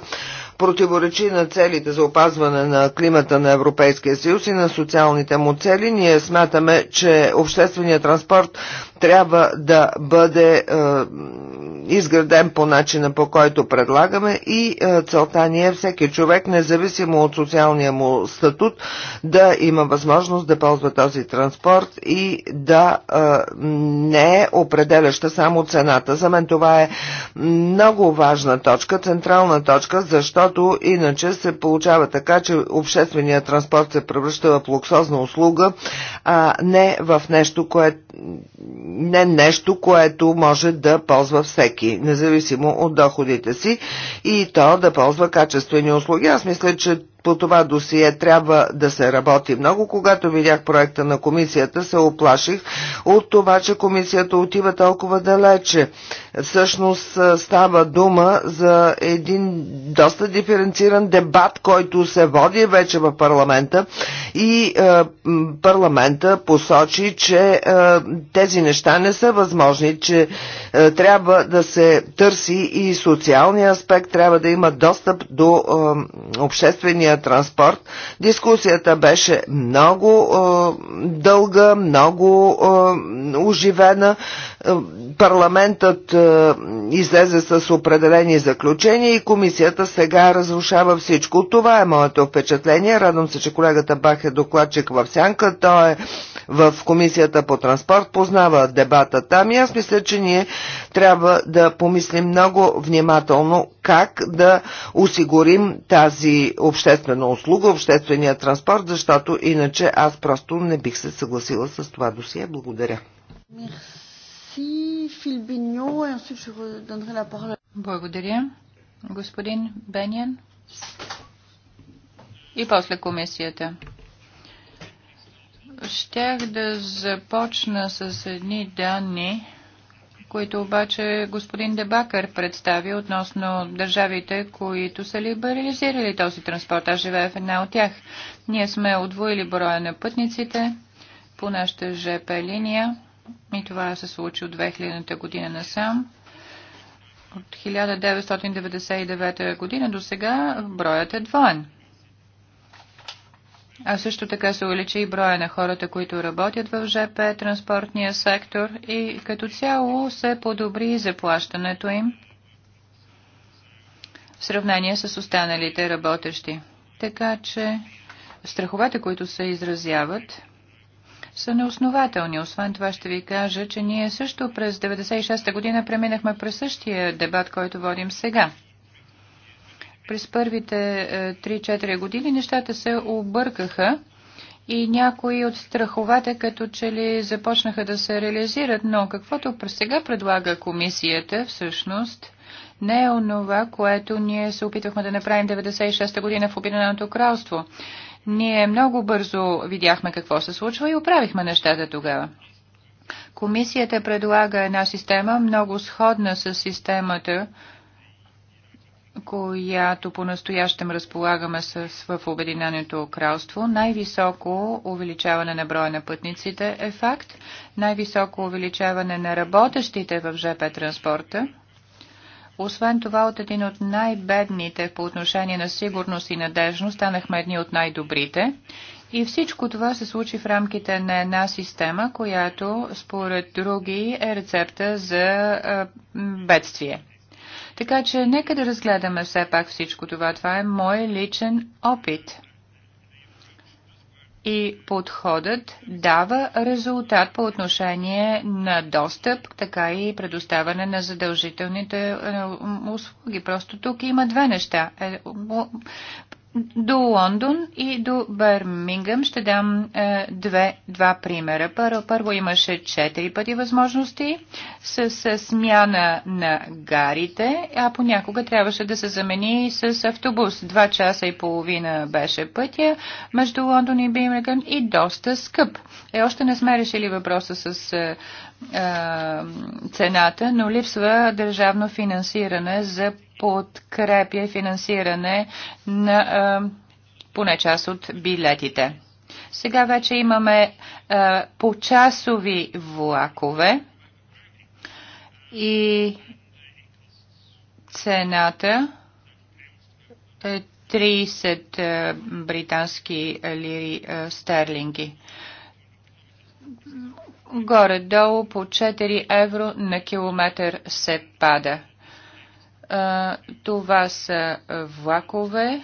противоречи на целите за опазване на климата на Европейския съюз и на социалните му цели. Ние смятаме, че общественият транспорт трябва да бъде е, изграден по начина по който предлагаме и е, целта ни е всеки човек, независимо от социалния му статут, да има възможност да ползва този транспорт и да е, не е определяща само цената. За мен това е много важна точка, централна точка, защото иначе се получава така, че общественият транспорт се превръща в луксозна услуга, а не в нещо, което не нещо, което може да ползва всеки, независимо от доходите си и то да ползва качествени услуги. Аз мисля, че по това досие трябва да се работи много. Когато видях проекта на комисията, се оплаших от това, че комисията отива толкова далече. Всъщност става дума за един доста диференциран дебат, който се води вече в парламента и е, парламента посочи, че е, тези неща не са възможни, че е, трябва да се търси и социалния аспект, трябва да има достъп до е, обществения транспорт. Дискусията беше много е, дълга, много е, оживена. Е, парламентът е, излезе с определени заключения и комисията сега разрушава всичко. Това е моето впечатление. Радвам се, че колегата Бах е докладчик в сянка. Той е в Комисията по транспорт, познава дебата там и аз мисля, че ние трябва да помислим много внимателно как да осигурим тази обществена услуга, обществения транспорт, защото иначе аз просто не бих се съгласила с това досие. Благодаря. Благодаря. Господин Бениан. И после комисията. Щях да започна с едни данни, които обаче господин Дебакър представи относно държавите, които са либерализирали този транспорт. Аз живея в една от тях. Ние сме отвоили броя на пътниците по нашата ЖП линия и това се случи от 2000-та година насам. От 1999 година до сега броят е двоен. А също така се увеличи и броя на хората, които работят в ЖП, транспортния сектор и като цяло се подобри заплащането им в сравнение с останалите работещи. Така че страховете, които се изразяват, са неоснователни. Освен това ще ви кажа, че ние също през 96-та година преминахме през същия дебат, който водим сега – през първите 3-4 е, години нещата се объркаха и някои от страховете като че ли започнаха да се реализират, но каквото сега предлага комисията всъщност не е онова, което ние се опитвахме да направим 96-та година в Обединеното кралство. Ние много бързо видяхме какво се случва и оправихме нещата тогава. Комисията предлага една система, много сходна с системата, която по-настоящем разполагаме с, в Обединеното кралство. Най-високо увеличаване на броя на пътниците е факт, най-високо увеличаване на работещите в ЖП транспорта. Освен това, от един от най-бедните по отношение на сигурност и надежност станахме едни от най-добрите. И всичко това се случи в рамките на една система, която според други е рецепта за бедствие. Така че нека да разгледаме все пак всичко това. Това е мой личен опит. И подходът дава резултат по отношение на достъп, така и предоставяне на задължителните е, услуги. Просто тук има две неща. Е, до Лондон и до Бърмингъм ще дам е, две, два примера. Първо, първо имаше четири пъти възможности с, с смяна на гарите, а понякога трябваше да се замени с автобус. Два часа и половина беше пътя между Лондон и Бърмингъм и доста скъп. Е, още не сме решили въпроса с е, е, цената, но липсва държавно финансиране за подкрепя и финансиране на е, поне част от билетите. Сега вече имаме е, почасови влакове и цената е 30 британски лири стерлинги горе-долу по 4 евро на километър се пада. Това са влакове,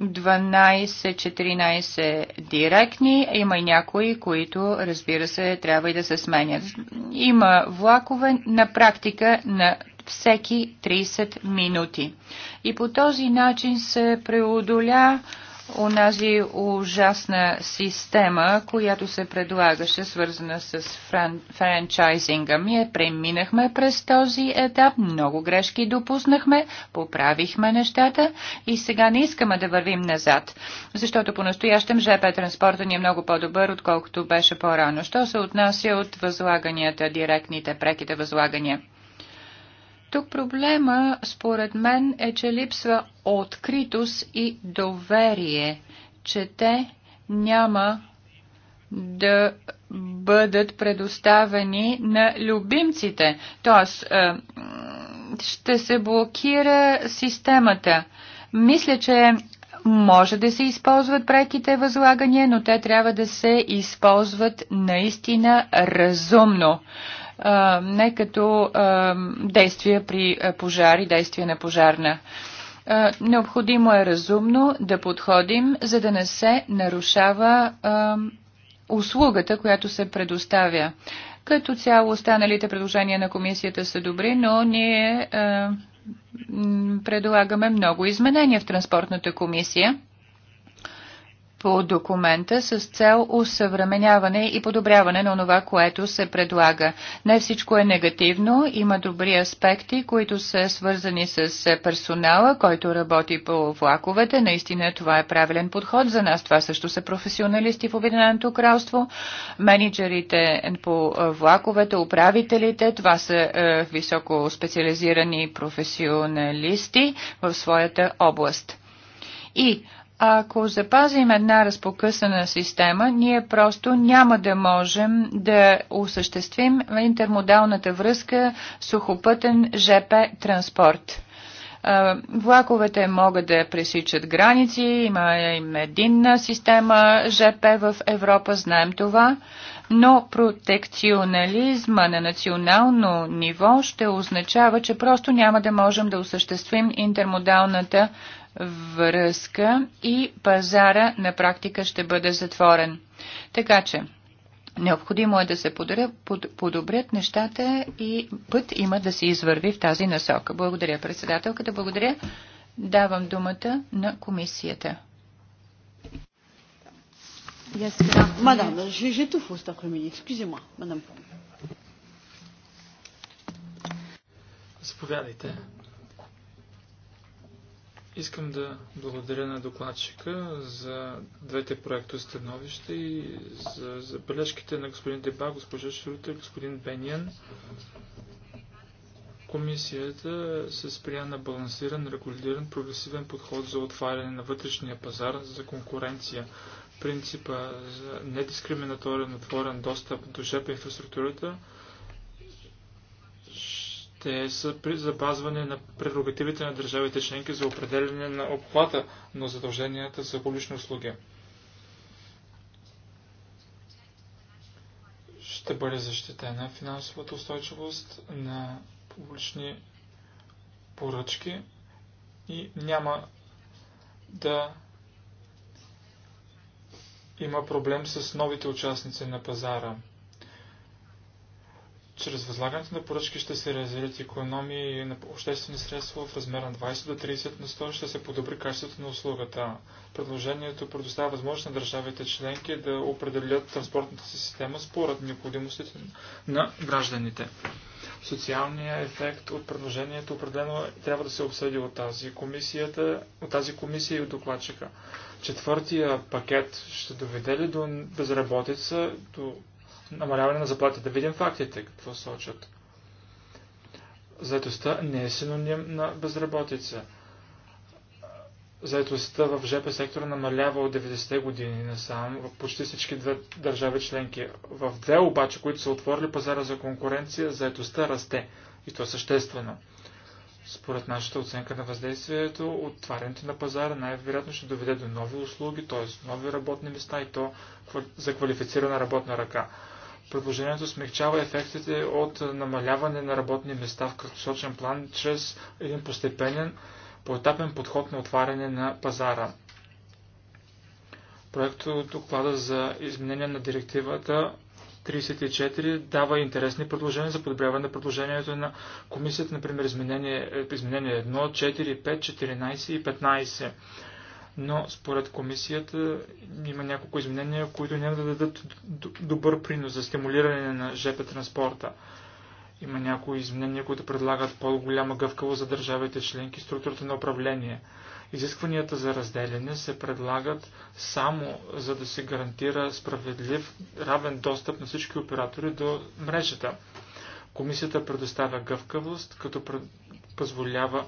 12-14 директни, има и някои, които, разбира се, трябва и да се сменят. Има влакове на практика на всеки 30 минути. И по този начин се преодоля унази ужасна система, която се предлагаше, свързана с фран... франчайзинга. Ние преминахме през този етап, много грешки допуснахме, поправихме нещата и сега не искаме да вървим назад, защото по-настоящем ЖП транспорта ни е много по-добър, отколкото беше по-рано. Що се отнася от възлаганията, директните, преките възлагания? Тук проблема, според мен, е, че липсва откритост и доверие, че те няма да бъдат предоставени на любимците. Тоест, е, ще се блокира системата. Мисля, че може да се използват преките възлагания, но те трябва да се използват наистина разумно не като действия при пожари, действия на пожарна. Необходимо е разумно да подходим, за да не се нарушава услугата, която се предоставя. Като цяло останалите предложения на комисията са добри, но ние предлагаме много изменения в транспортната комисия по документа с цел усъвременяване и подобряване на това, което се предлага. Не всичко е негативно, има добри аспекти, които са свързани с персонала, който работи по влаковете. Наистина това е правилен подход за нас. Това също са професионалисти в Обединеното кралство, менеджерите по влаковете, управителите. Това са е, високо специализирани професионалисти в своята област. И ако запазим една разпокъсана система, ние просто няма да можем да осъществим интермодалната връзка сухопътен ЖП транспорт. Влаковете могат да пресичат граници, има им единна система ЖП в Европа, знаем това, но протекционализма на национално ниво ще означава, че просто няма да можем да осъществим интермодалната връзка и пазара на практика ще бъде затворен. Така че, необходимо е да се подобрят нещата и път има да се извърви в тази насока. Благодаря председателката, благодаря. Давам думата на комисията. Мадам, j'ai Заповядайте. Искам да благодаря на докладчика за двете проекто становища и за забележките на господин Деба, госпожа Шрута и господин Бениан. Комисията се спря на балансиран, регулиран, прогресивен подход за отваряне на вътрешния пазар за конкуренция. Принципа за недискриминаторен отворен достъп до жепа инфраструктурата – те са при запазване на прерогативите на държавите членки за определене на обхвата на задълженията за публични услуги. Ще бъде защитена финансовата устойчивост на публични поръчки и няма да има проблем с новите участници на пазара. Чрез възлагането на поръчки ще се реализират економии на обществени средства в размер на 20 до 30 на 100 ще се подобри качеството на услугата. Предложението предоставя възможност на държавите членки да определят транспортната си система според необходимостите на гражданите. Социалният ефект от предложението определено трябва да се обсъди от тази, комисията, от тази комисия и от докладчика. Четвъртия пакет ще доведе ли до безработица, до намаляване на заплатите. Да видим фактите, какво сочат. Заетостта не е синоним на безработица. Заетостта в ЖП сектора намалява от 90-те години насам в почти всички две държави членки. В две обаче, които са отворили пазара за конкуренция, заетостта расте. И то съществено. Според нашата оценка на въздействието, отварянето на пазара най-вероятно ще доведе до нови услуги, т.е. нови работни места и то за квалифицирана работна ръка. Предложението смягчава ефектите от намаляване на работни места в краткосрочен план чрез един постепенен, поетапен подход на отваряне на пазара. Проектът доклада за изменение на директивата 34 дава интересни предложения за подобряване на предложението на комисията, например изменение, изменение 1, 4, 5, 14 и 15 но според комисията има няколко изменения, които няма да дадат добър принос за стимулиране на ЖП транспорта. Има някои изменения, които предлагат по-голяма гъвкавост за държавите членки, структурата на управление. Изискванията за разделяне се предлагат само за да се гарантира справедлив, равен достъп на всички оператори до мрежата. Комисията предоставя гъвкавост, като позволява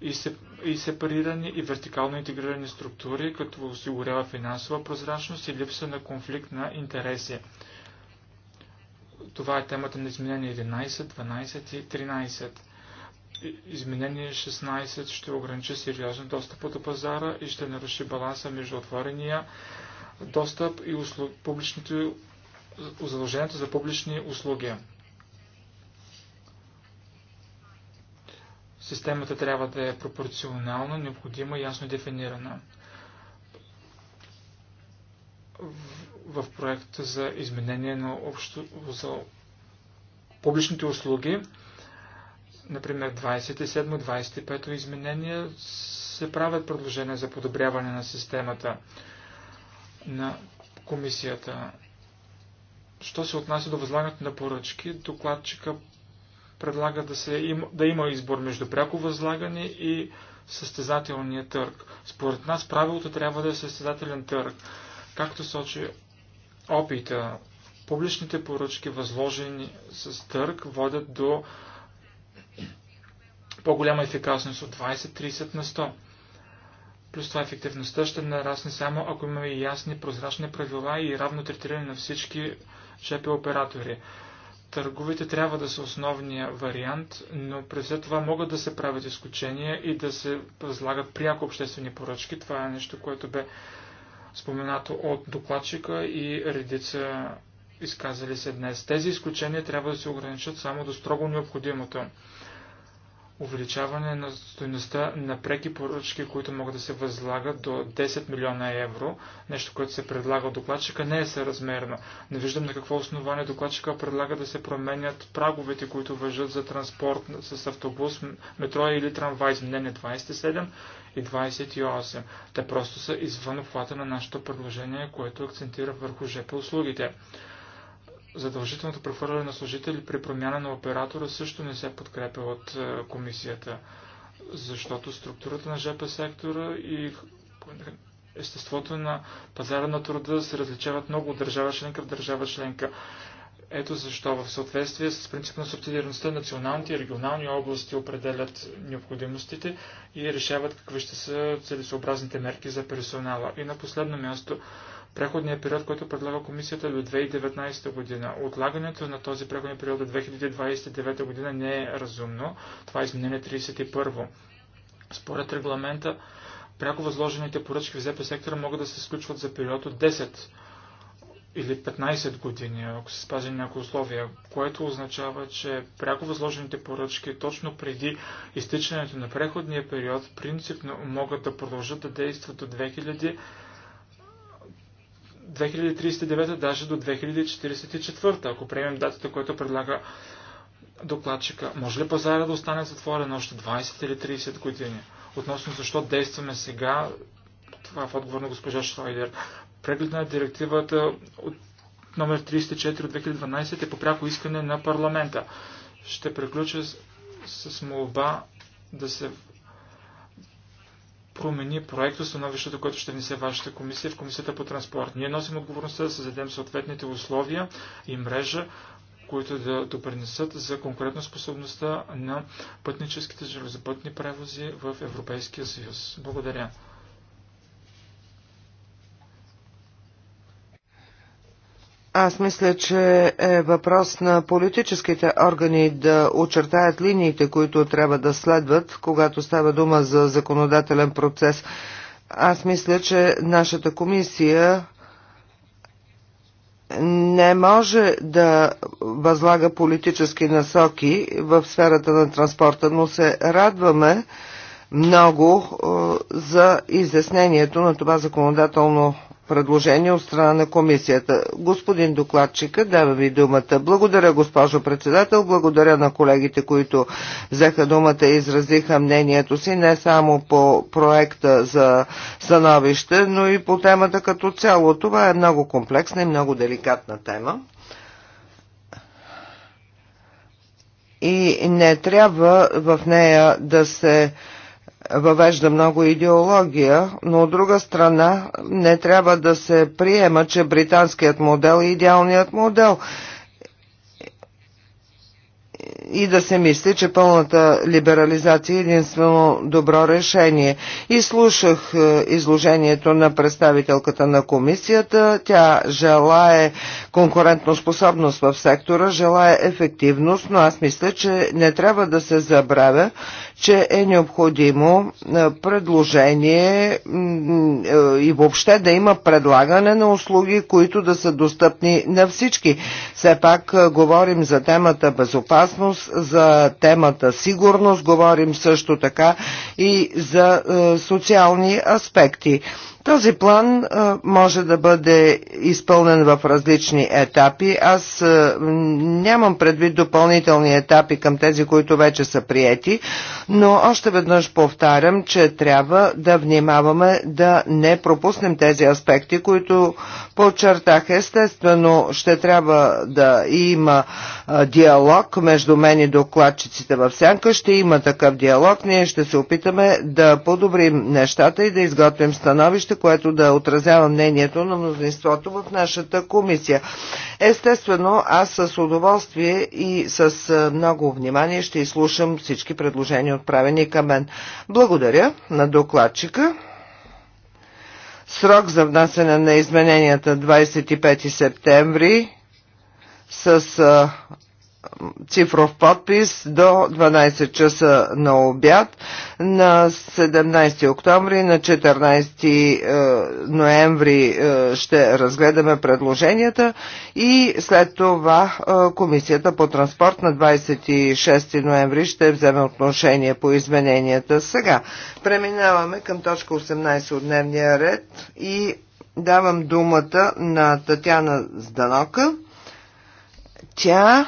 и, се, сепарирани и вертикално интегрирани структури, като осигурява финансова прозрачност и липса на конфликт на интереси. Това е темата на изменение 11, 12 и 13. Изменение 16 ще ограничи сериозно достъпа до пазара и ще наруши баланса между отворения достъп и услу... публичните... задължението за публични услуги. Системата трябва да е пропорционална, необходима и ясно дефинирана. В, в проекта за изменение на общо, за публичните услуги, например 27-25 изменение, се правят предложения за подобряване на системата на комисията. Що се отнася до възлагането на поръчки, докладчика предлага да, се има, да има избор между пряко възлагане и състезателния търг. Според нас правилото трябва да е състезателен търг. Както сочи опита, публичните поръчки, възложени с търг, водят до по-голяма ефикасност от 20-30 на 100. Плюс това ефективността ще нарасне само ако имаме ясни прозрачни правила и равно третиране на всички шепи оператори. Търговете трябва да са основния вариант, но през след това могат да се правят изключения и да се възлагат пряко обществени поръчки. Това е нещо, което бе споменато от докладчика и редица изказали се днес. Тези изключения трябва да се ограничат само до строго необходимото увеличаване на стоеността на преки поръчки, които могат да се възлагат до 10 милиона евро, нещо, което се предлага от докладчика, не е съразмерно. Не виждам на какво основание докладчика предлага да се променят праговете, които въжат за транспорт с автобус, метро или трамвай с мнение 27 и 28. Те просто са извън обхвата на нашето предложение, което акцентира върху ЖП услугите задължителното прехвърляне на служители при промяна на оператора също не се подкрепя от е, комисията, защото структурата на ЖП сектора и естеството на пазара на труда се различават много от държава членка в държава членка. Ето защо в съответствие с принцип на субсидиарността националните и регионални области определят необходимостите и решават какви ще са целесообразните мерки за персонала. И на последно място преходния период, който предлага комисията до 2019 година. Отлагането на този преходен период до 2029 година не е разумно. Това е изменение 31. Според регламента, пряко възложените поръчки в ЗП сектора могат да се сключват за период от 10 или 15 години, ако се спази някои условия, което означава, че пряко възложените поръчки точно преди изтичането на преходния период принципно могат да продължат да действат до 2000 2039 даже до 2044, ако приемем датата, която предлага докладчика. Може ли пазара да остане затворен още 20 или 30 години? Относно защо действаме сега, това е в отговор на госпожа Шройдер. Преглед на директивата от номер 34 от 2012 е по пряко искане на парламента. Ще приключа с, с молба да се промени проекто становището, което ще внесе вашата комисия в комисията по транспорт. Ние носим отговорността да създадем съответните условия и мрежа, които да допринесат за конкретно способността на пътническите железопътни превози в Европейския съюз. Благодаря. Аз мисля, че е въпрос на политическите органи да очертаят линиите, които трябва да следват, когато става дума за законодателен процес. Аз мисля, че нашата комисия не може да възлага политически насоки в сферата на транспорта, но се радваме много е, за изяснението на това законодателно предложение от страна на комисията. Господин докладчика, дава ви думата. Благодаря, госпожо председател. Благодаря на колегите, които взеха думата и изразиха мнението си не само по проекта за становище, но и по темата като цяло. Това е много комплексна и много деликатна тема. И не трябва в нея да се въвежда много идеология, но от друга страна не трябва да се приема, че британският модел е идеалният модел и да се мисли, че пълната либерализация е единствено добро решение. И слушах е, изложението на представителката на комисията. Тя желае конкурентоспособност в сектора, желае ефективност, но аз мисля, че не трябва да се забравя, че е необходимо е, предложение е, и въобще да има предлагане на услуги, които да са достъпни на всички. Все пак е, говорим за темата безопасност, за темата сигурност, говорим също така и за социални аспекти. Този план може да бъде изпълнен в различни етапи. Аз нямам предвид допълнителни етапи към тези, които вече са приети, но още веднъж повтарям, че трябва да внимаваме да не пропуснем тези аспекти, които подчертах. Естествено, ще трябва да има диалог между мен и докладчиците в Сянка. Ще има такъв диалог. Ние ще се опитаме да подобрим нещата и да изготвим становище становище, което да отразява мнението на мнозинството в нашата комисия. Естествено, аз с удоволствие и с много внимание ще изслушам всички предложения отправени към мен. Благодаря на докладчика. Срок за внасяне на измененията 25 септември с цифров подпис до 12 часа на обяд на 17 октомври, на 14 е, ноември е, ще разгледаме предложенията и след това е, Комисията по транспорт на 26 ноември ще вземе отношение по измененията. Сега преминаваме към точка 18 от дневния ред и давам думата на Татяна Зданока. Тя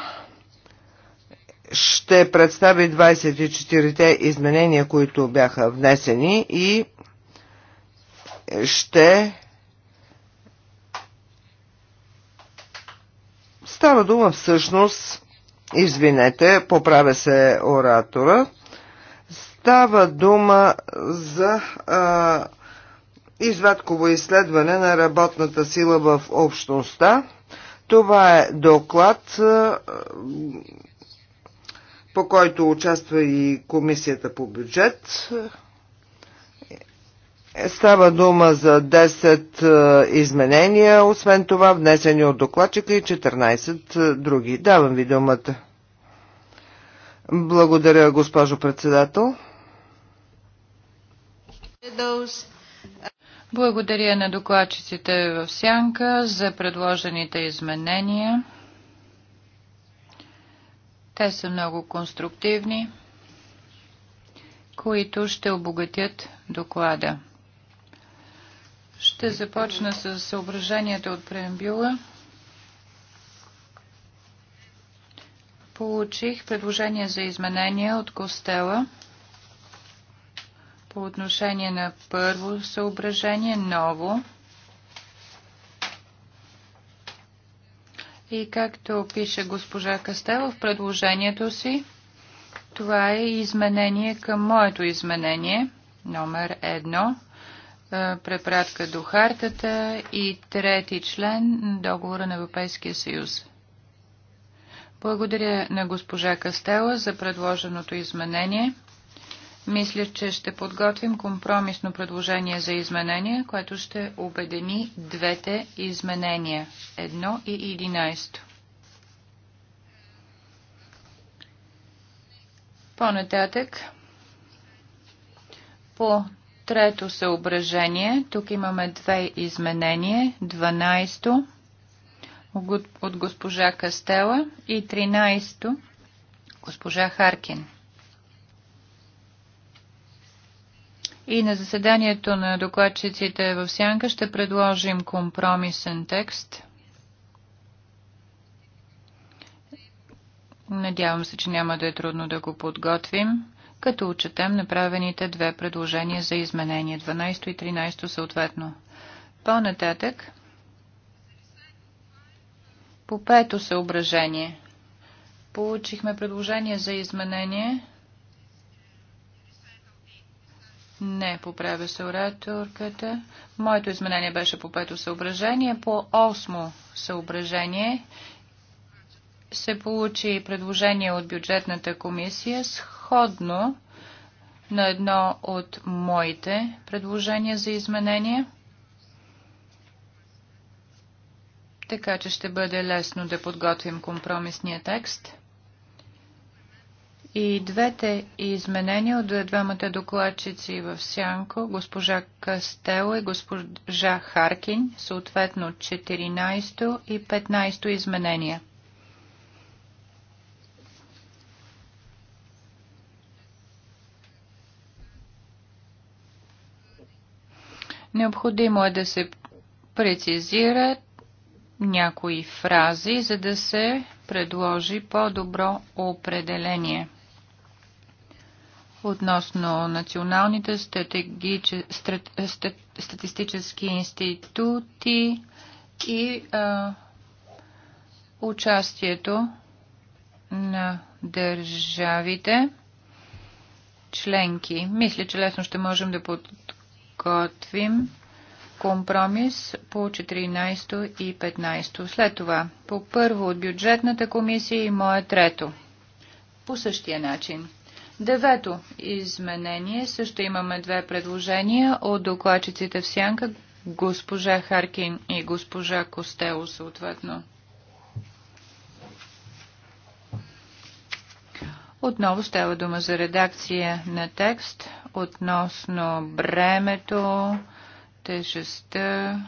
ще представи 24-те изменения, които бяха внесени и ще става дума всъщност, извинете, поправя се оратора, става дума за а, извадково изследване на работната сила в общността. Това е доклад, по който участва и Комисията по бюджет. Става дума за 10 е, изменения, освен това внесени от докладчика и 14 е, други. Давам ви думата. Благодаря, госпожо председател. Благодаря на докладчиците в Сянка за предложените изменения. Те са много конструктивни, които ще обогатят доклада. Ще започна с съображенията от преамбюла. Получих предложение за изменения от Костела по отношение на първо съображение, ново И както пише госпожа Кастел в предложението си, това е изменение към моето изменение, номер едно, е, препратка до хартата и трети член договора на Европейския съюз. Благодаря на госпожа Кастела за предложеното изменение. Мисля, че ще подготвим компромисно предложение за изменение, което ще обедини двете изменения Едно и единайсто. По-нататък, по трето съображение, тук имаме две изменения, дванайсто от госпожа Кастела и тринайсто госпожа Харкин. И на заседанието на докладчиците в Сянка ще предложим компромисен текст. Надявам се, че няма да е трудно да го подготвим, като учетем направените две предложения за изменение, 12 и 13 съответно. По-нататък, по пето съображение, получихме предложение за изменение – Не, поправя се ораторката. Моето изменение беше по пето съображение. По осмо съображение се получи предложение от бюджетната комисия, сходно на едно от моите предложения за изменение. Така че ще бъде лесно да подготвим компромисния текст. И двете изменения от двамата докладчици в Сянко, госпожа Кастело и госпожа Харкин, съответно 14 и 15 изменения. Необходимо е да се прецизират някои фрази, за да се предложи по-добро определение – относно националните статистически институти и а, участието на държавите членки. Мисля, че лесно ще можем да подготвим компромис по 14 и 15. След това, по първо от бюджетната комисия и мое трето. По същия начин. Девето изменение. Също имаме две предложения от докладчиците в сянка, госпожа Харкин и госпожа Костело съответно. Отново става дума за редакция на текст относно бремето, тежестта,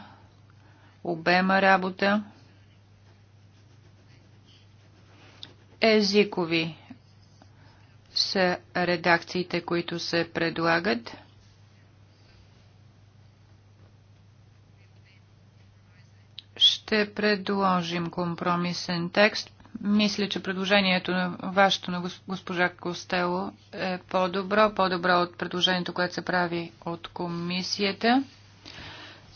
обема работа, езикови са редакциите, които се предлагат. Ще предложим компромисен текст. Мисля, че предложението на вашето на госпожа Костело е по-добро, по-добро от предложението, което се прави от комисията.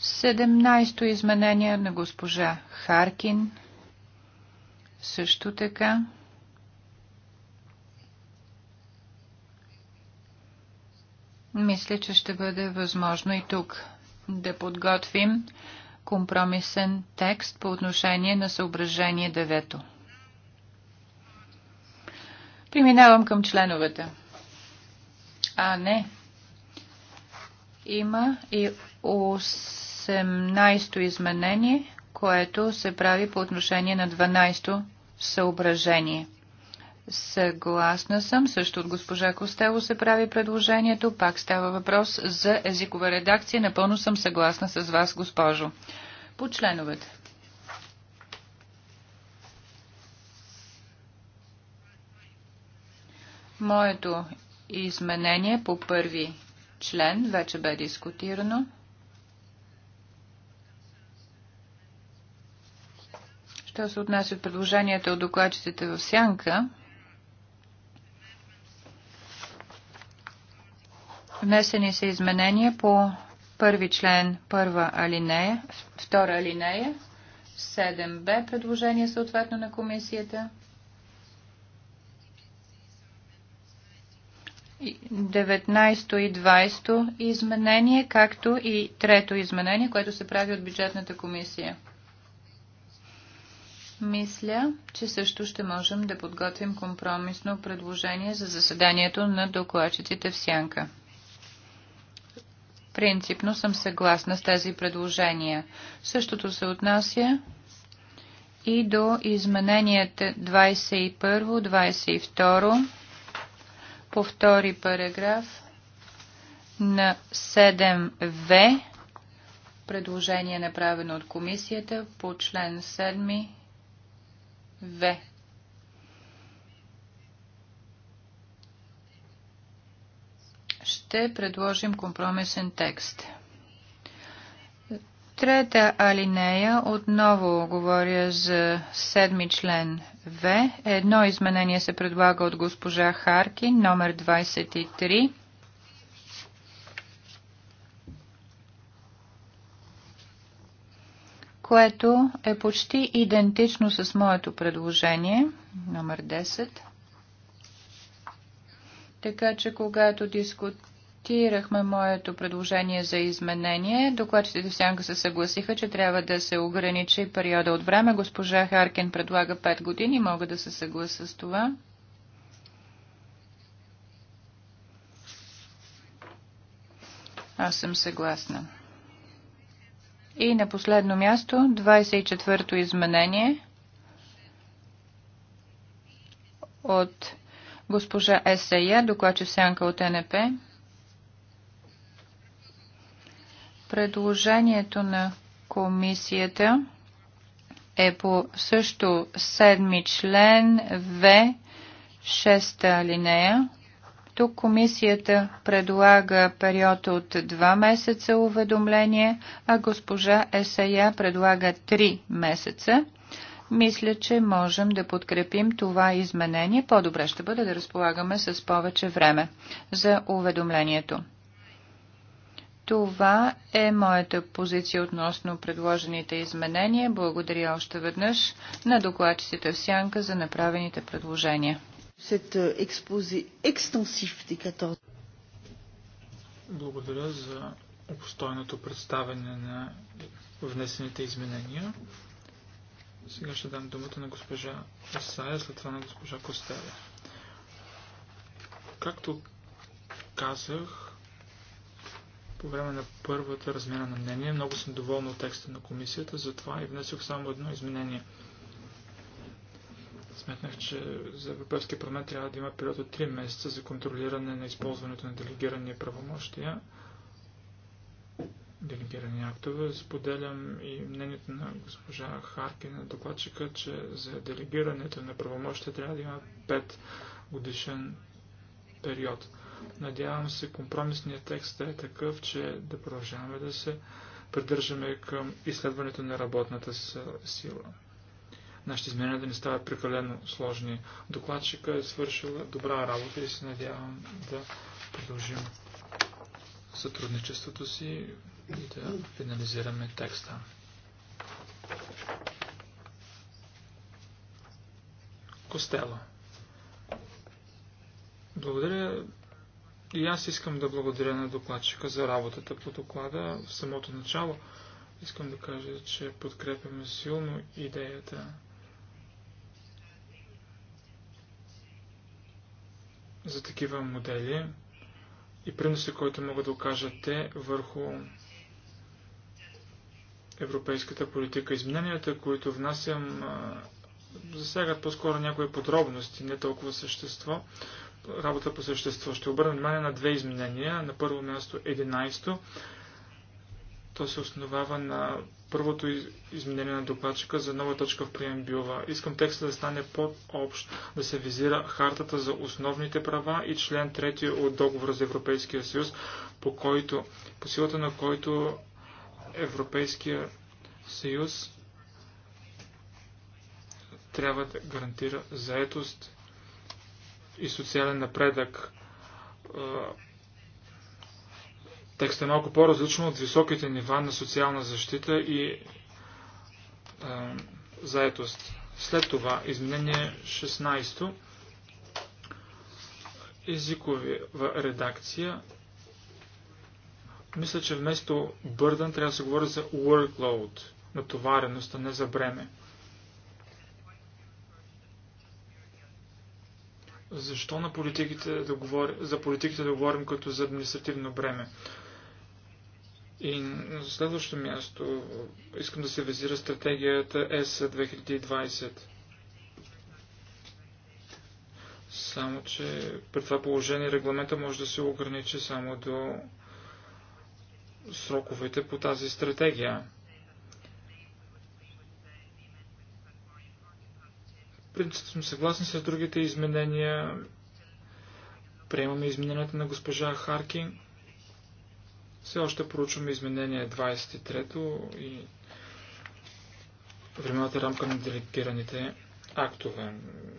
17-то изменение на госпожа Харкин. Също така. Мисля, че ще бъде възможно и тук да подготвим компромисен текст по отношение на съображение 9. Приминавам към членовете. А, не. Има и 18-то изменение, което се прави по отношение на 12-то съображение. Съгласна съм. Също от госпожа Костело се прави предложението. Пак става въпрос за езикова редакция. Напълно съм съгласна с вас, госпожо. По членовете. Моето изменение по първи член вече бе дискутирано. Що се отнася от предложенията от докладчиците в сянка, Внесени са изменения по първи член, първа алинея, втора алинея, 7б предложение съответно на комисията. 19 и 20 изменение, както и трето изменение, което се прави от бюджетната комисия. Мисля, че също ще можем да подготвим компромисно предложение за заседанието на докладчиците в Сянка. Принципно съм съгласна с тези предложения. Същото се отнася и до измененията 21-22 по втори параграф на 7В, предложение направено от комисията по член 7В. ще предложим компромисен текст. Трета алинея, отново говоря за седми член В. Едно изменение се предлага от госпожа Харки, номер 23. което е почти идентично с моето предложение, номер 10. Така че, когато дискутираме дискутирахме моето предложение за изменение. Докладчите сянка се съгласиха, че трябва да се ограничи периода от време. Госпожа Харкен предлага 5 години. Мога да се съгласа с това. Аз съм съгласна. И на последно място, 24-то изменение от госпожа Есея, докладче сянка от НП. Предложението на комисията е по също седми член В, шеста линея. Тук комисията предлага период от 2 месеца уведомление, а госпожа Есая предлага 3 месеца. Мисля, че можем да подкрепим това изменение. По-добре ще бъде да разполагаме с повече време за уведомлението. Това е моята позиция относно предложените изменения. Благодаря още веднъж на докладчиците в Сянка за направените предложения. Э, Благодаря за обстойното представяне на внесените изменения. Сега ще дам думата на госпожа Асая, след това на госпожа Костеля. Както казах, по време на първата размяна на мнение. Много съм доволна от текста на комисията, затова и внесох само едно изменение. Сметнах, че за Европейския парламент трябва да има период от 3 месеца за контролиране на използването на делегирани правомощия, делегирани актове. Споделям и мнението на госпожа Харкина, докладчика, че за делегирането на правомощия трябва да има 5 годишен период. Надявам се компромисният текст е такъв, че да продължаваме да се придържаме към изследването на работната сила. Нашите изменения да не стават прекалено сложни. Докладчика е свършила добра работа и се надявам да продължим сътрудничеството си и да финализираме текста. Костела. Благодаря. И аз искам да благодаря на докладчика за работата по доклада. В самото начало искам да кажа, че подкрепяме силно идеята за такива модели и приноса, който могат да окажат те върху европейската политика. Измененията, които внасям, засягат по-скоро някои подробности, не толкова същество работа по същество. Ще обърна внимание на две изменения. На първо място 11-то. То се основава на първото изменение на докладчика за нова точка в прием билова. Искам текста да стане по-общ, да се визира хартата за основните права и член 3 от договора за Европейския съюз, по, който, по силата на който Европейския съюз трябва да гарантира заетост и социален напредък. Текстът е малко по-различно от високите нива на социална защита и заетост. След това, изменение 16 езикова редакция. Мисля, че вместо бърдан, трябва да се говори за workload, натовареност, а не за бреме. Защо на политиките да говорим, за политиките да говорим като за административно бреме? И на следващо място искам да се визира стратегията ЕС 2020. Само, че при това положение регламента може да се ограничи само до сроковете по тази стратегия. принцип сме съгласни с другите изменения. Приемаме измененията на госпожа Харкин. Все още проучваме изменение 23 то и времената рамка на делегираните актове.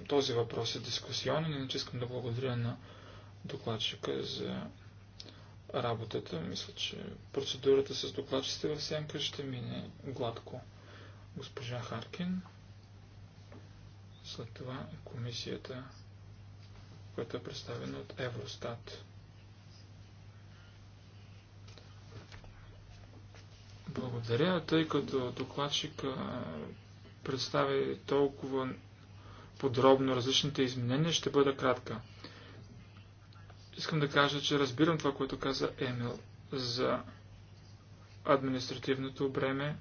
Този въпрос е дискусионен, иначе искам да благодаря на докладчика за работата. Мисля, че процедурата с докладчиците в сянка ще мине гладко. Госпожа Харкин. След това комисията, която е представена от Евростат. Благодаря, тъй като докладчик представи толкова подробно различните изменения, ще бъда кратка. Искам да кажа, че разбирам това, което каза Емил за административното бреме,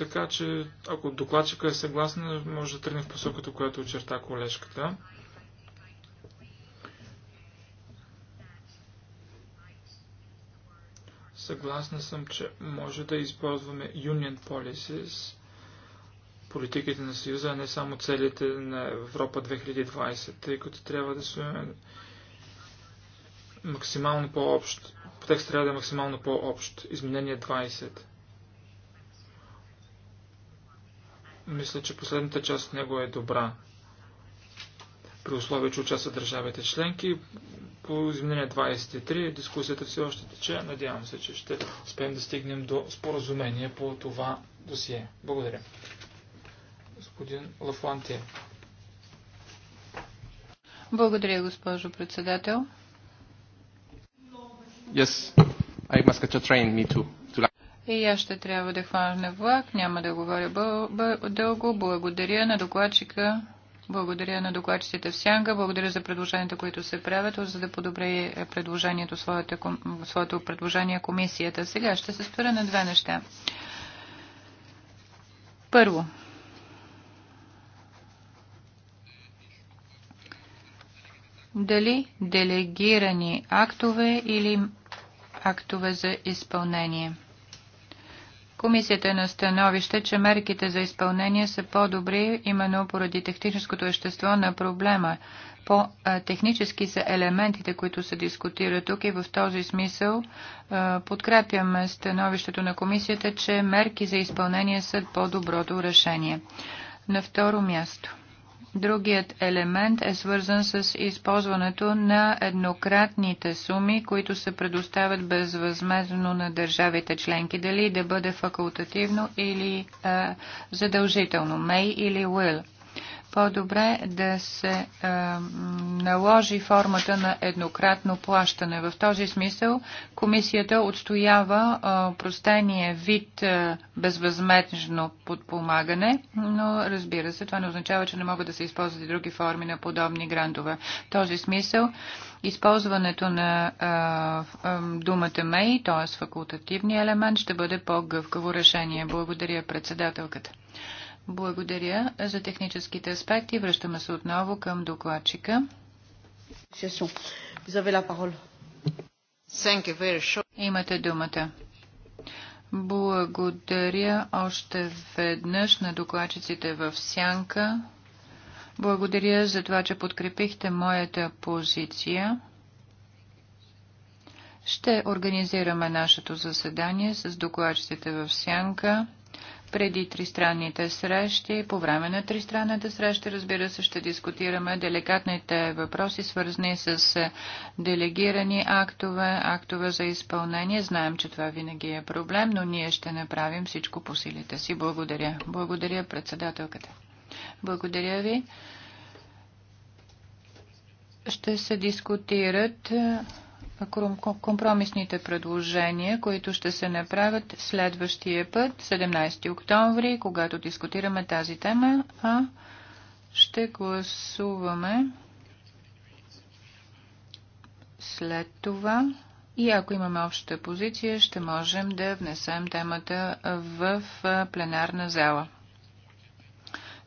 Така че, ако докладчика е съгласна, може да тръгне в посоката, която очерта колежката. Съгласна съм, че може да използваме Union Policies, политиките на Съюза, а не само целите на Европа 2020, тъй като трябва да сме максимално по-общ. Текст трябва да е максимално по-общ. Изменение 20. Мисля, че последната част от него е добра. При условие, че участват държавите членки, по изменение 23 дискусията все още тече. Надявам се, че ще успеем да стигнем до споразумение по това досие. Благодаря. Господин Лафланте. Благодаря, госпожо председател. Yes, I must catch a train, me too. И аз ще трябва да хвана влак. Няма да говоря дълго. Благодаря на докладчика. Благодаря на докладчиците в Сянга. Благодаря за предложенията, които се правят, за да подобри е, предложението, своята, своето предложение комисията. Сега ще се спра на две неща. Първо, дали делегирани актове или актове за изпълнение – Комисията е на становище, че мерките за изпълнение са по-добри именно поради техническото ещество на проблема. По-технически са елементите, които се дискутират тук и в този смисъл подкрепяме становището на комисията, че мерки за изпълнение са по-доброто решение. На второ място. Другият елемент е свързан с използването на еднократните суми, които се предоставят безвъзмезно на държавите членки, дали да бъде факултативно или а, задължително, may или will по-добре да се е, наложи формата на еднократно плащане. В този смисъл комисията отстоява е, простения вид е, безвъзмежно подпомагане, но разбира се, това не означава, че не могат да се използват и други форми на подобни грантове. В този смисъл използването на е, е, думата МЕЙ, т.е. факултативния елемент, ще бъде по-гъвкаво решение. Благодаря председателката. Благодаря за техническите аспекти. Връщаме се отново към докладчика. Имате думата. Благодаря още веднъж на докладчиците в Сянка. Благодаря за това, че подкрепихте моята позиция. Ще организираме нашето заседание с докладчиците в Сянка преди тристранните срещи, по време на тристранната среща, разбира се, ще дискутираме деликатните въпроси, свързани с е, делегирани актове, актове за изпълнение. Знаем, че това винаги е проблем, но ние ще направим всичко по силите си. Благодаря. Благодаря председателката. Благодаря ви. Ще се дискутират е, компромисните предложения, които ще се направят следващия път, 17 октомври, когато дискутираме тази тема, а ще гласуваме след това. И ако имаме обща позиция, ще можем да внесем темата в пленарна зала.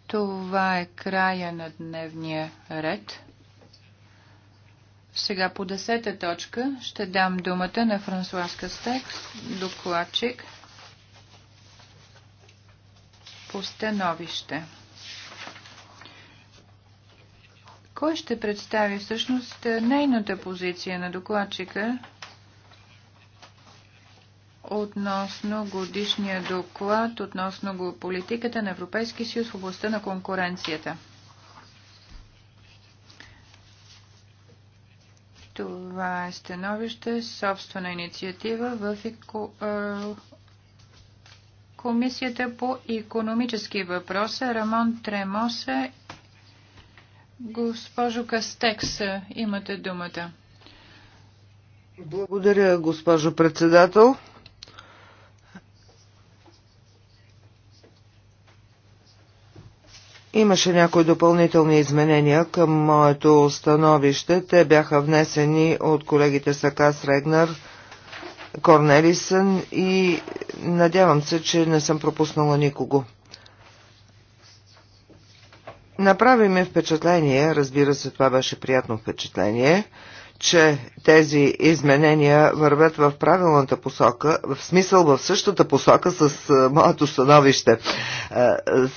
Това е края на дневния ред. Сега по десета точка ще дам думата на Франсуас Кастек, докладчик по становище. Кой ще представи всъщност нейната позиция на докладчика относно годишния доклад, относно политиката на Европейски съюз в областта на конкуренцията? Това е становище, собствена инициатива в е, Комисията по економически въпроси Рамон Тремоса. Госпожо Кастекс, имате думата. Благодаря, госпожо председател. Имаше някои допълнителни изменения към моето становище. Те бяха внесени от колегите Сакас Регнар, Корнелисън и надявам се, че не съм пропуснала никого. Направи ми впечатление, разбира се, това беше приятно впечатление, че тези изменения вървят в правилната посока, в смисъл в същата посока с моето становище.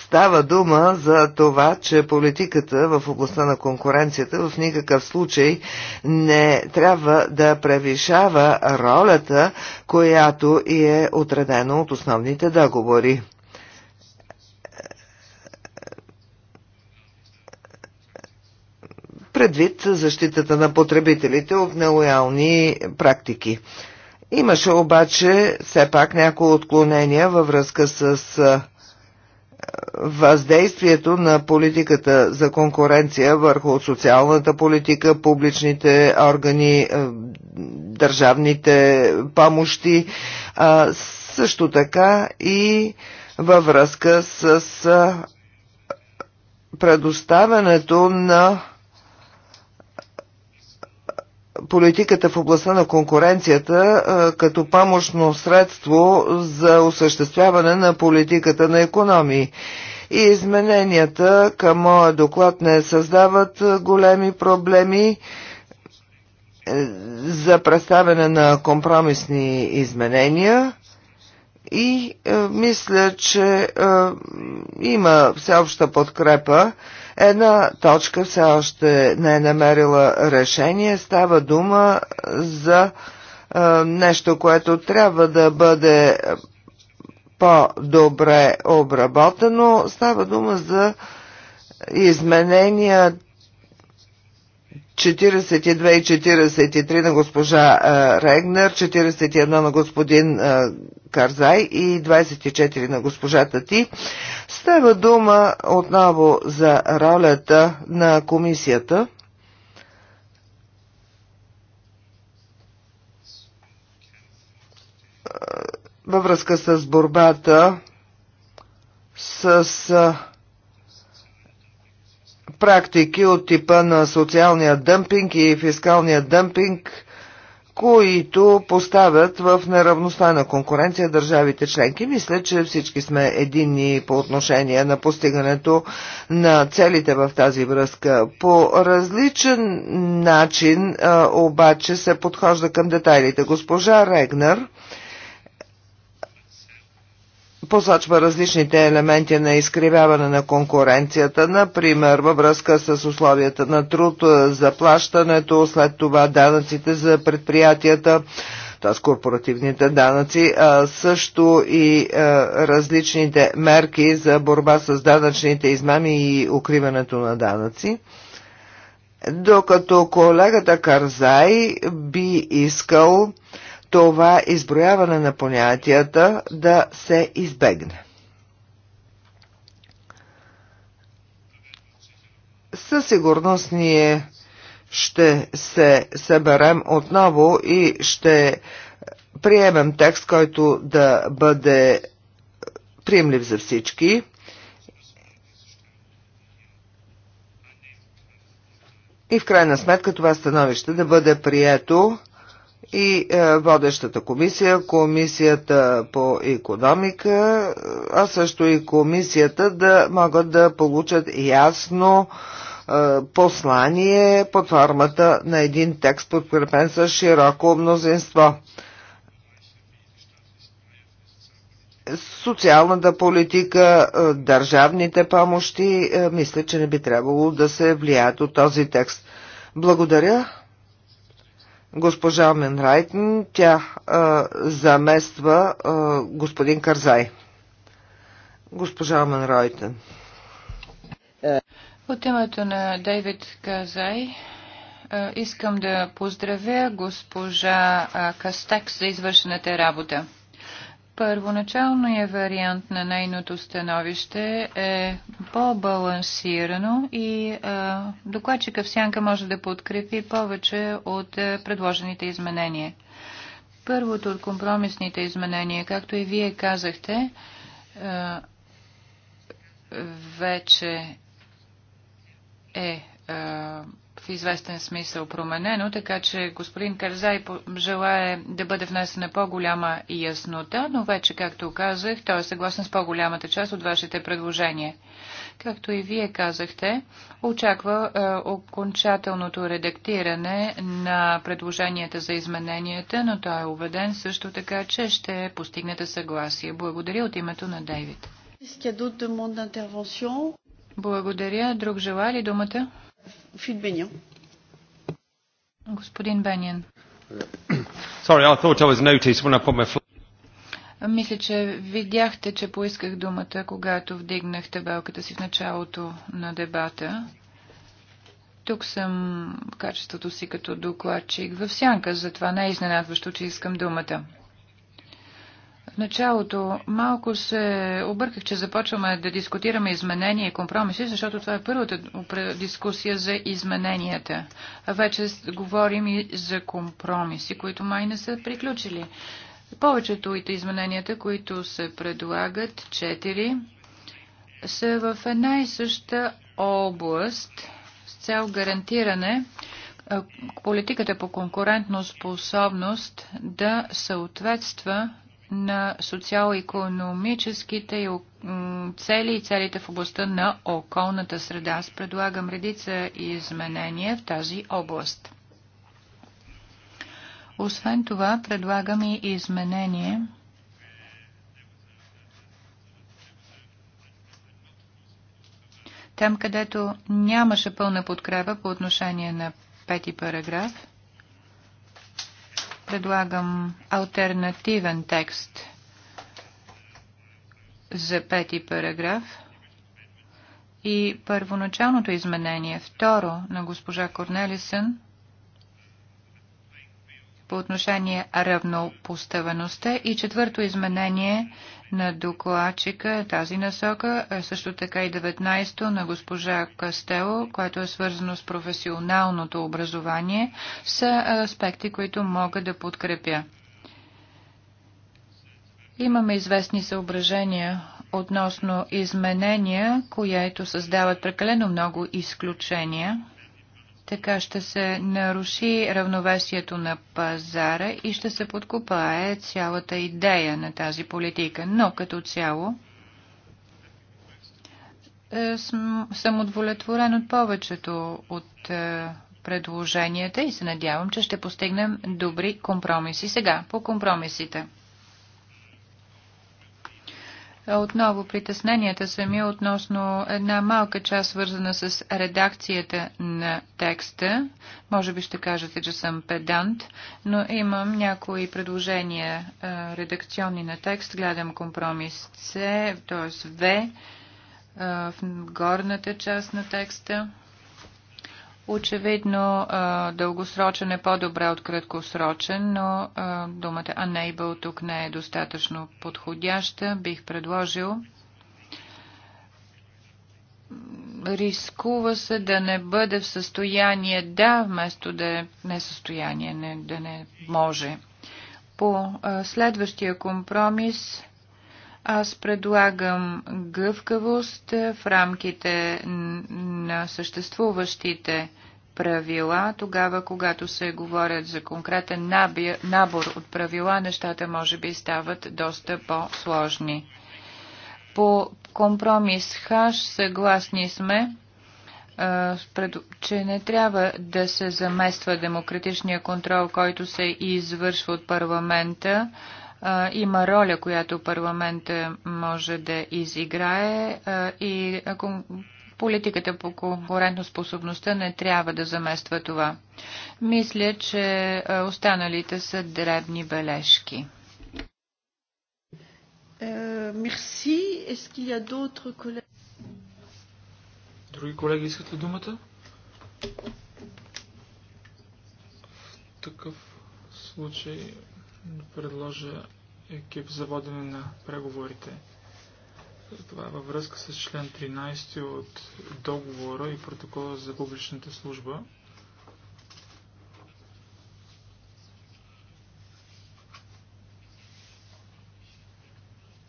Става дума за това, че политиката в областта на конкуренцията в никакъв случай не трябва да превишава ролята, която и е отредена от основните договори. предвид защитата на потребителите от нелоялни практики. Имаше обаче все пак някои отклонения във връзка с въздействието на политиката за конкуренция върху социалната политика, публичните органи, държавните помощи, също така и във връзка с предоставянето на политиката в областта на конкуренцията като помощно средство за осъществяване на политиката на економии. И измененията към моя доклад не създават големи проблеми е, за представяне на компромисни изменения и е, мисля, че е, има всеобща подкрепа Една точка все още не е намерила решение. Става дума за е, нещо, което трябва да бъде по-добре обработено. Става дума за изменения 42 и 43 на госпожа е, Регнер, 41 на господин е, Карзай и 24 на госпожа Тати. Става дума отново за ролята на комисията. Във връзка с борбата с практики от типа на социалния дъмпинг и фискалния дъмпинг – които поставят в неравността на конкуренция държавите членки. Мисля, че всички сме единни по отношение на постигането на целите в тази връзка. По различен начин обаче се подхожда към детайлите. Госпожа Регнер посочва различните елементи на изкривяване на конкуренцията, например във връзка с условията на труд, заплащането, след това данъците за предприятията, т.е. корпоративните данъци, а също и а, е, различните мерки за борба с данъчните измами и укриването на данъци. Докато колегата Карзай би искал това изброяване на понятията да се избегне. Със сигурност ние ще се съберем отново и ще приемем текст, който да бъде приемлив за всички. И в крайна сметка това становище да бъде прието и е, водещата комисия, комисията по економика, а също и комисията да могат да получат ясно е, послание под формата на един текст, подкрепен с широко мнозинство. Социалната политика, е, държавните помощи, мисля, че не би трябвало да се влияят от този текст. Благодаря госпожа Менрайтен, тя а, замества а, господин Карзай. Госпожа Менрайтен. От името на Дейвид Казай искам да поздравя госпожа Кастак за извършената работа. Първоначалният е вариант на нейното становище е по-балансирано и а, докладчика в сянка може да подкрепи повече от а, предложените изменения. Първото от компромисните изменения, както и вие казахте, а, вече е а, в известен смисъл променено, така че господин Карзай желае да бъде внесена по-голяма яснота, но вече, както казах, той е съгласен с по-голямата част от вашите предложения. Както и вие казахте, очаква е, окончателното редактиране на предложенията за измененията, но той е убеден също така, че ще постигнете съгласие. Благодаря от името на Дейвид. Благодаря. Друг желая ли думата? Господин Бенин. Sorry, I thought I was noticed when I put my мисля, че видяхте, че поисках думата, когато вдигнах табелката си в началото на дебата. Тук съм в качеството си като докладчик в сянка, затова не е изненадващо, че искам думата началото малко се обърках, че започваме да дискутираме изменения и компромиси, защото това е първата дискусия за измененията. А вече говорим и за компромиси, които май не са приключили. Повечето от измененията, които се предлагат, четири, са в една и съща област с цел гарантиране политиката по конкурентно способност да съответства на социал-економическите цели и целите в областта на околната среда. Аз предлагам редица изменения в тази област. Освен това, предлагам и изменение там, където нямаше пълна подкрепа по отношение на пети параграф – предлагам альтернативен текст за пети параграф и първоначалното изменение, второ на госпожа Корнелисън, по отношение равнопоставеността и четвърто изменение на докладчика е тази насока, а също така и 19-то на госпожа Кастело, което е свързано с професионалното образование, са аспекти, които мога да подкрепя. Имаме известни съображения относно изменения, които създават прекалено много изключения така ще се наруши равновесието на пазара и ще се подкопае цялата идея на тази политика. Но като цяло е, съм удовлетворен от повечето от е, предложенията и се надявам, че ще постигнем добри компромиси. Сега по компромисите. Отново притесненията са ми относно една малка част, свързана с редакцията на текста. Може би ще кажете, че съм педант, но имам някои предложения редакционни на текст. Гледам компромис С, т.е. В, в горната част на текста. Очевидно, дългосрочен е по-добре от краткосрочен, но думата unable тук не е достатъчно подходяща. Бих предложил рискува се да не бъде в състояние да, вместо да е несъстояние, не, да не може. По следващия компромис аз предлагам гъвкавост в рамките на съществуващите правила. Тогава, когато се говорят за конкретен набор от правила, нещата може би стават доста по-сложни. По компромис ХАШ съгласни сме, че не трябва да се замества демократичния контрол, който се извършва от парламента има роля, която парламент може да изиграе и ако политиката по конкурентоспособността не трябва да замества това. Мисля, че останалите са дребни бележки. Е, мерси. Други колеги искат ли думата? В такъв случай предложа екип за водене на преговорите. Това е във връзка с член 13 от договора и протокола за публичната служба.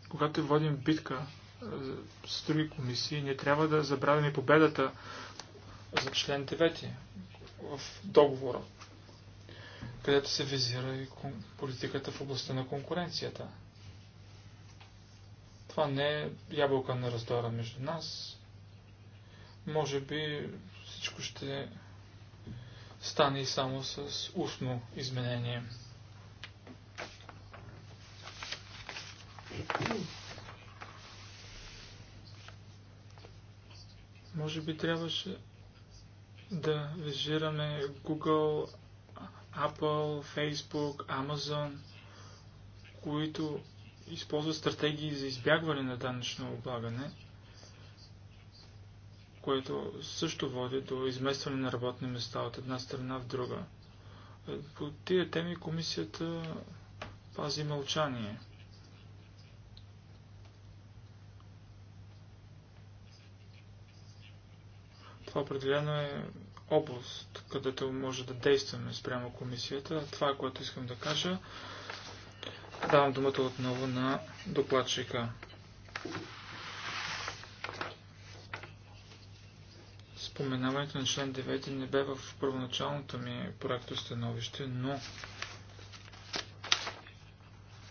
Когато водим битка е, с други комисии, не трябва да забравяме победата за член 9 в договора където се визира и политиката в областта на конкуренцията. Това не е ябълка на раздора между нас. Може би всичко ще стане и само с устно изменение. Може би трябваше да визираме Google, Apple, Facebook, Amazon, които използват стратегии за избягване на данъчно облагане, което също води до изместване на работни места от една страна в друга. Е, по тия теми комисията пази мълчание. Това определено е област, където може да действаме спрямо комисията. Това е което искам да кажа. Давам думата отново на докладчика. Споменаването на член 9 не бе в първоначалното ми проекто становище, но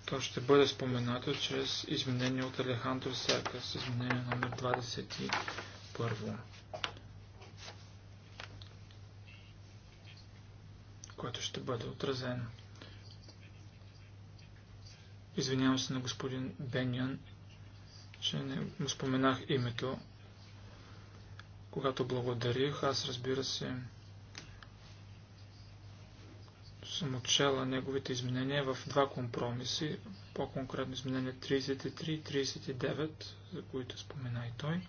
то ще бъде споменато чрез изменение от Алехандро Серкас, изменение номер 21. което ще бъде отразено. Извинявам се на господин Беньян, че не му споменах името. Когато благодарих, аз разбира се съм отчела неговите изменения в два компромиси, по-конкретно изменения 33 и 39, за които спомена и той.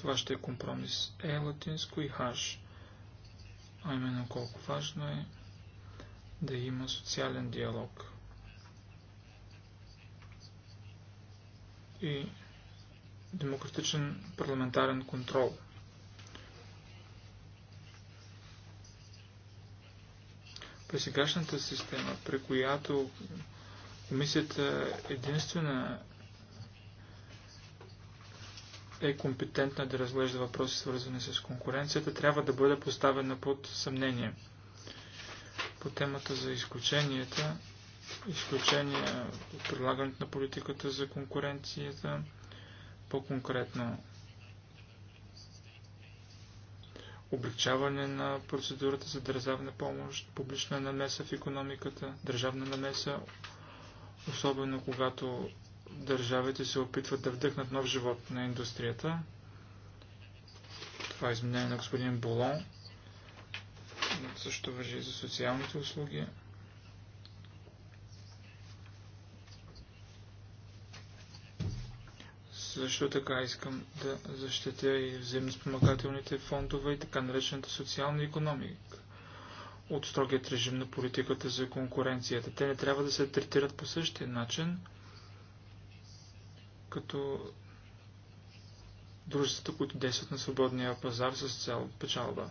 Това ще е компромис Е латинско и Хаш. А именно колко важно е да има социален диалог. И демократичен парламентарен контрол. При сегашната система, при която комисията е единствена е компетентна да разглежда въпроси, свързани с конкуренцията, трябва да бъде поставена под съмнение. По темата за изключенията, изключения от прилагането на политиката за конкуренцията, по-конкретно облегчаване на процедурата за държавна помощ, публична намеса в економиката, държавна намеса, особено когато държавите се опитват да вдъхнат нов живот на индустрията. Това е изменение на господин Болон. Също въжи и за социалните услуги. Също така искам да защитя и взаимоспомагателните фондове и така наречената социална економика от строгият режим на политиката за конкуренцията. Те не трябва да се третират по същия начин – като дружествата, които действат на свободния пазар с цел печалба.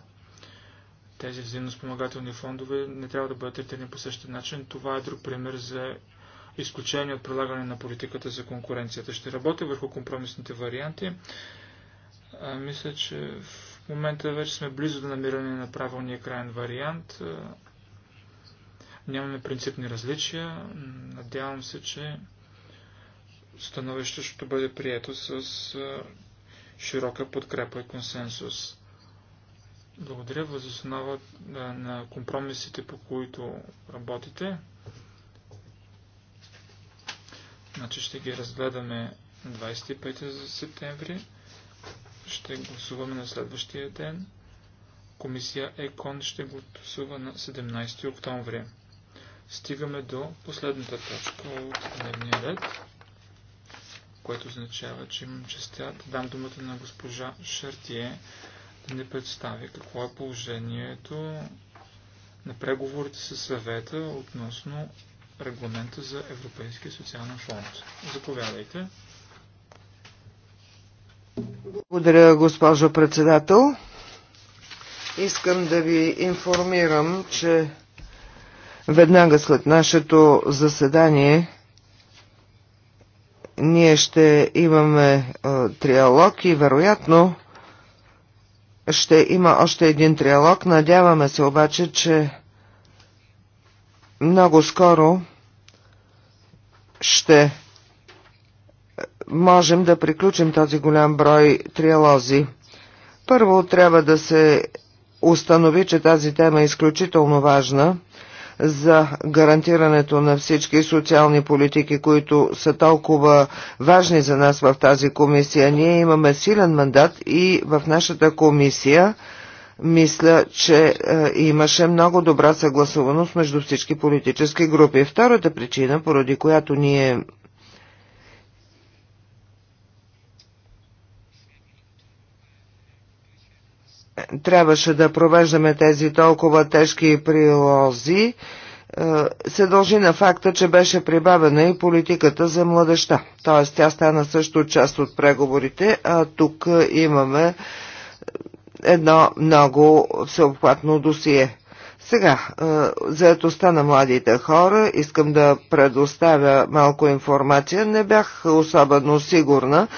Тези взаимно спомагателни фондове не трябва да бъдат третирани по същия начин. Това е друг пример за изключение от прилагане на политиката за конкуренцията. Ще работя върху компромисните варианти. А, мисля, че в момента вече сме близо до намиране на правилния крайен вариант. Нямаме принципни различия. Надявам се, че становище ще бъде прието с широка подкрепа и консенсус. Благодаря въз основа на компромисите, по които работите. Значи ще ги разгледаме 25 септември. Ще гласуваме на следващия ден. Комисия ЕКОН ще гласува на 17 октомври. Стигаме до последната точка от дневния ред което означава, че имам честа да дам думата на госпожа Шартие да ни представи какво е положението на преговорите със съвета относно регламента за Европейския социален фонд. Заповядайте. Благодаря, госпожо председател. Искам да ви информирам, че веднага след нашето заседание ние ще имаме а, триалог и вероятно ще има още един триалог. Надяваме се обаче, че много скоро ще можем да приключим този голям брой триалози. Първо трябва да се установи, че тази тема е изключително важна за гарантирането на всички социални политики, които са толкова важни за нас в тази комисия. Ние имаме силен мандат и в нашата комисия мисля, че е, имаше много добра съгласуваност между всички политически групи. Втората причина, поради която ние трябваше да провеждаме тези толкова тежки прилози, е, се дължи на факта, че беше прибавена и политиката за младеща. Т.е. тя стана също част от преговорите, а тук имаме едно много всеобхватно досие. Сега, е, заедостта на младите хора, искам да предоставя малко информация. Не бях особено сигурна,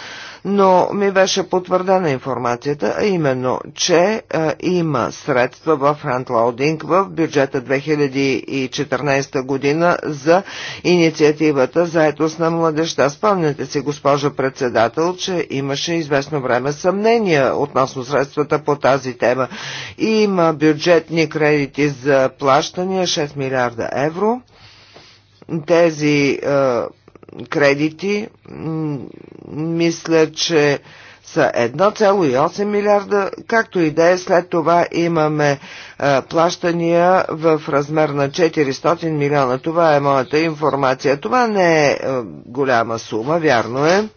но ми беше потвърдена информацията, а именно, че а, има средства в фронтлоудинг в бюджета 2014 година за инициативата заетост на младеща. Спомняте си, госпожа председател, че имаше известно време съмнения относно средствата по тази тема. Има бюджетни кредити за плащания 6 милиарда евро. Тези кредити, мисля, че са 1,8 милиарда, както и да е, след това имаме а, е, плащания в размер на 400 милиона. Това е моята информация. Това не е а, е, голяма сума, вярно е.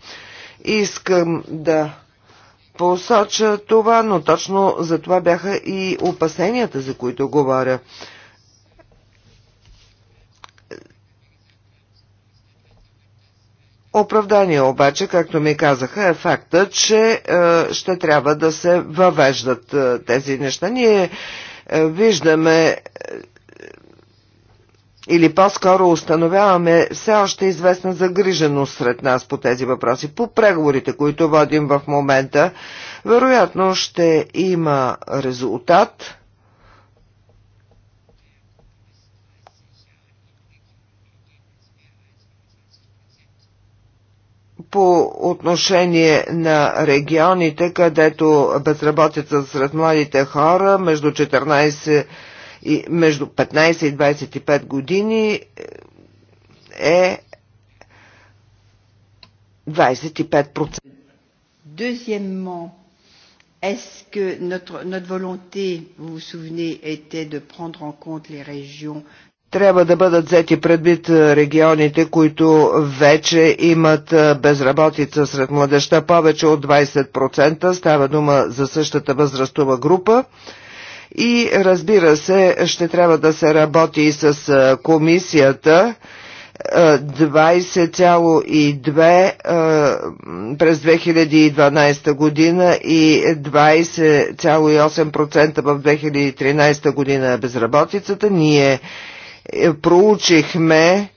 Искам да посоча това, но точно за това бяха и опасенията, за които говоря. Оправдание обаче, както ми казаха, е факта, че е, ще трябва да се въвеждат е, тези неща. Ние е, виждаме е, или по-скоро установяваме все още известна загриженост сред нас по тези въпроси. По преговорите, които водим в момента, вероятно ще има резултат по отношение на регионите, където безработица сред младите хора между 14 и, между 15 и 25 години е 25%. Deuxièmement, Est-ce que notre, notre volonté, vous vous souvenez, était de prendre en compte les régions трябва да бъдат взети предвид е, регионите, които вече имат е, безработица сред младеща повече от 20%. Става дума за същата възрастова група. И разбира се, ще трябва да се работи и с е, комисията. 20,2 през 2012 година и 20,8% в 2013 година е безработицата. Ние е, проучихме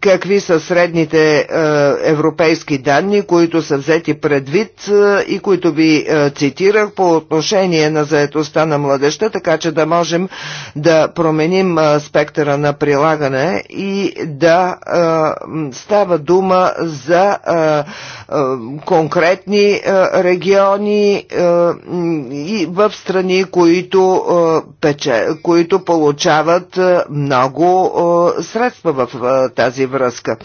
какви са средните е, европейски данни, които са взети предвид е, и които ви е, цитирах по отношение на заетостта на младеща, така че да можем да променим е, спектъра на прилагане и да е, става дума за е, е, конкретни е, региони е, и в страни, които, е, пече, които получават е, много е, средства в е, тази тази връзка.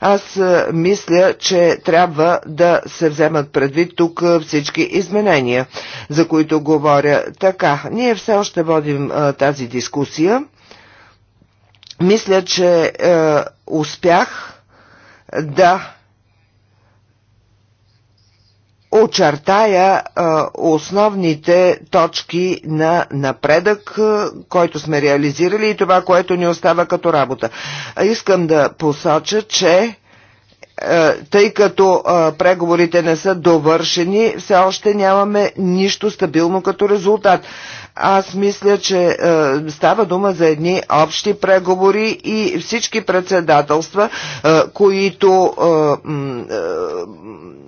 Аз мисля, че трябва да се вземат предвид тук всички изменения, за които говоря. Така, ние все още водим тази дискусия. Мисля, че е, успях да очертая основните точки на напредък, който сме реализирали и това, което ни остава като работа. Искам да посоча, че тъй като преговорите не са довършени, все още нямаме нищо стабилно като резултат. Аз мисля, че е, става дума за едни общи преговори и всички председателства, е, които е,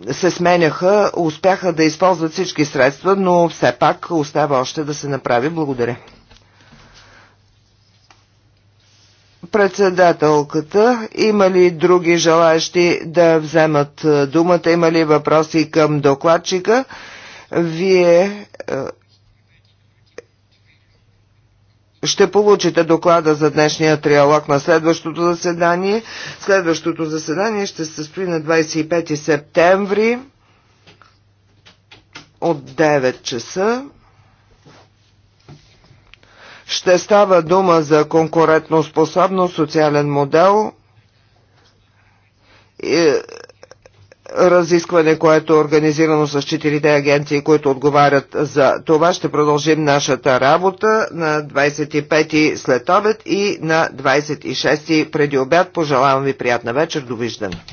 е, се сменяха, успяха да използват всички средства, но все пак остава още да се направи. Благодаря. председателката. Има ли други желаящи да вземат е, думата? Има ли въпроси към докладчика? Вие е, ще получите доклада за днешния триалог на следващото заседание. Следващото заседание ще се състои на 25 септември от 9 часа. Ще става дума за конкурентно способно социален модел разискване, което е организирано с четирите агенции, които отговарят за това. Ще продължим нашата работа на 25 след обед и на 26 преди обяд. Пожелавам ви приятна вечер. Довиждане.